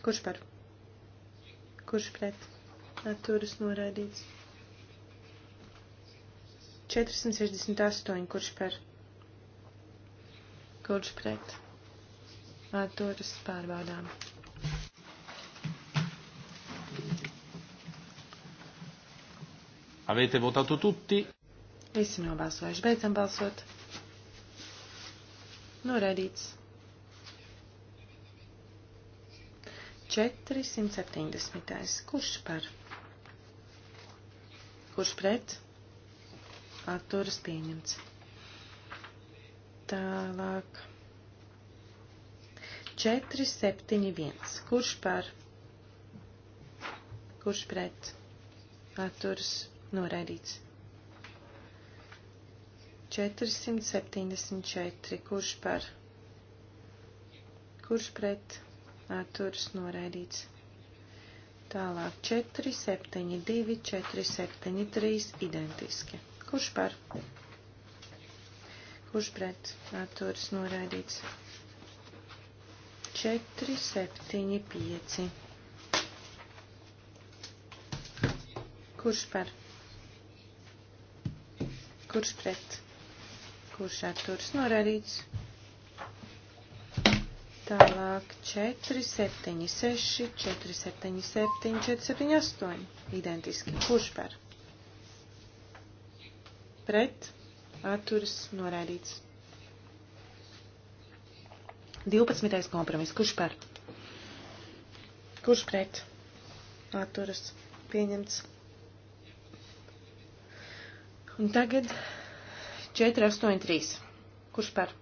Kurš par? kurš pret atturas noraidīts. 468, kurš par, kurš pret atturas pārbaudām. Avete votato tutti? Visi nobalsojuši. Beidzam balsot. Noraidīts. 470. Kurš par? Kurš pret? Atturas pieņemts. Tālāk. 471. Kurš par? Kurš pret? Atturas noraidīts. 474. Kurš par? Kurš pret? atturas noraidīts. Tālāk 4, 7, 2, 4, 7, 3 identiski. Kurš par? Kurš pret atturas noraidīts? 4, 7, 5. Kurš par? Kurš pret? Kurš atturas noraidīts? Tālāk 4, 7, 6, 4, 7, 7, 4, 7, 8. Identiski. Kurš par? Pret. Atturas noraidīts. 12. kompromiss. Kurš par? Kurš pret? Atturas. Pieņemts. Un tagad 4, 8, 3. Kurš par?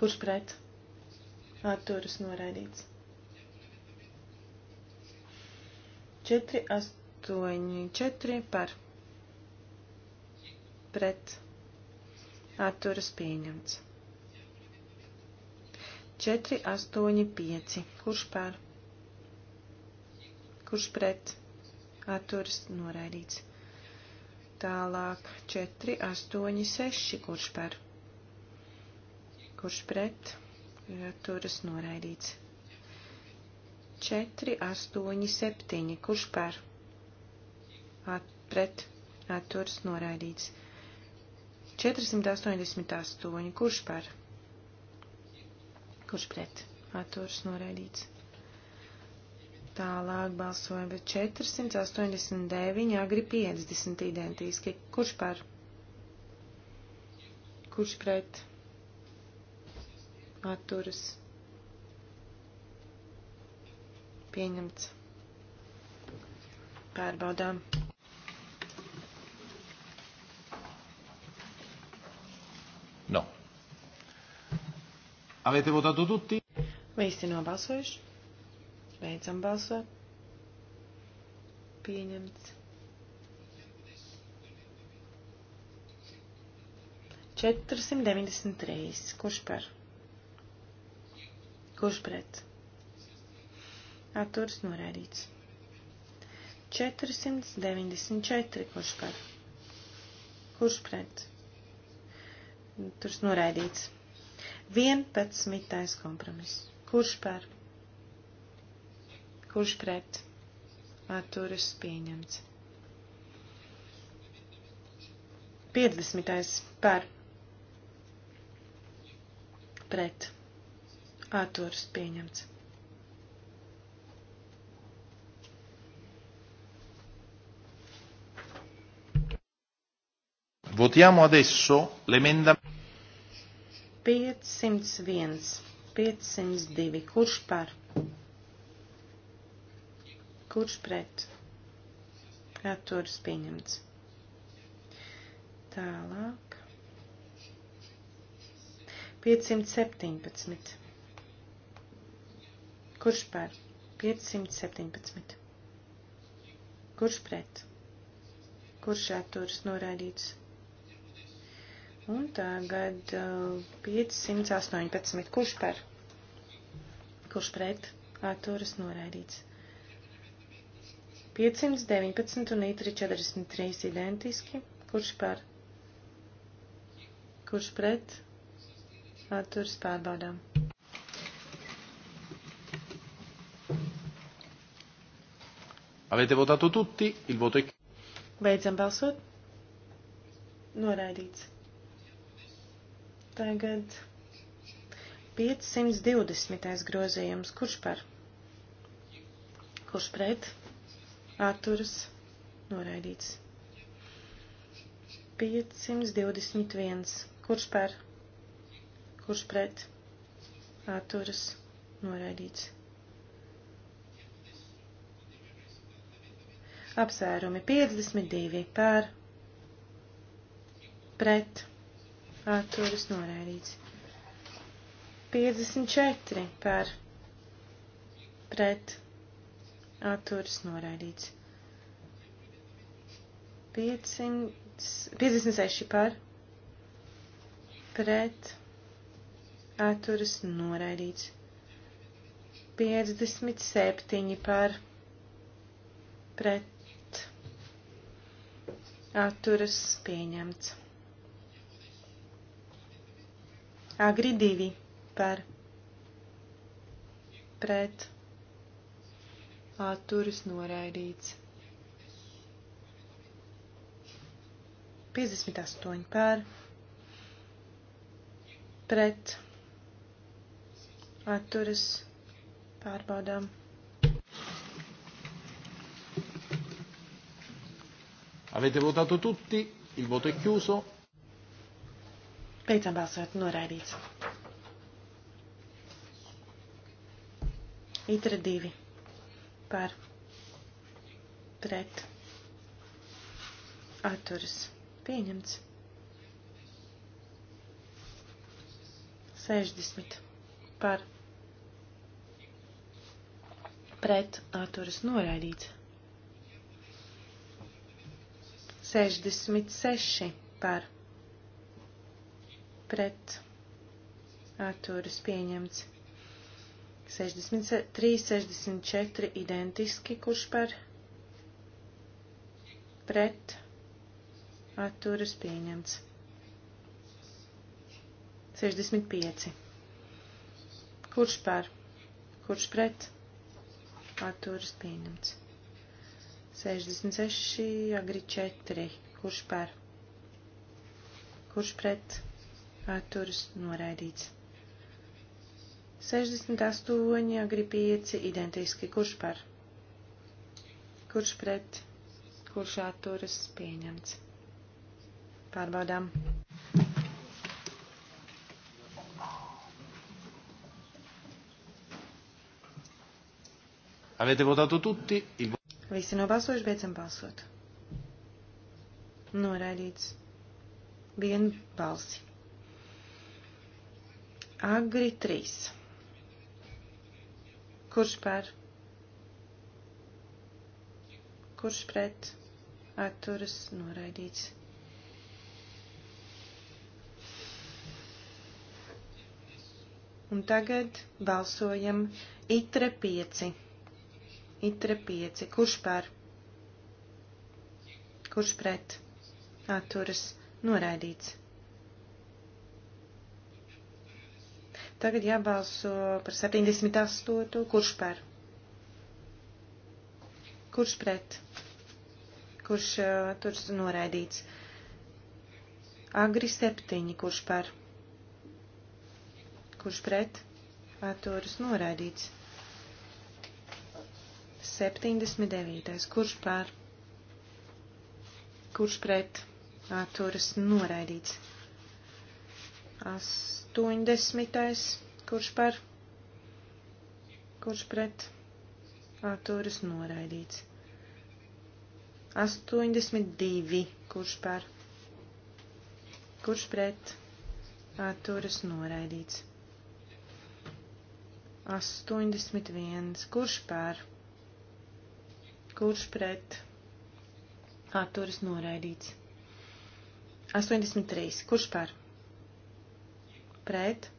Kurš pret? atturas noraidīts. 4, 8, 4 par pret atturas pieņemts. 4, 8, 5. Kurš par? Kurš pret? Atturas noraidīts. Tālāk 4, 8, 6. Kurš par? Kurš pret? Turas noraidīts. 4, 8, 7. Kurš par? At, pret. Atturas noraidīts. 488. Kurš par? Kurš pret? Atturas noraidīts. Tālāk balsojam, bet 489, agri 50 identiski. Kurš par? Kurš pret? atturas pieņemts. Pārbaudām. No. Avete votato tutti? Visi nobalsojuši. Beidzam balsot. Pieņemts. 493. Kurš par? Kurš pret? Atturs norēdīts. 494. Kurš par? Kurš pret? Turs norēdīts. 11. kompromiss. Kurš par? Kurš pret? Atturas pieņemts. 50. par. Pret. Atturas pieņemts. Votiamo adesso l'emendamento 501, 502. Kurš par? Kurš pret? Atturas pieņemts. Tālāk. 517. Kurš par? 517. Kurš pret? Kurš atturs norādīts? Un tagad 518. Uh, Kurš par? Kurš pret? Atturas noraidīts. 519 un itri 43 identiski. Kurš par? Kurš pret? Atturas pārbaudām. Avete votato tutti? Il voto è. Beidzam balsot. Noraidīts. Tagad 520. grozījums. Kurš par? Kurš pret? Atturas. Noraidīts. 521. Kurš par? Kurš pret? Atturas. Noraidīts. apsvērumi 52 par pret atturas noraidīts. 54 par pret atturas noraidīts. 500, 56 par pret atturas noraidīts. 57 par pret atturas pieņemts. Agri divi par pret atturas noraidīts. 58 par pret atturas pārbaudām. Avete votato tutti? Il voto è chiuso. Beidzam balsot, noraidīts. Itra divi par pret atturas pieņemts. 60 par pret atturas noraidīts. 66 par pret atturas pieņemts. 63, 64 identiski, kurš par pret atturas pieņemts. 65. Kurš par, kurš pret atturas pieņemts. 66, agri 4. Kurš par? Kurš pret? Atturas noraidīts. 68, agri 5, identiski. Kurš par? Kurš pret? Kurš atturas pieņemts? Pārbaudām. Avete votato tutti? Il... Visi nobalsojuši, beidzam balsot. Noraidīts. Vienu balsi. Agri 3. Kurš par? Kurš pret? Atturas noraidīts. Un tagad balsojam itre 5. Itre 5. Kurš par? Kurš pret? Atturas noraidīts. Tagad jābalso par 78. Kurš par? Kurš pret? Kurš atturas noraidīts? Agri 7. Kurš par? Kurš pret? Atturas noraidīts. 79. Kurš pār? Kurš pret? Atturas noraidīts. 80. Kurš pār? Kurš pret? Atturas noraidīts. 82. Kurš pār? Kurš pret? Atturas noraidīts. 81. Kurš pār? kurš pret atturas noraidīts. 83. Kurš par? Pret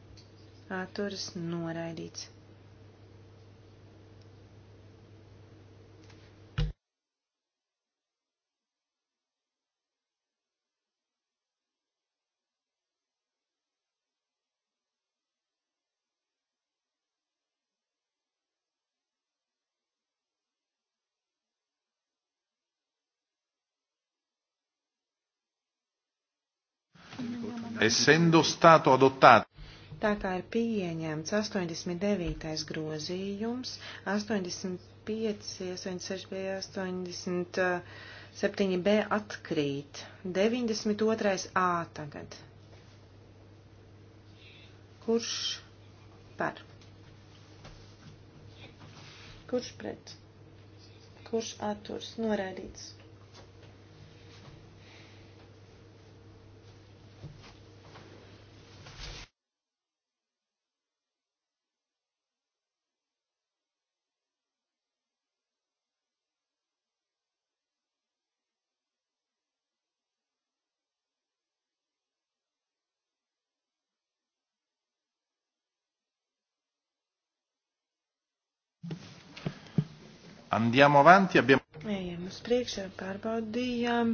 atturas noraidīts. essendo stato adottato. Tā kā ir pieņemts 89. grozījums, 85, 86, 87b atkrīt, 92. a tagad. Kurš par? Kurš pret? Kurš atturs? Noraidīts. Andiamo avanti, abbiamo. Ejam uz priekšu, pārbaudījām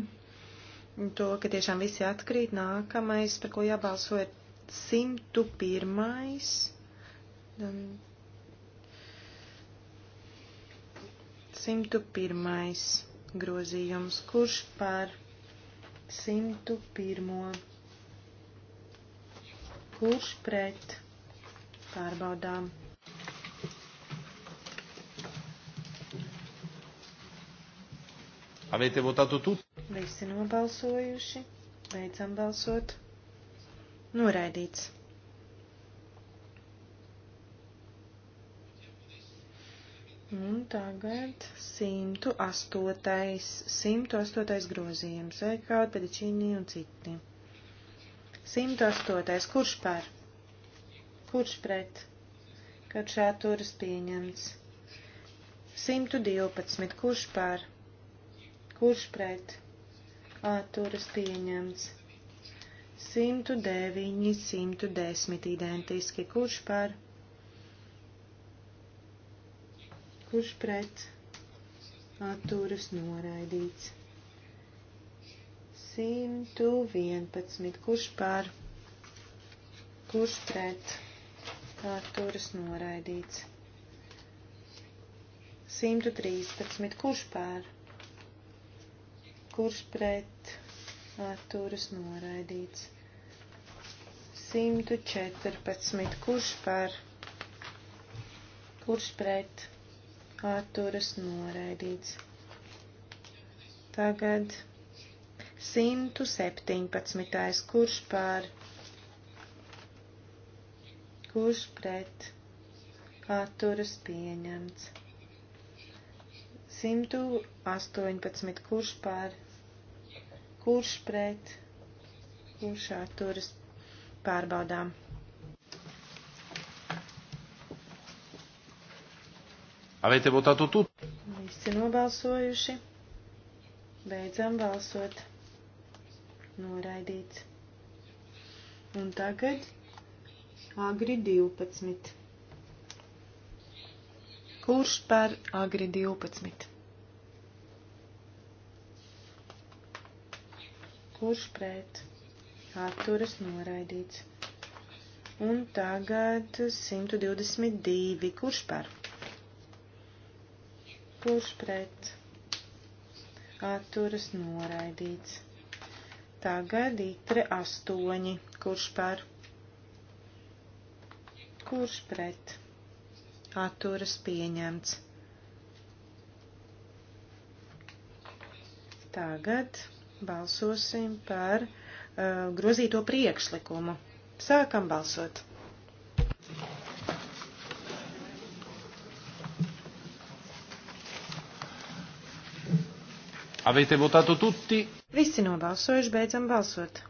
to, ka tiešām visi atkrīt. Nākamais, par ko jābalso, ir 101. Dan... 101. grozījums, kurš par 101. Kurš pret pārbaudām? Avete votato tutti? Visi nobalsojuši. Beidzam balsot. Noraidīts. Un tagad 108. 108. grozījums. Veikādi, pedičīni un citi. 108. Kurš par? Kurš pret? Kad šā turas pieņemts. 112. Kurš par? kurš pret atturas pieņemts. 109, 110 identiski, kurš par, kurš pret atturas noraidīts. 111, kurš par, kurš pret atturas noraidīts. 113, kurš par kurš pret atturas noraidīts. 114. Kurš par? Kurš pret? Atturas noraidīts. Tagad 117. Kurš par? Kurš pret? Atturas pieņemts. 118. Kurš par? kurš pret, kurš atturas pārbaudām. Avete votato tutti? Visi nobalsojuši. Beidzam balsot. Noraidīts. Un tagad agri 12. Kurš par agri 12? kurš pret atturas noraidīts. Un tagad 122, kurš par, kurš pret atturas noraidīts. Tagad itre 8, kurš par, kurš pret atturas pieņemts. Tagad Balsosim par uh, grozīto priekšlikumu. Sākam balsot. Avete votato tutti? Visi nobalsojuši, beidzam balsot.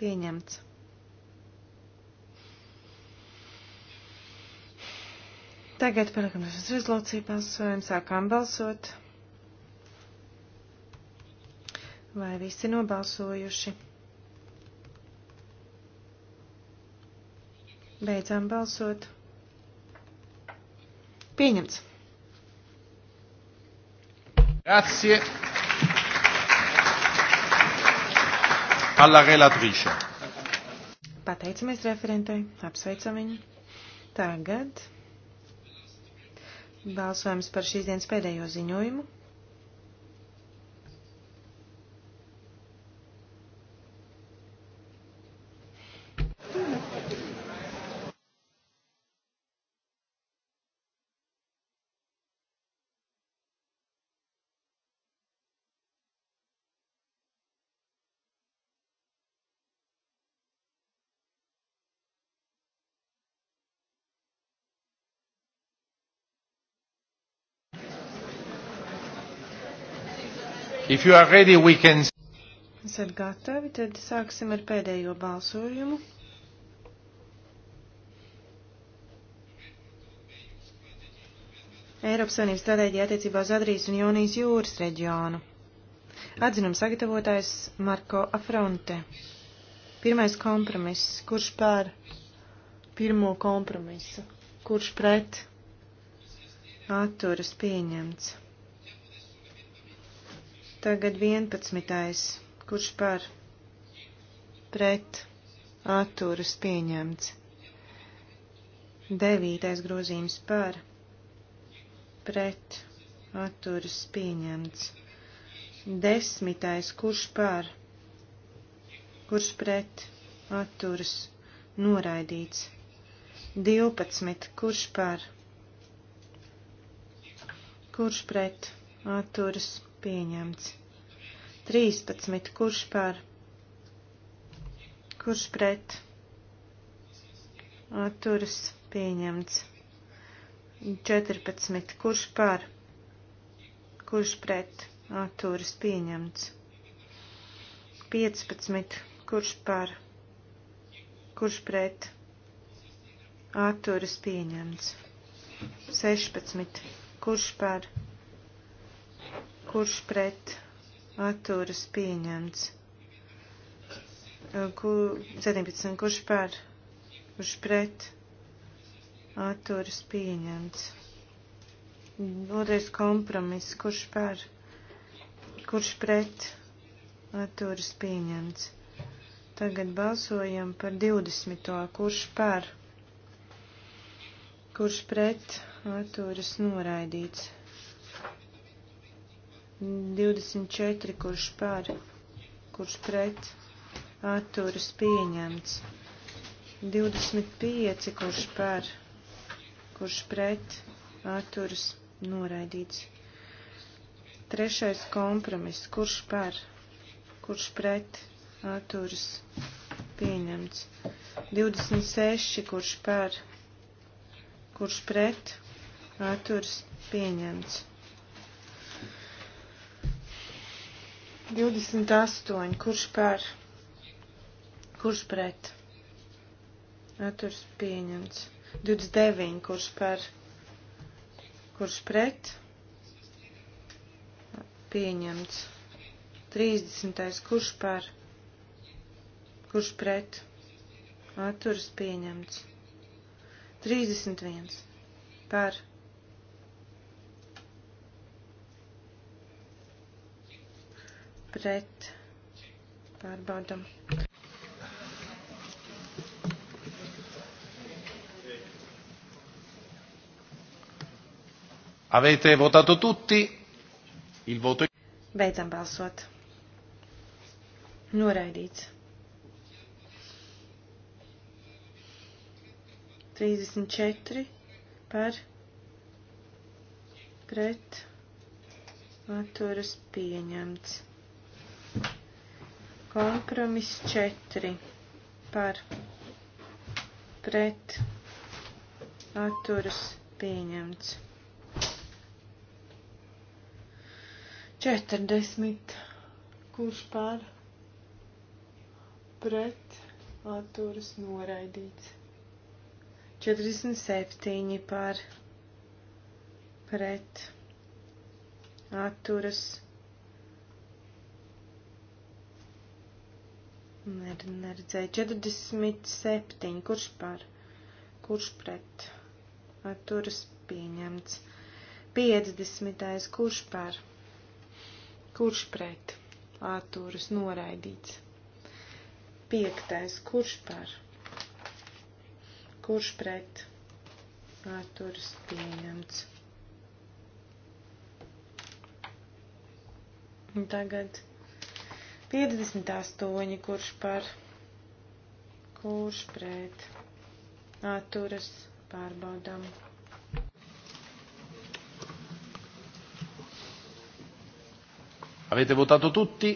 Pieņemts. Tagad par likumdošanas rezolūciju balsojumu sākām balsot. Vai visi nobalsojuši? Beidzām balsot. Pieņemts. Grazie. Alla relatrice. Pateicamies referentai, apsveicam viņu. Tagad balsojums par šīs dienas pēdējo ziņojumu. If you are ready, we can. Esat gatavi, tad sāksim ar pēdējo balsojumu. Eiropas Savienības stratēģija attiecībā uz Adrijas un Jonijas jūras reģionu. Atzinums sagatavotājs Marko Afronte. Pirmais kompromiss. Kurš pār pirmo kompromisu? Kurš pret? Atturas pieņemts. Tagad 11. Kurš par? Pret. Atturas pieņemts. 9. grozījums par. Pret. Atturas pieņemts. 10. Kurš par? Kurš pret? Atturas noraidīts. 12. Kurš par? Kurš pret? Atturas noraidīts pieņemts. 13. Kurš par? Kurš pret? Atturas pieņemts. 14. Kurš par? Kurš pret? Atturas pieņemts. 15. Kurš par? Kurš pret? Atturas pieņemts. 16. Kurš par? kurš pret atturas pieņemts, kur, 17, kurš par, kurš pret atturas pieņemts. Vēlreiz kompromiss, kurš par, kurš pret atturas pieņemts. Tagad balsojam par 20. kurš par, kurš pret atturas noraidīts. 24, kurš par, kurš pret, atturas pieņemts. 25, kurš par, kurš pret, atturas noraidīts. Trešais kompromiss, kurš par, kurš pret, atturas pieņemts. 26, kurš par, kurš pret, atturas pieņemts. 28. Kurš pār? Kurš pret? Atturs pieņemts. 29. Kurš pār? Kurš pret? Pieņemts. 30. Kurš pār? Kurš pret? Atturs pieņemts. 31. Par pret pārbaudam. Avete votato tutti? Il voto Beidzam balsot. Noraidīts. 34 par pret atturas pieņemts. Kompromis 4 par pret atturas pieņemts. 40. Kurš pār pret atturas noraidīts? 47 pār pret atturas noraidīts Ner, neredzēju. 47. Kurš par? Kurš pret? Atturas pieņemts. 50. Kurš par? Kurš pret? Atturas noraidīts. 5. Kurš par? Kurš pret? Atturas pieņemts. Un tagad 58, kurš par, kurš pret, atturas, pārbaudām. Avete votato tutti?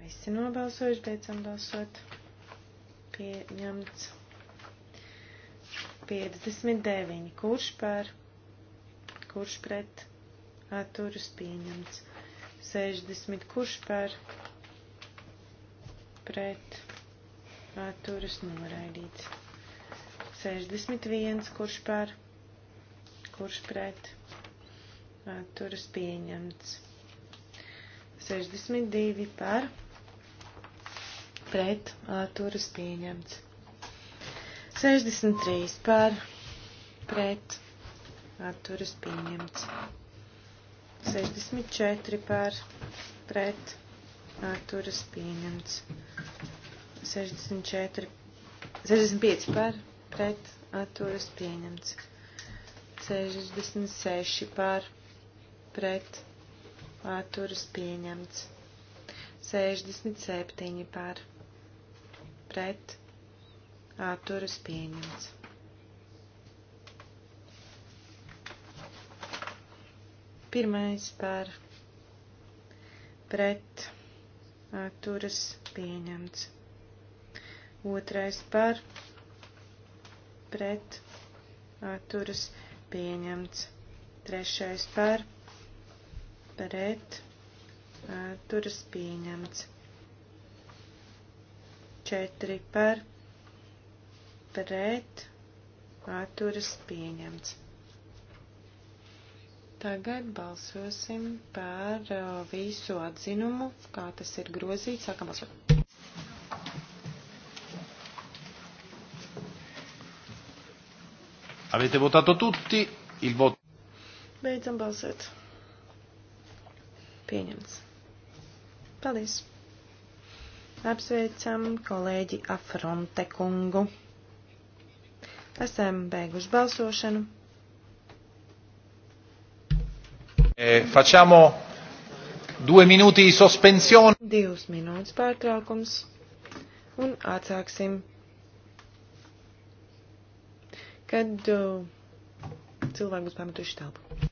Visi nobalsojuši, beidzam balsot. Pieņemts. 59. Kurš par? Kurš pret? Atturas pieņemts. 60. Kurš par? pret atturas noraidīts. 61, kurš par, kurš pret atturas pieņemts. 62 par, pret atturas pieņemts. 63 par, pret atturas pieņemts. 64 par, pret atturas pieņemts. 64, 65 par pret atturas pieņemts. 66 par pret atturas pieņemts. 67 par pret atturas pieņemts. Pirmais par pret atturas pieņemts. Otrais par pret atturas pieņemts. Trešais par pret atturas pieņemts. Četri par pret atturas pieņemts. Tagad balsosim par uh, visu atzinumu, kā tas ir grozīts. Sākam balsot. Avete votato tutti il voto. Beidzam balsot. Pieņemts. Paldies. Apsveicam kolēģi Afronte kungu. Esam beiguši balsošanu. E, facciamo due minūti sospensione. Divas minūtes pārtraukums un atsāksim. Kad uh, cilvēki būs pametuši telpu.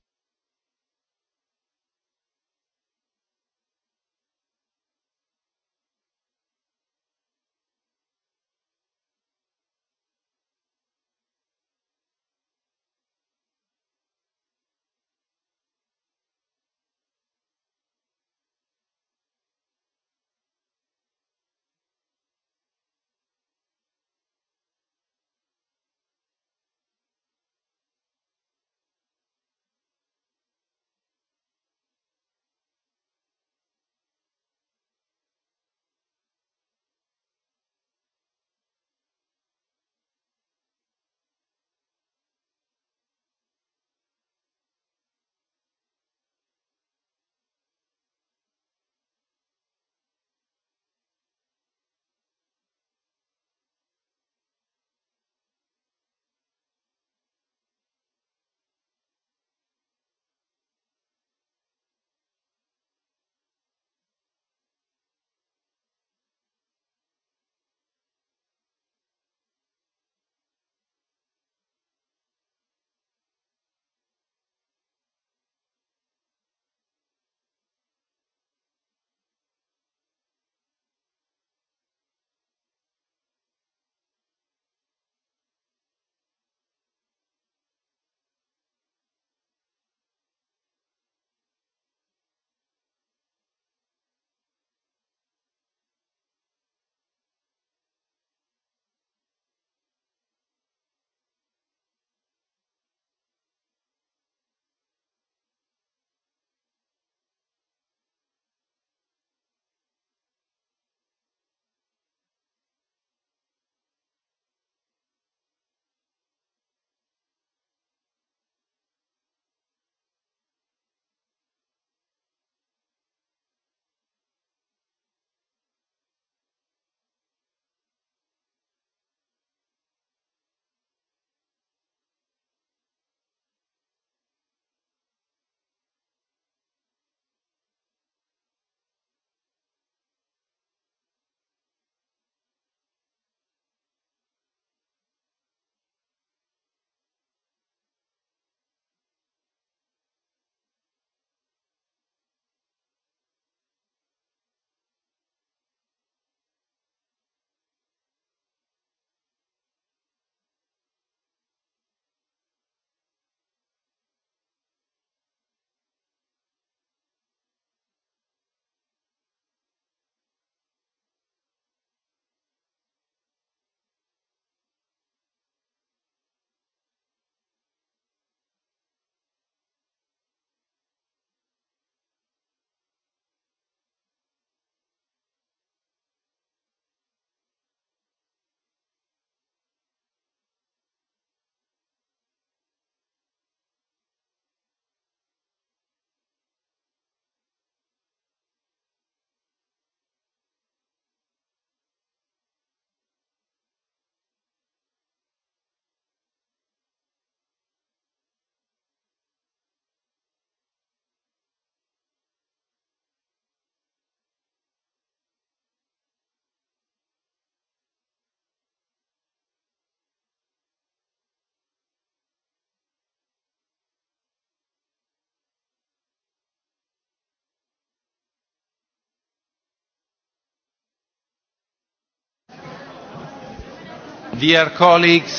Dear colleagues,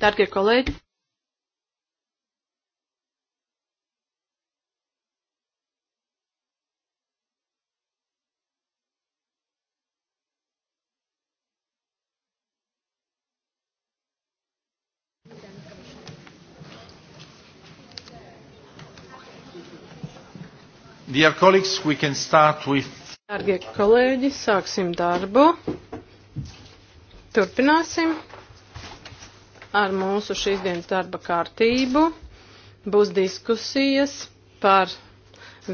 Darbie kolēģi, Dear colleagues, we can start with. Dargie kolēģi, sāksim darbu. Turpināsim ar mūsu šīs dienas darba kārtību. Būs diskusijas par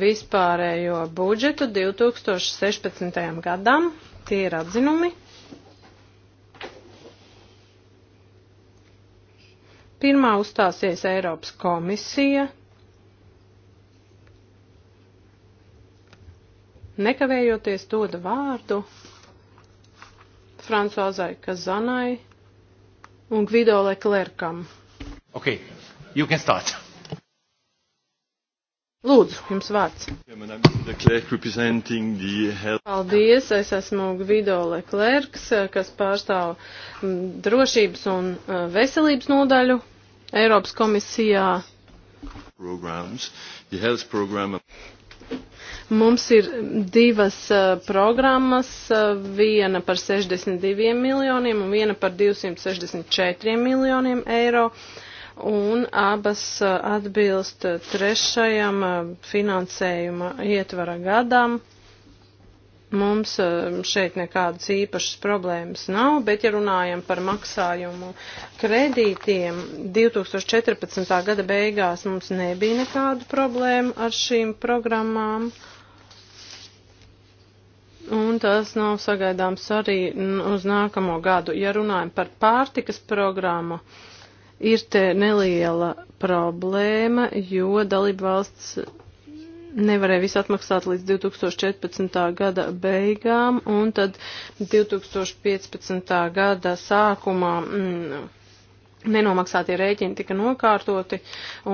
vispārējo budžetu 2016. gadam. Tie ir atzinumi. Pirmā uzstāsies Eiropas komisija. Nekavējoties doda vārdu Francoizai Kazanai un Gvido Leklerkam. Ok, you can start. Lūdzu, jums vārds. Paldies, es esmu Gvido Leklerks, kas pārstāv mm, drošības un uh, veselības nodaļu Eiropas komisijā. Programs, Mums ir divas uh, programmas, uh, viena par 62 miljoniem un viena par 264 miljoniem eiro. Un abas uh, atbilst trešajam uh, finansējuma ietvara gadam mums šeit nekādas īpašas problēmas nav, bet ja runājam par maksājumu kredītiem, 2014. gada beigās mums nebija nekādu problēmu ar šīm programmām. Uh, Un tas nav sagaidāms arī uz nākamo gadu. Ja runājam par pārtikas programmu, ir te neliela problēma, jo dalība valsts nevarēja visu atmaksāt līdz 2014. gada beigām, un tad 2015. gada sākumā mm, nenomaksātie rēķini tika nokārtoti,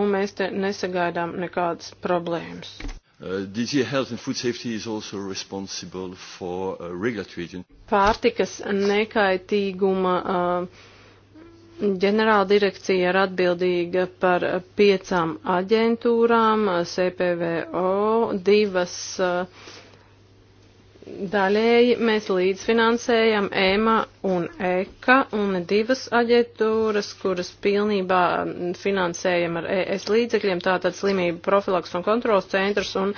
un mēs te nesagaidām nekādas problēmas. Uh, DG Health and Food Safety is also responsible for uh, regulatory. Pārtikas nekaitīguma uh, ģenerāla direkcija ir atbildīga par uh, piecām aģentūrām, uh, CPVO, divas uh, Daļēji mēs līdzfinansējam EMA un EKA un divas aģentūras, kuras pilnībā finansējam ar ES līdzekļiem, tātad slimību profilaks un kontrols centrs un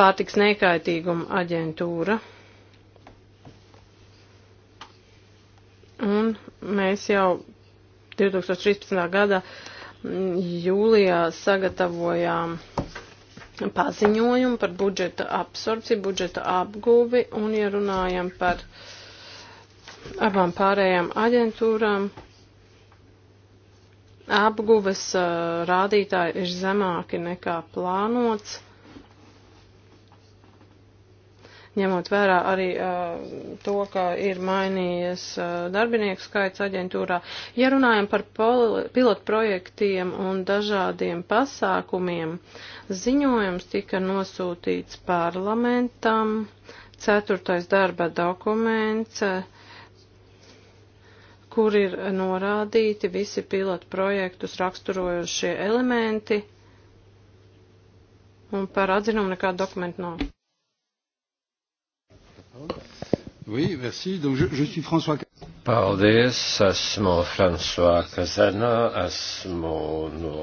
pārtiks nekaitīguma aģentūra. Un mēs jau 2013. gada jūlijā sagatavojām paziņojumu par budžeta absorpciju, budžeta apguvi, un ja runājam par abām pārējām aģentūrām, apguves uh, rādītāji ir zemāki nekā plānots. ņemot vērā arī uh, to, ka ir mainījies uh, darbinieku skaits aģentūrā. Ja runājam par pilotprojektiem un dažādiem pasākumiem, ziņojums tika nosūtīts parlamentam, ceturtais darba dokuments, kur ir norādīti visi pilotprojektus raksturojošie elementi, un par atzinumu nekādu dokumentu nav. Oui, merci. Donc, je, je suis François. Paldies, esmu François Kazana, esmu no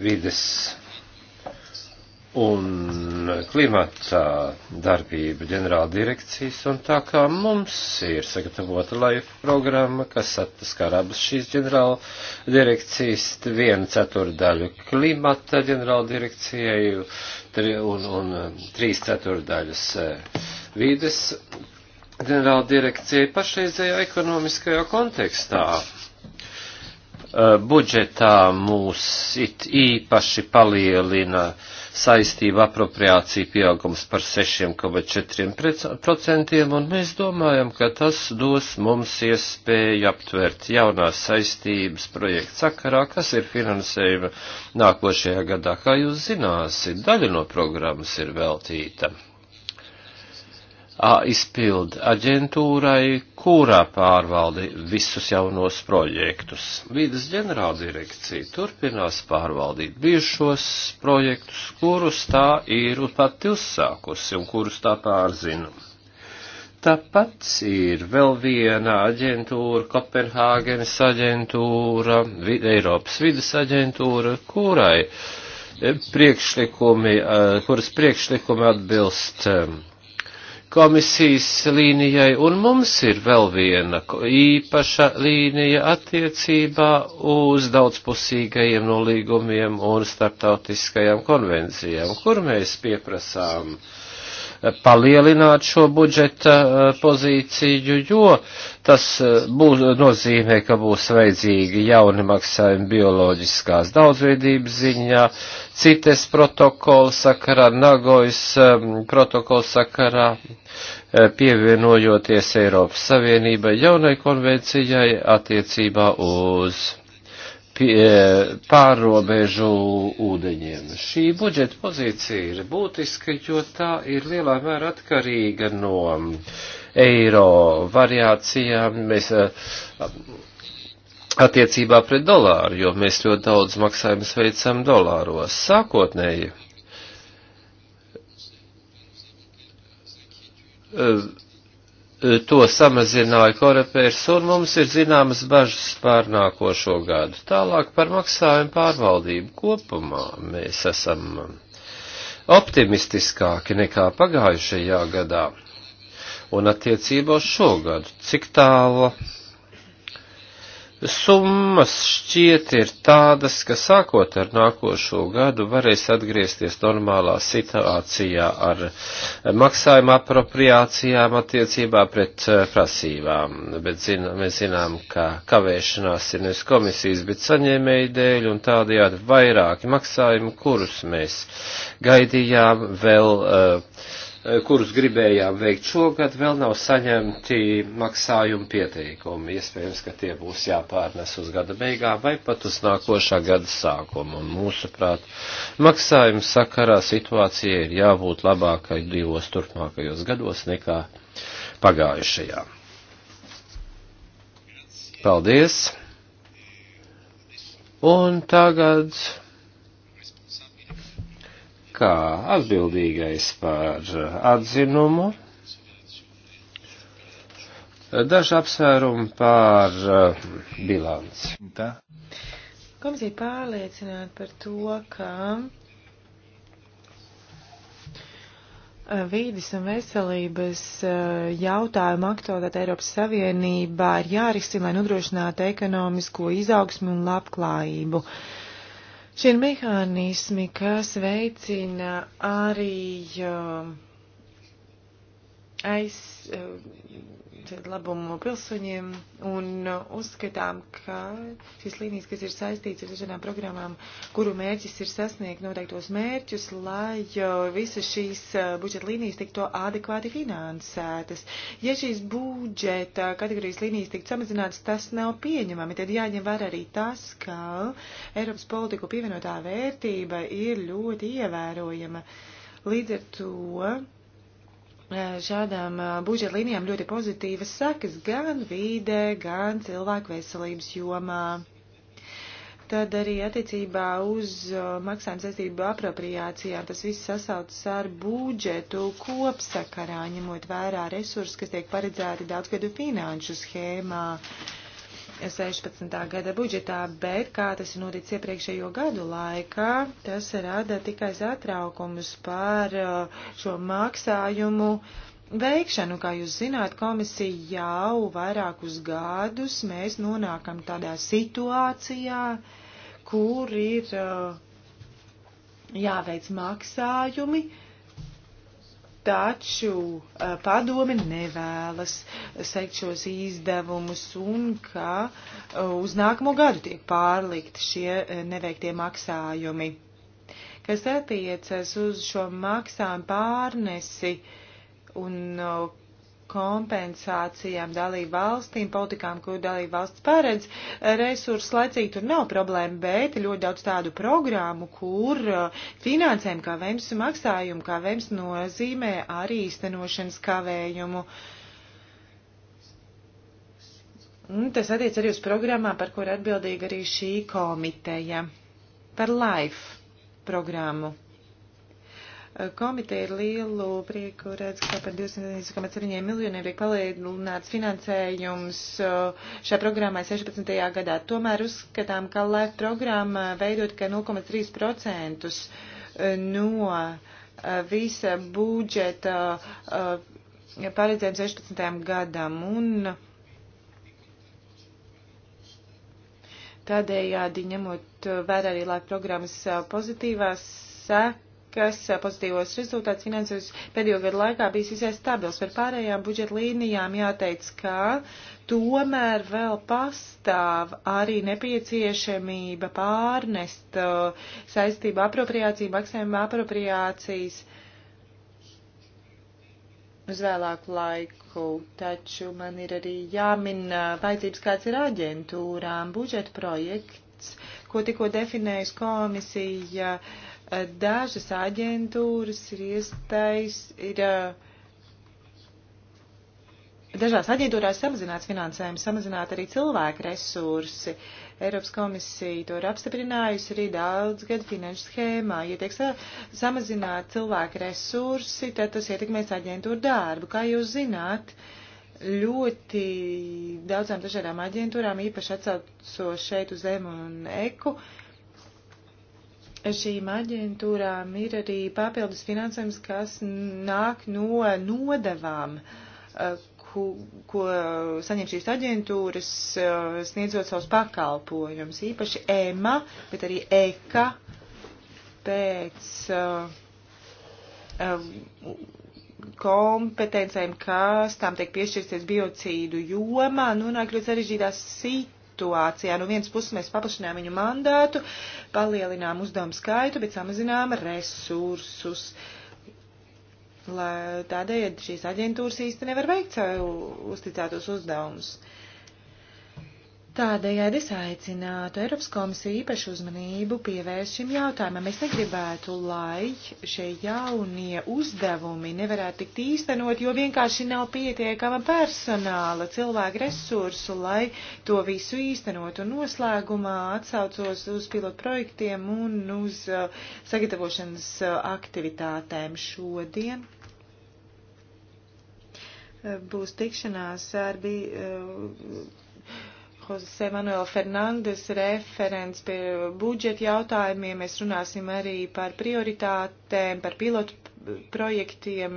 vides un klimata darbību ģenerāla direkcijas, un tā kā mums ir sagatavota laiva programma, kas atskar abas šīs ģenerāla direkcijas, vienu ceturdaļu klimata ģenerāla direkcijai un, un um, trīs ceturdaļas uh, vīdes ģenerāla direkcijai pašreizējā ekonomiskajā kontekstā uh, budžetā mūs it īpaši palielina saistību apropriācija pieaugums par 6,4%, un mēs domājam, ka tas dos mums iespēju aptvert jaunās saistības projekta sakarā, kas ir finansējuma nākošajā gadā. Kā jūs zināsiet, daļa no programmas ir veltīta izpildu aģentūrai, kurā pārvalda visus jaunos projektus. Vīdas ģenerāldirekcija turpinās pārvaldīt bijušos projektus, kurus tā ir pati uzsākusi un kurus tā pārzina. Tāpat ir vēl viena aģentūra, Kopenhāgenes aģentūra, vid Eiropas vidas aģentūra, kurai priekšlikumi, eh, kuras priekšlikumi atbilst eh, komisijas līnijai, un mums ir vēl viena īpaša līnija attiecībā uz daudzpusīgajiem nolīgumiem un starptautiskajām konvencijām, kur mēs pieprasām uh, palielināt šo budžeta eh, pozīciju, jo tas eh, būs, nozīmē, ka būs vajadzīgi jauni maksājumi bioloģiskās daudzveidības ziņā, cites protokols sakarā, Nagojas eh, protokols sakarā, pievienojoties Eiropas Savienībai jaunai konvencijai attiecībā uz E, pārrobežu ūdeņiem. Šī budžeta pozīcija ir būtiska, jo tā ir lielā mērā atkarīga no eiro variācijām. Mēs, e, Attiecībā pret dolāru, jo mēs ļoti daudz maksājumus veicam dolāros. Sākotnēji e, Eh, to samazināja korepērs, un mums ir zināmas bažas pār nākošo gadu. Tālāk par maksājumu pārvaldību kopumā mēs esam optimistiskāki nekā pagājušajā gadā. Un attiecībā uz šo gadu, cik tālu Summas šķiet ir tādas, ka sākot ar nākošo gadu varēs atgriezties normālā situācijā ar maksājuma apropriācijām attiecībā pret eh, prasībām, bet zin, mēs zinām, ka kavēšanās ir nevis komisijas, bet saņēmēji dēļ un tādējādi vairāki maksājumi, kurus mēs gaidījām vēl uh, Eh, kurus gribējām veikt šogad, vēl nav saņemti maksājuma pieteikumi. Iespējams, ka tie būs jāpārnes uz gada beigām vai pat uz nākošā gada sākumu. Un mūsuprāt, maksājuma sakarā situācija ir jābūt labākai divos turpmākajos gados nekā pagājušajā. Paldies! Un tagad kā atbildīgais par atzinumu, daži apsvērumi par eh, bilanci. Komisija pārliecināta par to, ka eh, vīdes un veselības eh, jautājuma aktualitāte Eiropas Savienībā ir jārisina, lai nodrošinātu ekonomisko izaugsmu un labklājību. Uh, Šie mehānismi, kas veicina arī um, aiz, um, sniegt labumu pilsoņiem un uzskatām, ka šīs līnijas, kas ir saistīts ar dažādām programmām, kuru mērķis ir sasniegt noteiktos mērķus, lai visas šīs eh, budžeta līnijas tiktu adekvāti finansētas. Ja šīs budžeta kategorijas līnijas tiktu samazinātas, tas nav pieņemami. Tad jāņem vērā arī tas, ka Eiropas politiku pievienotā vērtība ir ļoti ievērojama. Līdz ar to Eh, šādām eh, budžeta līnijām ļoti pozitīvas sekas gan vīde, gan cilvēku veselības jomā. Tad arī attiecībā uz eh, maksājumu saistību apropriācijām tas viss sasaucas ar budžetu kopsakarā, ņemot vērā resursus, kas tiek paredzēti daudzgadu finanšu schēmā. Uh, 16. gada budžetā, bet, kā tas ir noticis iepriekšējo gadu laikā, tas rada tikai satraukumus par uh, šo maksājumu veikšanu. Kā jūs zināt, komisija jau vairākus gadus mēs nonākam tādā situācijā, kur ir uh, jāveic maksājumi taču eh, padome nevēlas sekt šos izdevumus un ka eh, uz nākamo gadu tiek pārlikt šie eh, neveiktie maksājumi. Kas attiecas uz šo maksājumu pārnesi un kompensācijām dalību valstīm, politikām, ko dalību valsts paredz. Resursu laicīgi tur nav problēma, bet ļoti daudz tādu programmu, kur uh, finansēm kavējums un maksājumu kavējums nozīmē arī īstenošanas kavējumu. Tas attiec arī uz programmā, par kur atbildīga arī šī komiteja. Par LIFE programmu komiteja ir lielu prieku redz, ka par 2,7 miljoniem tiek palielināts finansējums šai programmai 16. gadā. Tomēr uzskatām, ka LEF programma veidot tikai 0,3% e, no e, visa budžeta paredzējuma 16. gadam. Un tādējādi ņemot vērā arī LEF programmas pozitīvās sekas kas pozitīvos rezultātus finansēs pēdējo gadu laikā bijis visai stabils. Par pārējām budžeta līnijām jāteic, ka tomēr vēl pastāv arī nepieciešamība pārnest saistību apropriāciju, maksājuma apropriācijas uz vēlāku laiku, taču man ir arī jāmin vajadzības kāds ir aģentūrām, budžeta projekts, ko tikko definējusi komisija. Uh, dažas aģentūras ir iestais, ir dažās aģentūrās samazināts finansējums, samazināt arī cilvēku resursi. Eiropas komisija to ir apstiprinājusi arī daudz gadu finanšu schēmā. Ja tiek sa samazināt cilvēku resursi, tad tas ietekmēs aģentūru darbu. Kā jūs zināt, ļoti daudzām dažādām aģentūrām, īpaši atsaucot šeit uz M un EKU, uh, šīm aģentūrām ir arī papildus finansējums, kas nāk no nodevām, eh, ko, ko saņem šīs aģentūras, eh, sniedzot savus pakalpojumus, īpaši EMA, bet arī EKA pēc eh, kompetencēm, kas tām tiek piešķirsties biocīdu jomā, nonāk ļoti sarežģītā situācijā situācijā. No nu, vienas puses mēs paplašinām viņu mandātu, palielinām uzdevumu skaitu, bet samazinām resursus. Tādējādi šīs aģentūras īsti nevar veikt savu uzticētos uzdevumus. Uh, Tādējādi es aicinātu Eiropas komisiju īpašu uzmanību pievērst šim jautājumam. Es negribētu, lai šie jaunie uzdevumi nevarētu tikt īstenot, jo vienkārši nav pietiekama personāla, cilvēku resursu, lai to visu īstenot. Un noslēgumā atsaucos uz pilotu projektiem un uz uh, sagatavošanas uh, aktivitātēm šodien uh, būs tikšanās ar bija Jose Manuel Fernandes referents pie budžeta jautājumiem. Mēs runāsim arī par prioritātēm, par pilotu projektiem.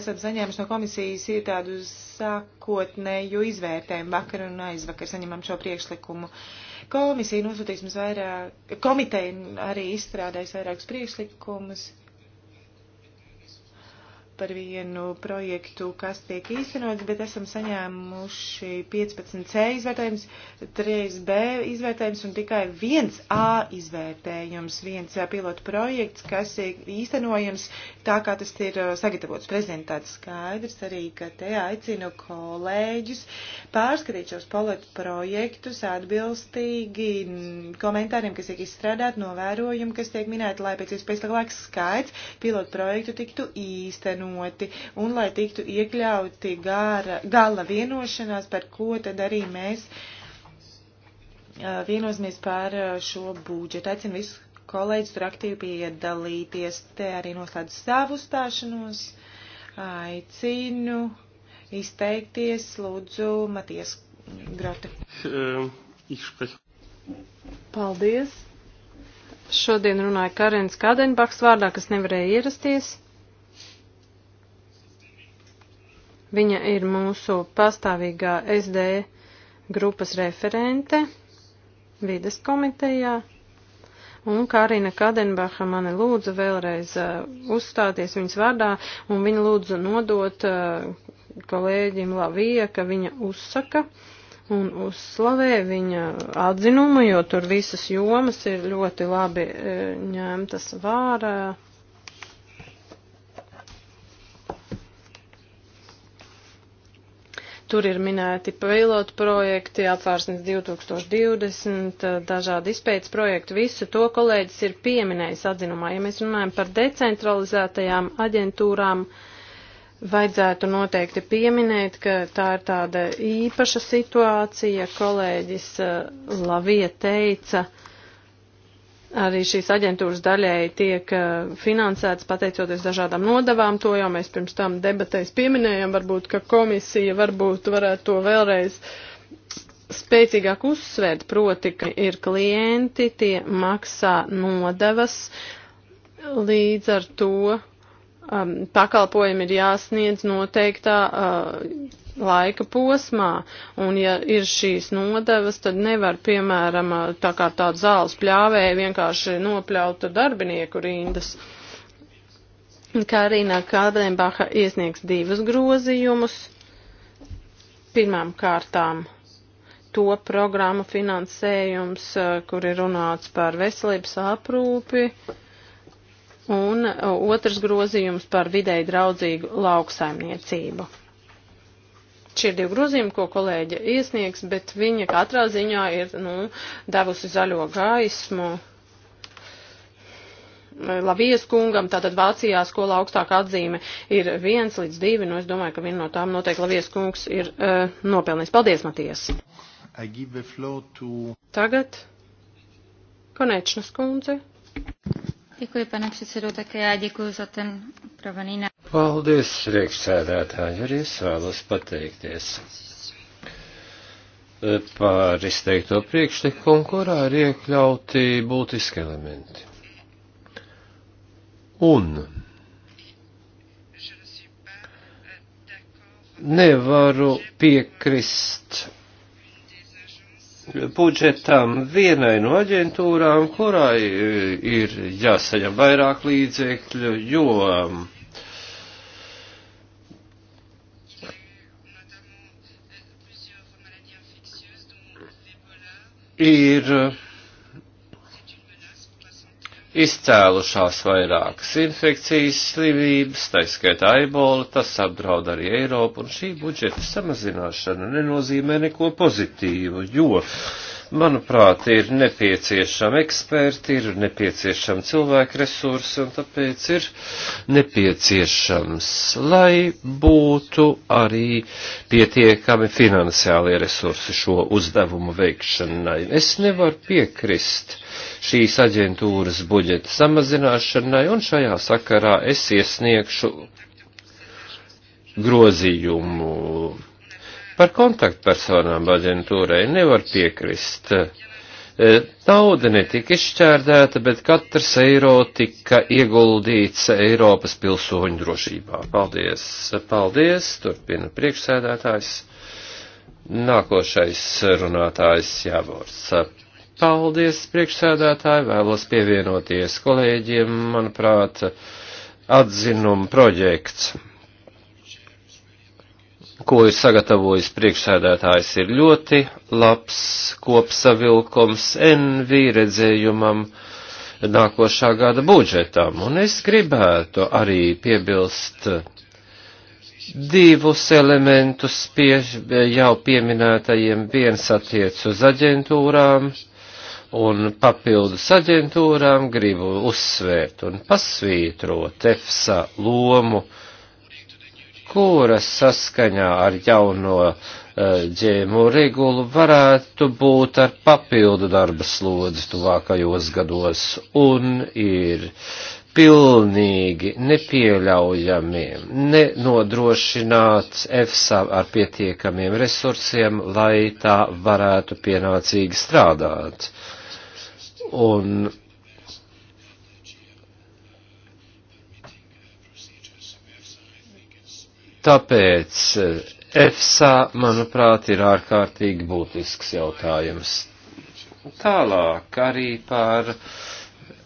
Esam saņēmuši no komisijas ir tādu sākotnēju izvērtējumu vakar un aizvakar saņemam šo priekšlikumu. Komisija nosūtīs mums vairāk, komiteja arī izstrādājas vairākus priekšlikumus par vienu projektu, kas tiek īstenots, bet esam saņēmuši 15 C izvērtējums, 3 B izvērtējums un tikai 1 A izvērtējums, viens eh, pilotu projekts, kas ir īstenojams tā, kā tas ir eh, sagatavots prezentāts skaidrs, arī, ka te aicinu kolēģus pārskatīt šos pilotu projektus atbilstīgi komentāriem, kas tiek izstrādāt, novērojumi, kas tiek minēti, lai pēc iespējas lielāks skaits pilotu projektu tiktu īstenot īstenoti un lai tiktu iekļauti gara, gala vienošanās, par ko tad arī mēs vienosimies par šo būdžetu. Aicinu visus kolēģis tur aktīvi piedalīties. Te arī noslēdz savu stāšanos. Aicinu izteikties, lūdzu, Maties Grote. Paldies. Šodien runāja Karins Kādenbaks vārdā, kas nevarēja ierasties. Viņa ir mūsu pastāvīgā SD grupas referente vides komitejā. Un Kārina Kadenbacha mani lūdza vēlreiz uh, uzstāties viņas vārdā, un viņa lūdza nodot uh, kolēģim Lavija, ka viņa uzsaka un uzslavē viņa atzinumu, jo tur visas jomas ir ļoti labi uh, ņemtas vārā. Uh, Tur ir minēti pilotu projekti, apvārsnes 2020, dažādi izpētes projekti. Visu to kolēģis ir pieminējis atzinumā. Ja mēs runājam par decentralizētajām aģentūrām, vajadzētu noteikti pieminēt, ka tā ir tāda īpaša situācija. Kolēģis eh, Lavie teica, uh, Arī šīs aģentūras daļēji tiek eh, finansētas pateicoties dažādām nodavām, to jau mēs pirms tam debatēs pieminējam, varbūt, ka komisija varbūt varētu to vēlreiz spēcīgāk uzsvērt, proti, ka ir klienti, tie maksā nodavas, līdz ar to um, pakalpojumi ir jāsniedz noteiktā uh, laika posmā, un ja ir šīs nodevas, tad nevar, piemēram, tā kā tāda zāles pļāvēja vienkārši nopļauta darbinieku rindas. Karina Kaldenbacha iesniegs divus grozījumus. Pirmām kārtām to programmu finansējums, kur ir runāts par veselības aprūpi, un otrs grozījums par videi draudzīgu lauksaimniecību. Šie divi grozījumi, ko kolēģe iesniegs, bet viņa katrā ziņā ir nu, devusi zaļo gaismu. Lavijas kungam, tātad Vācijā skola augstāka atzīme ir viens līdz divi, nu es domāju, ka viena no tām noteikti Lavijas kungs ir uh, nopelnījis. Paldies, Matijas! To... Tagad Konečnas kundze. Děkuji, pane předsedo, také já děkuji za ten upravený Paldies, priekšsēdētāji, arī es vēlos pateikties e, par izteikto priekšlikumu, kurā ir iekļauti būtiski elementi. Un nevaru piekrist budžetam vienai no aģentūrām, kurai e, ir jāsaņem vairāk līdzekļu, jo ir eh, izcēlušās vairākas infekcijas slimības, taiskaitā ebola, tas apdraud arī Eiropu, un šī budžeta samazināšana nenozīmē neko pozitīvu, jo manuprāt, ir nepieciešami eksperti, ir nepieciešami cilvēku resursi, un tāpēc ir nepieciešams, lai būtu arī pietiekami finansiālie resursi šo uzdevumu veikšanai. Es nevaru piekrist šīs aģentūras budžeta samazināšanai, un šajā sakarā es iesniegšu grozījumu Par kontaktpersonām aģentūrai nevar piekrist. E, Nauda netika izšķērdēta, bet katrs eiro tika ieguldīts Eiropas pilsoņu drošībā. Paldies, paldies, turpina priekšsēdētājs. Nākošais runātājs Jāvors. Paldies, priekšsēdētāji, vēlos pievienoties kolēģiem, manuprāt, atzinuma projekts ko ir sagatavojis priekšsēdētājs, ir ļoti labs kopsavilkums NV redzējumam nākošā gada budžetam. Un es gribētu arī piebilst divus elementus pie jau pieminētajiem. Viens attiec uz aģentūrām un papildus aģentūrām gribu uzsvērt un pasvītrot EFSA lomu kuras saskaņā ar jauno uh, eh, ģēmu regulu varētu būt ar papildu darba slodzi tuvākajos gados un ir pilnīgi nepieļaujami nenodrošināts EFSA ar pietiekamiem resursiem, lai tā varētu pienācīgi strādāt. Un Tāpēc eh, EFSA, manuprāt, ir ārkārtīgi būtisks jautājums. Tālāk arī par eh,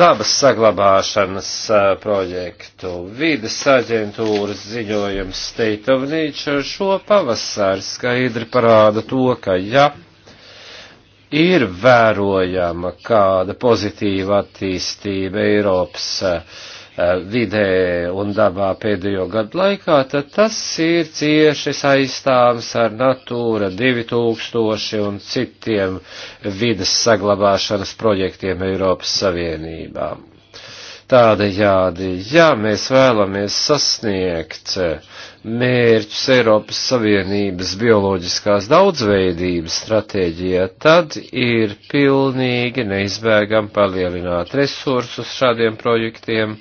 dabas saglabāšanas eh, projektu. Vides aģentūras ziņojums State of Nature šo pavasari skaidri parāda to, ka ja ir vērojama kāda pozitīva attīstība Eiropas uh, Eh, vidē un dabā pēdējo gadu laikā, tad tas ir cieši saistāms ar Natūra 2000 un citiem vidas saglabāšanas projektiem Eiropas Savienībā. Tādējādi, ja mēs vēlamies sasniegt mērķus Eiropas Savienības bioloģiskās daudzveidības stratēģijā, tad ir pilnīgi neizbēgam palielināt resursus šādiem projektiem.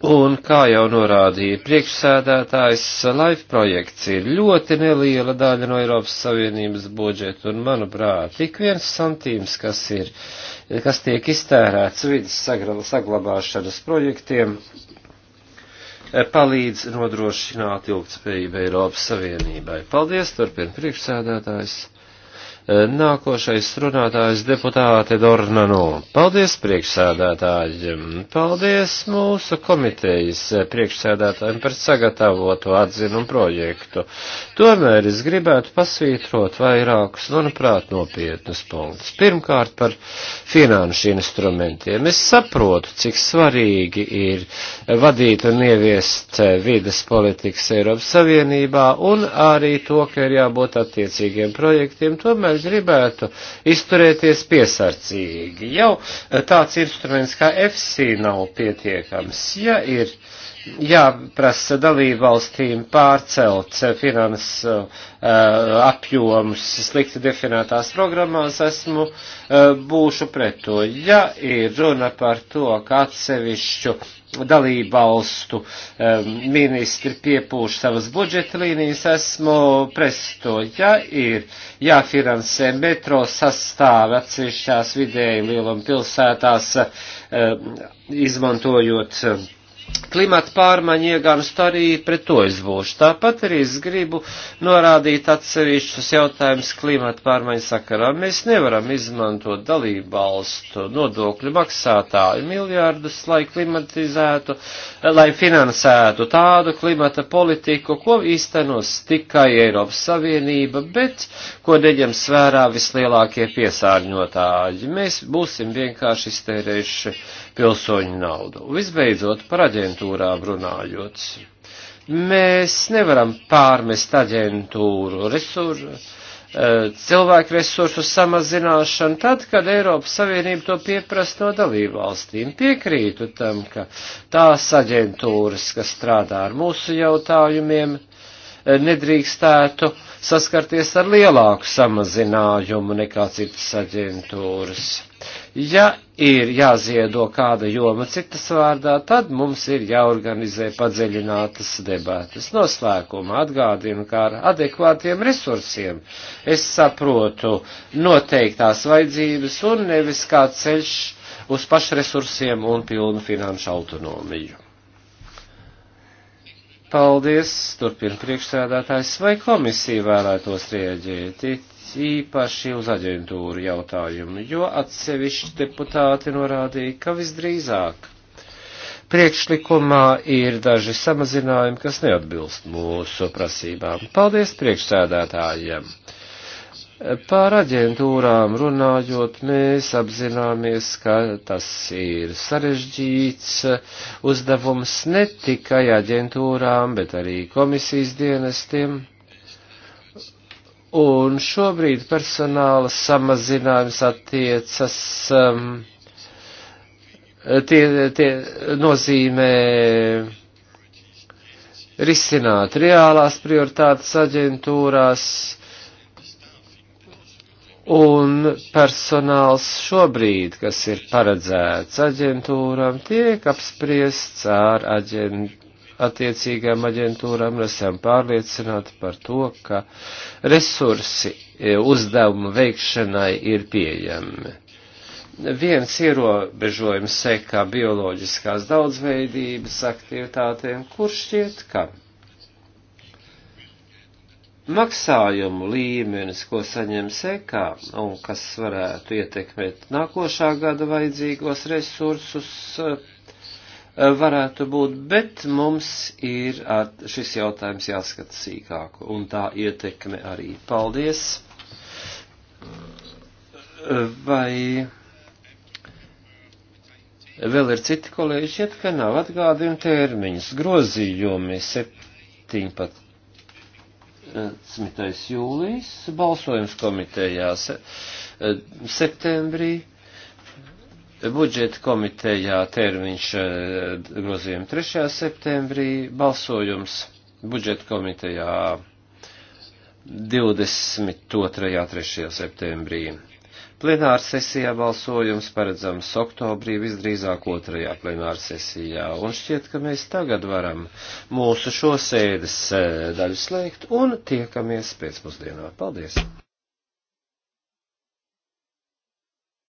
Un, kā jau norādīja priekšsēdētājs, LIFE projekts ir ļoti neliela daļa no Eiropas Savienības budžeta, un, manuprāt, ik viens santīms, kas ir kas tiek iztērēts vidas saglabāšanas projektiem, e, palīdz nodrošināt ilgtspējību Eiropas Savienībai. Paldies, turpina priekšsēdētājs. Nākošais runātājs deputāte Dornano. Nu. Paldies priekšsēdētājiem. Paldies mūsu komitejas priekšsēdētājiem par sagatavotu atzinu projektu. Tomēr es gribētu pasvītrot vairākus, manuprāt, nopietnus punktus. Pirmkārt par finanšu instrumentiem. Es saprotu, cik svarīgi ir vadīt un ieviest vides politikas Eiropas Savienībā un arī to, ka ir jābūt attiecīgiem projektiem. Tomēr tāpēc gribētu izturēties piesardzīgi. Jau tāds instruments kā FC nav pietiekams. Ja ir jāprasa dalībvalstīm pārcelt finanses uh, apjomus slikti definētās programmās, esmu uh, būšu pret to. Ja ir runa par to, ka atsevišķu dalību valstu um, ministri piepūš savas budžeta līnijas, esmu presto, ja ir jāfinansē metro sastāvi atsevišķās vidēji lieluma pilsētās, um, izmantojot um, klimata pārmaiņu iegānst arī pret to izvūšu. Tāpat arī es gribu norādīt atsevišķus jautājumus klimata pārmaiņu sakarā. Mēs nevaram izmantot dalību valstu nodokļu maksātāju miljārdus, lai klimatizētu, lai finansētu tādu klimata politiku, ko īstenos tikai Eiropas Savienība, bet ko neņem svērā vislielākie piesārņotāji. Mēs būsim vienkārši iztērējuši pilsoņu naudu. Visbeidzot, par aģentūrām runājot. Mēs nevaram pārmest aģentūru resursu, eh, cilvēku resursu samazināšanu tad, kad Eiropas Savienība to pieprasa no dalībvalstīm. Piekrītu tam, ka tās aģentūras, kas strādā ar mūsu jautājumiem, eh, nedrīkstētu uh, saskarties ar lielāku samazinājumu nekā citas aģentūras. Ja ir jāziedo kāda joma citas vārdā, tad mums ir jāorganizē padziļinātas debātas. Noslēgumā atgādinu, kā ar adekvātiem resursiem es saprotu noteiktās vajadzības un nevis kā ceļš uz pašresursiem un pilnu finanšu autonomiju. Paldies, turpina priekšsēdētājs, vai komisija vēlētos rieģēt īpaši uz aģentūru jautājumu, jo atsevišķi deputāti norādīja, ka visdrīzāk priekšlikumā ir daži samazinājumi, kas neatbilst mūsu prasībām. Paldies priekšsēdētājiem! Par aģentūrām runājot, mēs apzināmies, ka tas ir sarežģīts uzdevums ne tikai aģentūrām, bet arī komisijas dienestiem. Un šobrīd personāla samazinājums attiecas. Um, tie, tie nozīmē risināt reālās prioritātes aģentūrās un personāls šobrīd, kas ir paredzēts aģentūram, tiek apspriests ar aģentūru attiecīgām aģentūrām esam pārliecināti par to, ka resursi e, uzdevumu veikšanai ir pieejami. Viens ierobežojums sekā bioloģiskās daudzveidības aktivitātēm, kur šķiet, ka maksājumu līmenis, ko saņem sekā un kas varētu ietekmēt nākošā gada vajadzīgos resursus, eh, varētu būt, bet mums ir šis jautājums jāskata sīkāk un tā ietekme arī. Paldies! Vai vēl ir citi kolēģi šeit, ka nav atgādījumi termiņus, grozījumi 17 jūlijas, balsojums komitejā eh, septembrī, budžeta komitejā termiņš eh, grozījuma 3. septembrī, balsojums budžeta komitejā 22. 3. septembrī. Plenāra sesijā balsojums paredzams oktobrī, visdrīzāk otrajā plenāra sesijā, un šķiet, ka mēs tagad varam mūsu šo sēdes eh, daļu slēgt un tiekamies pēcpusdienā. Paldies!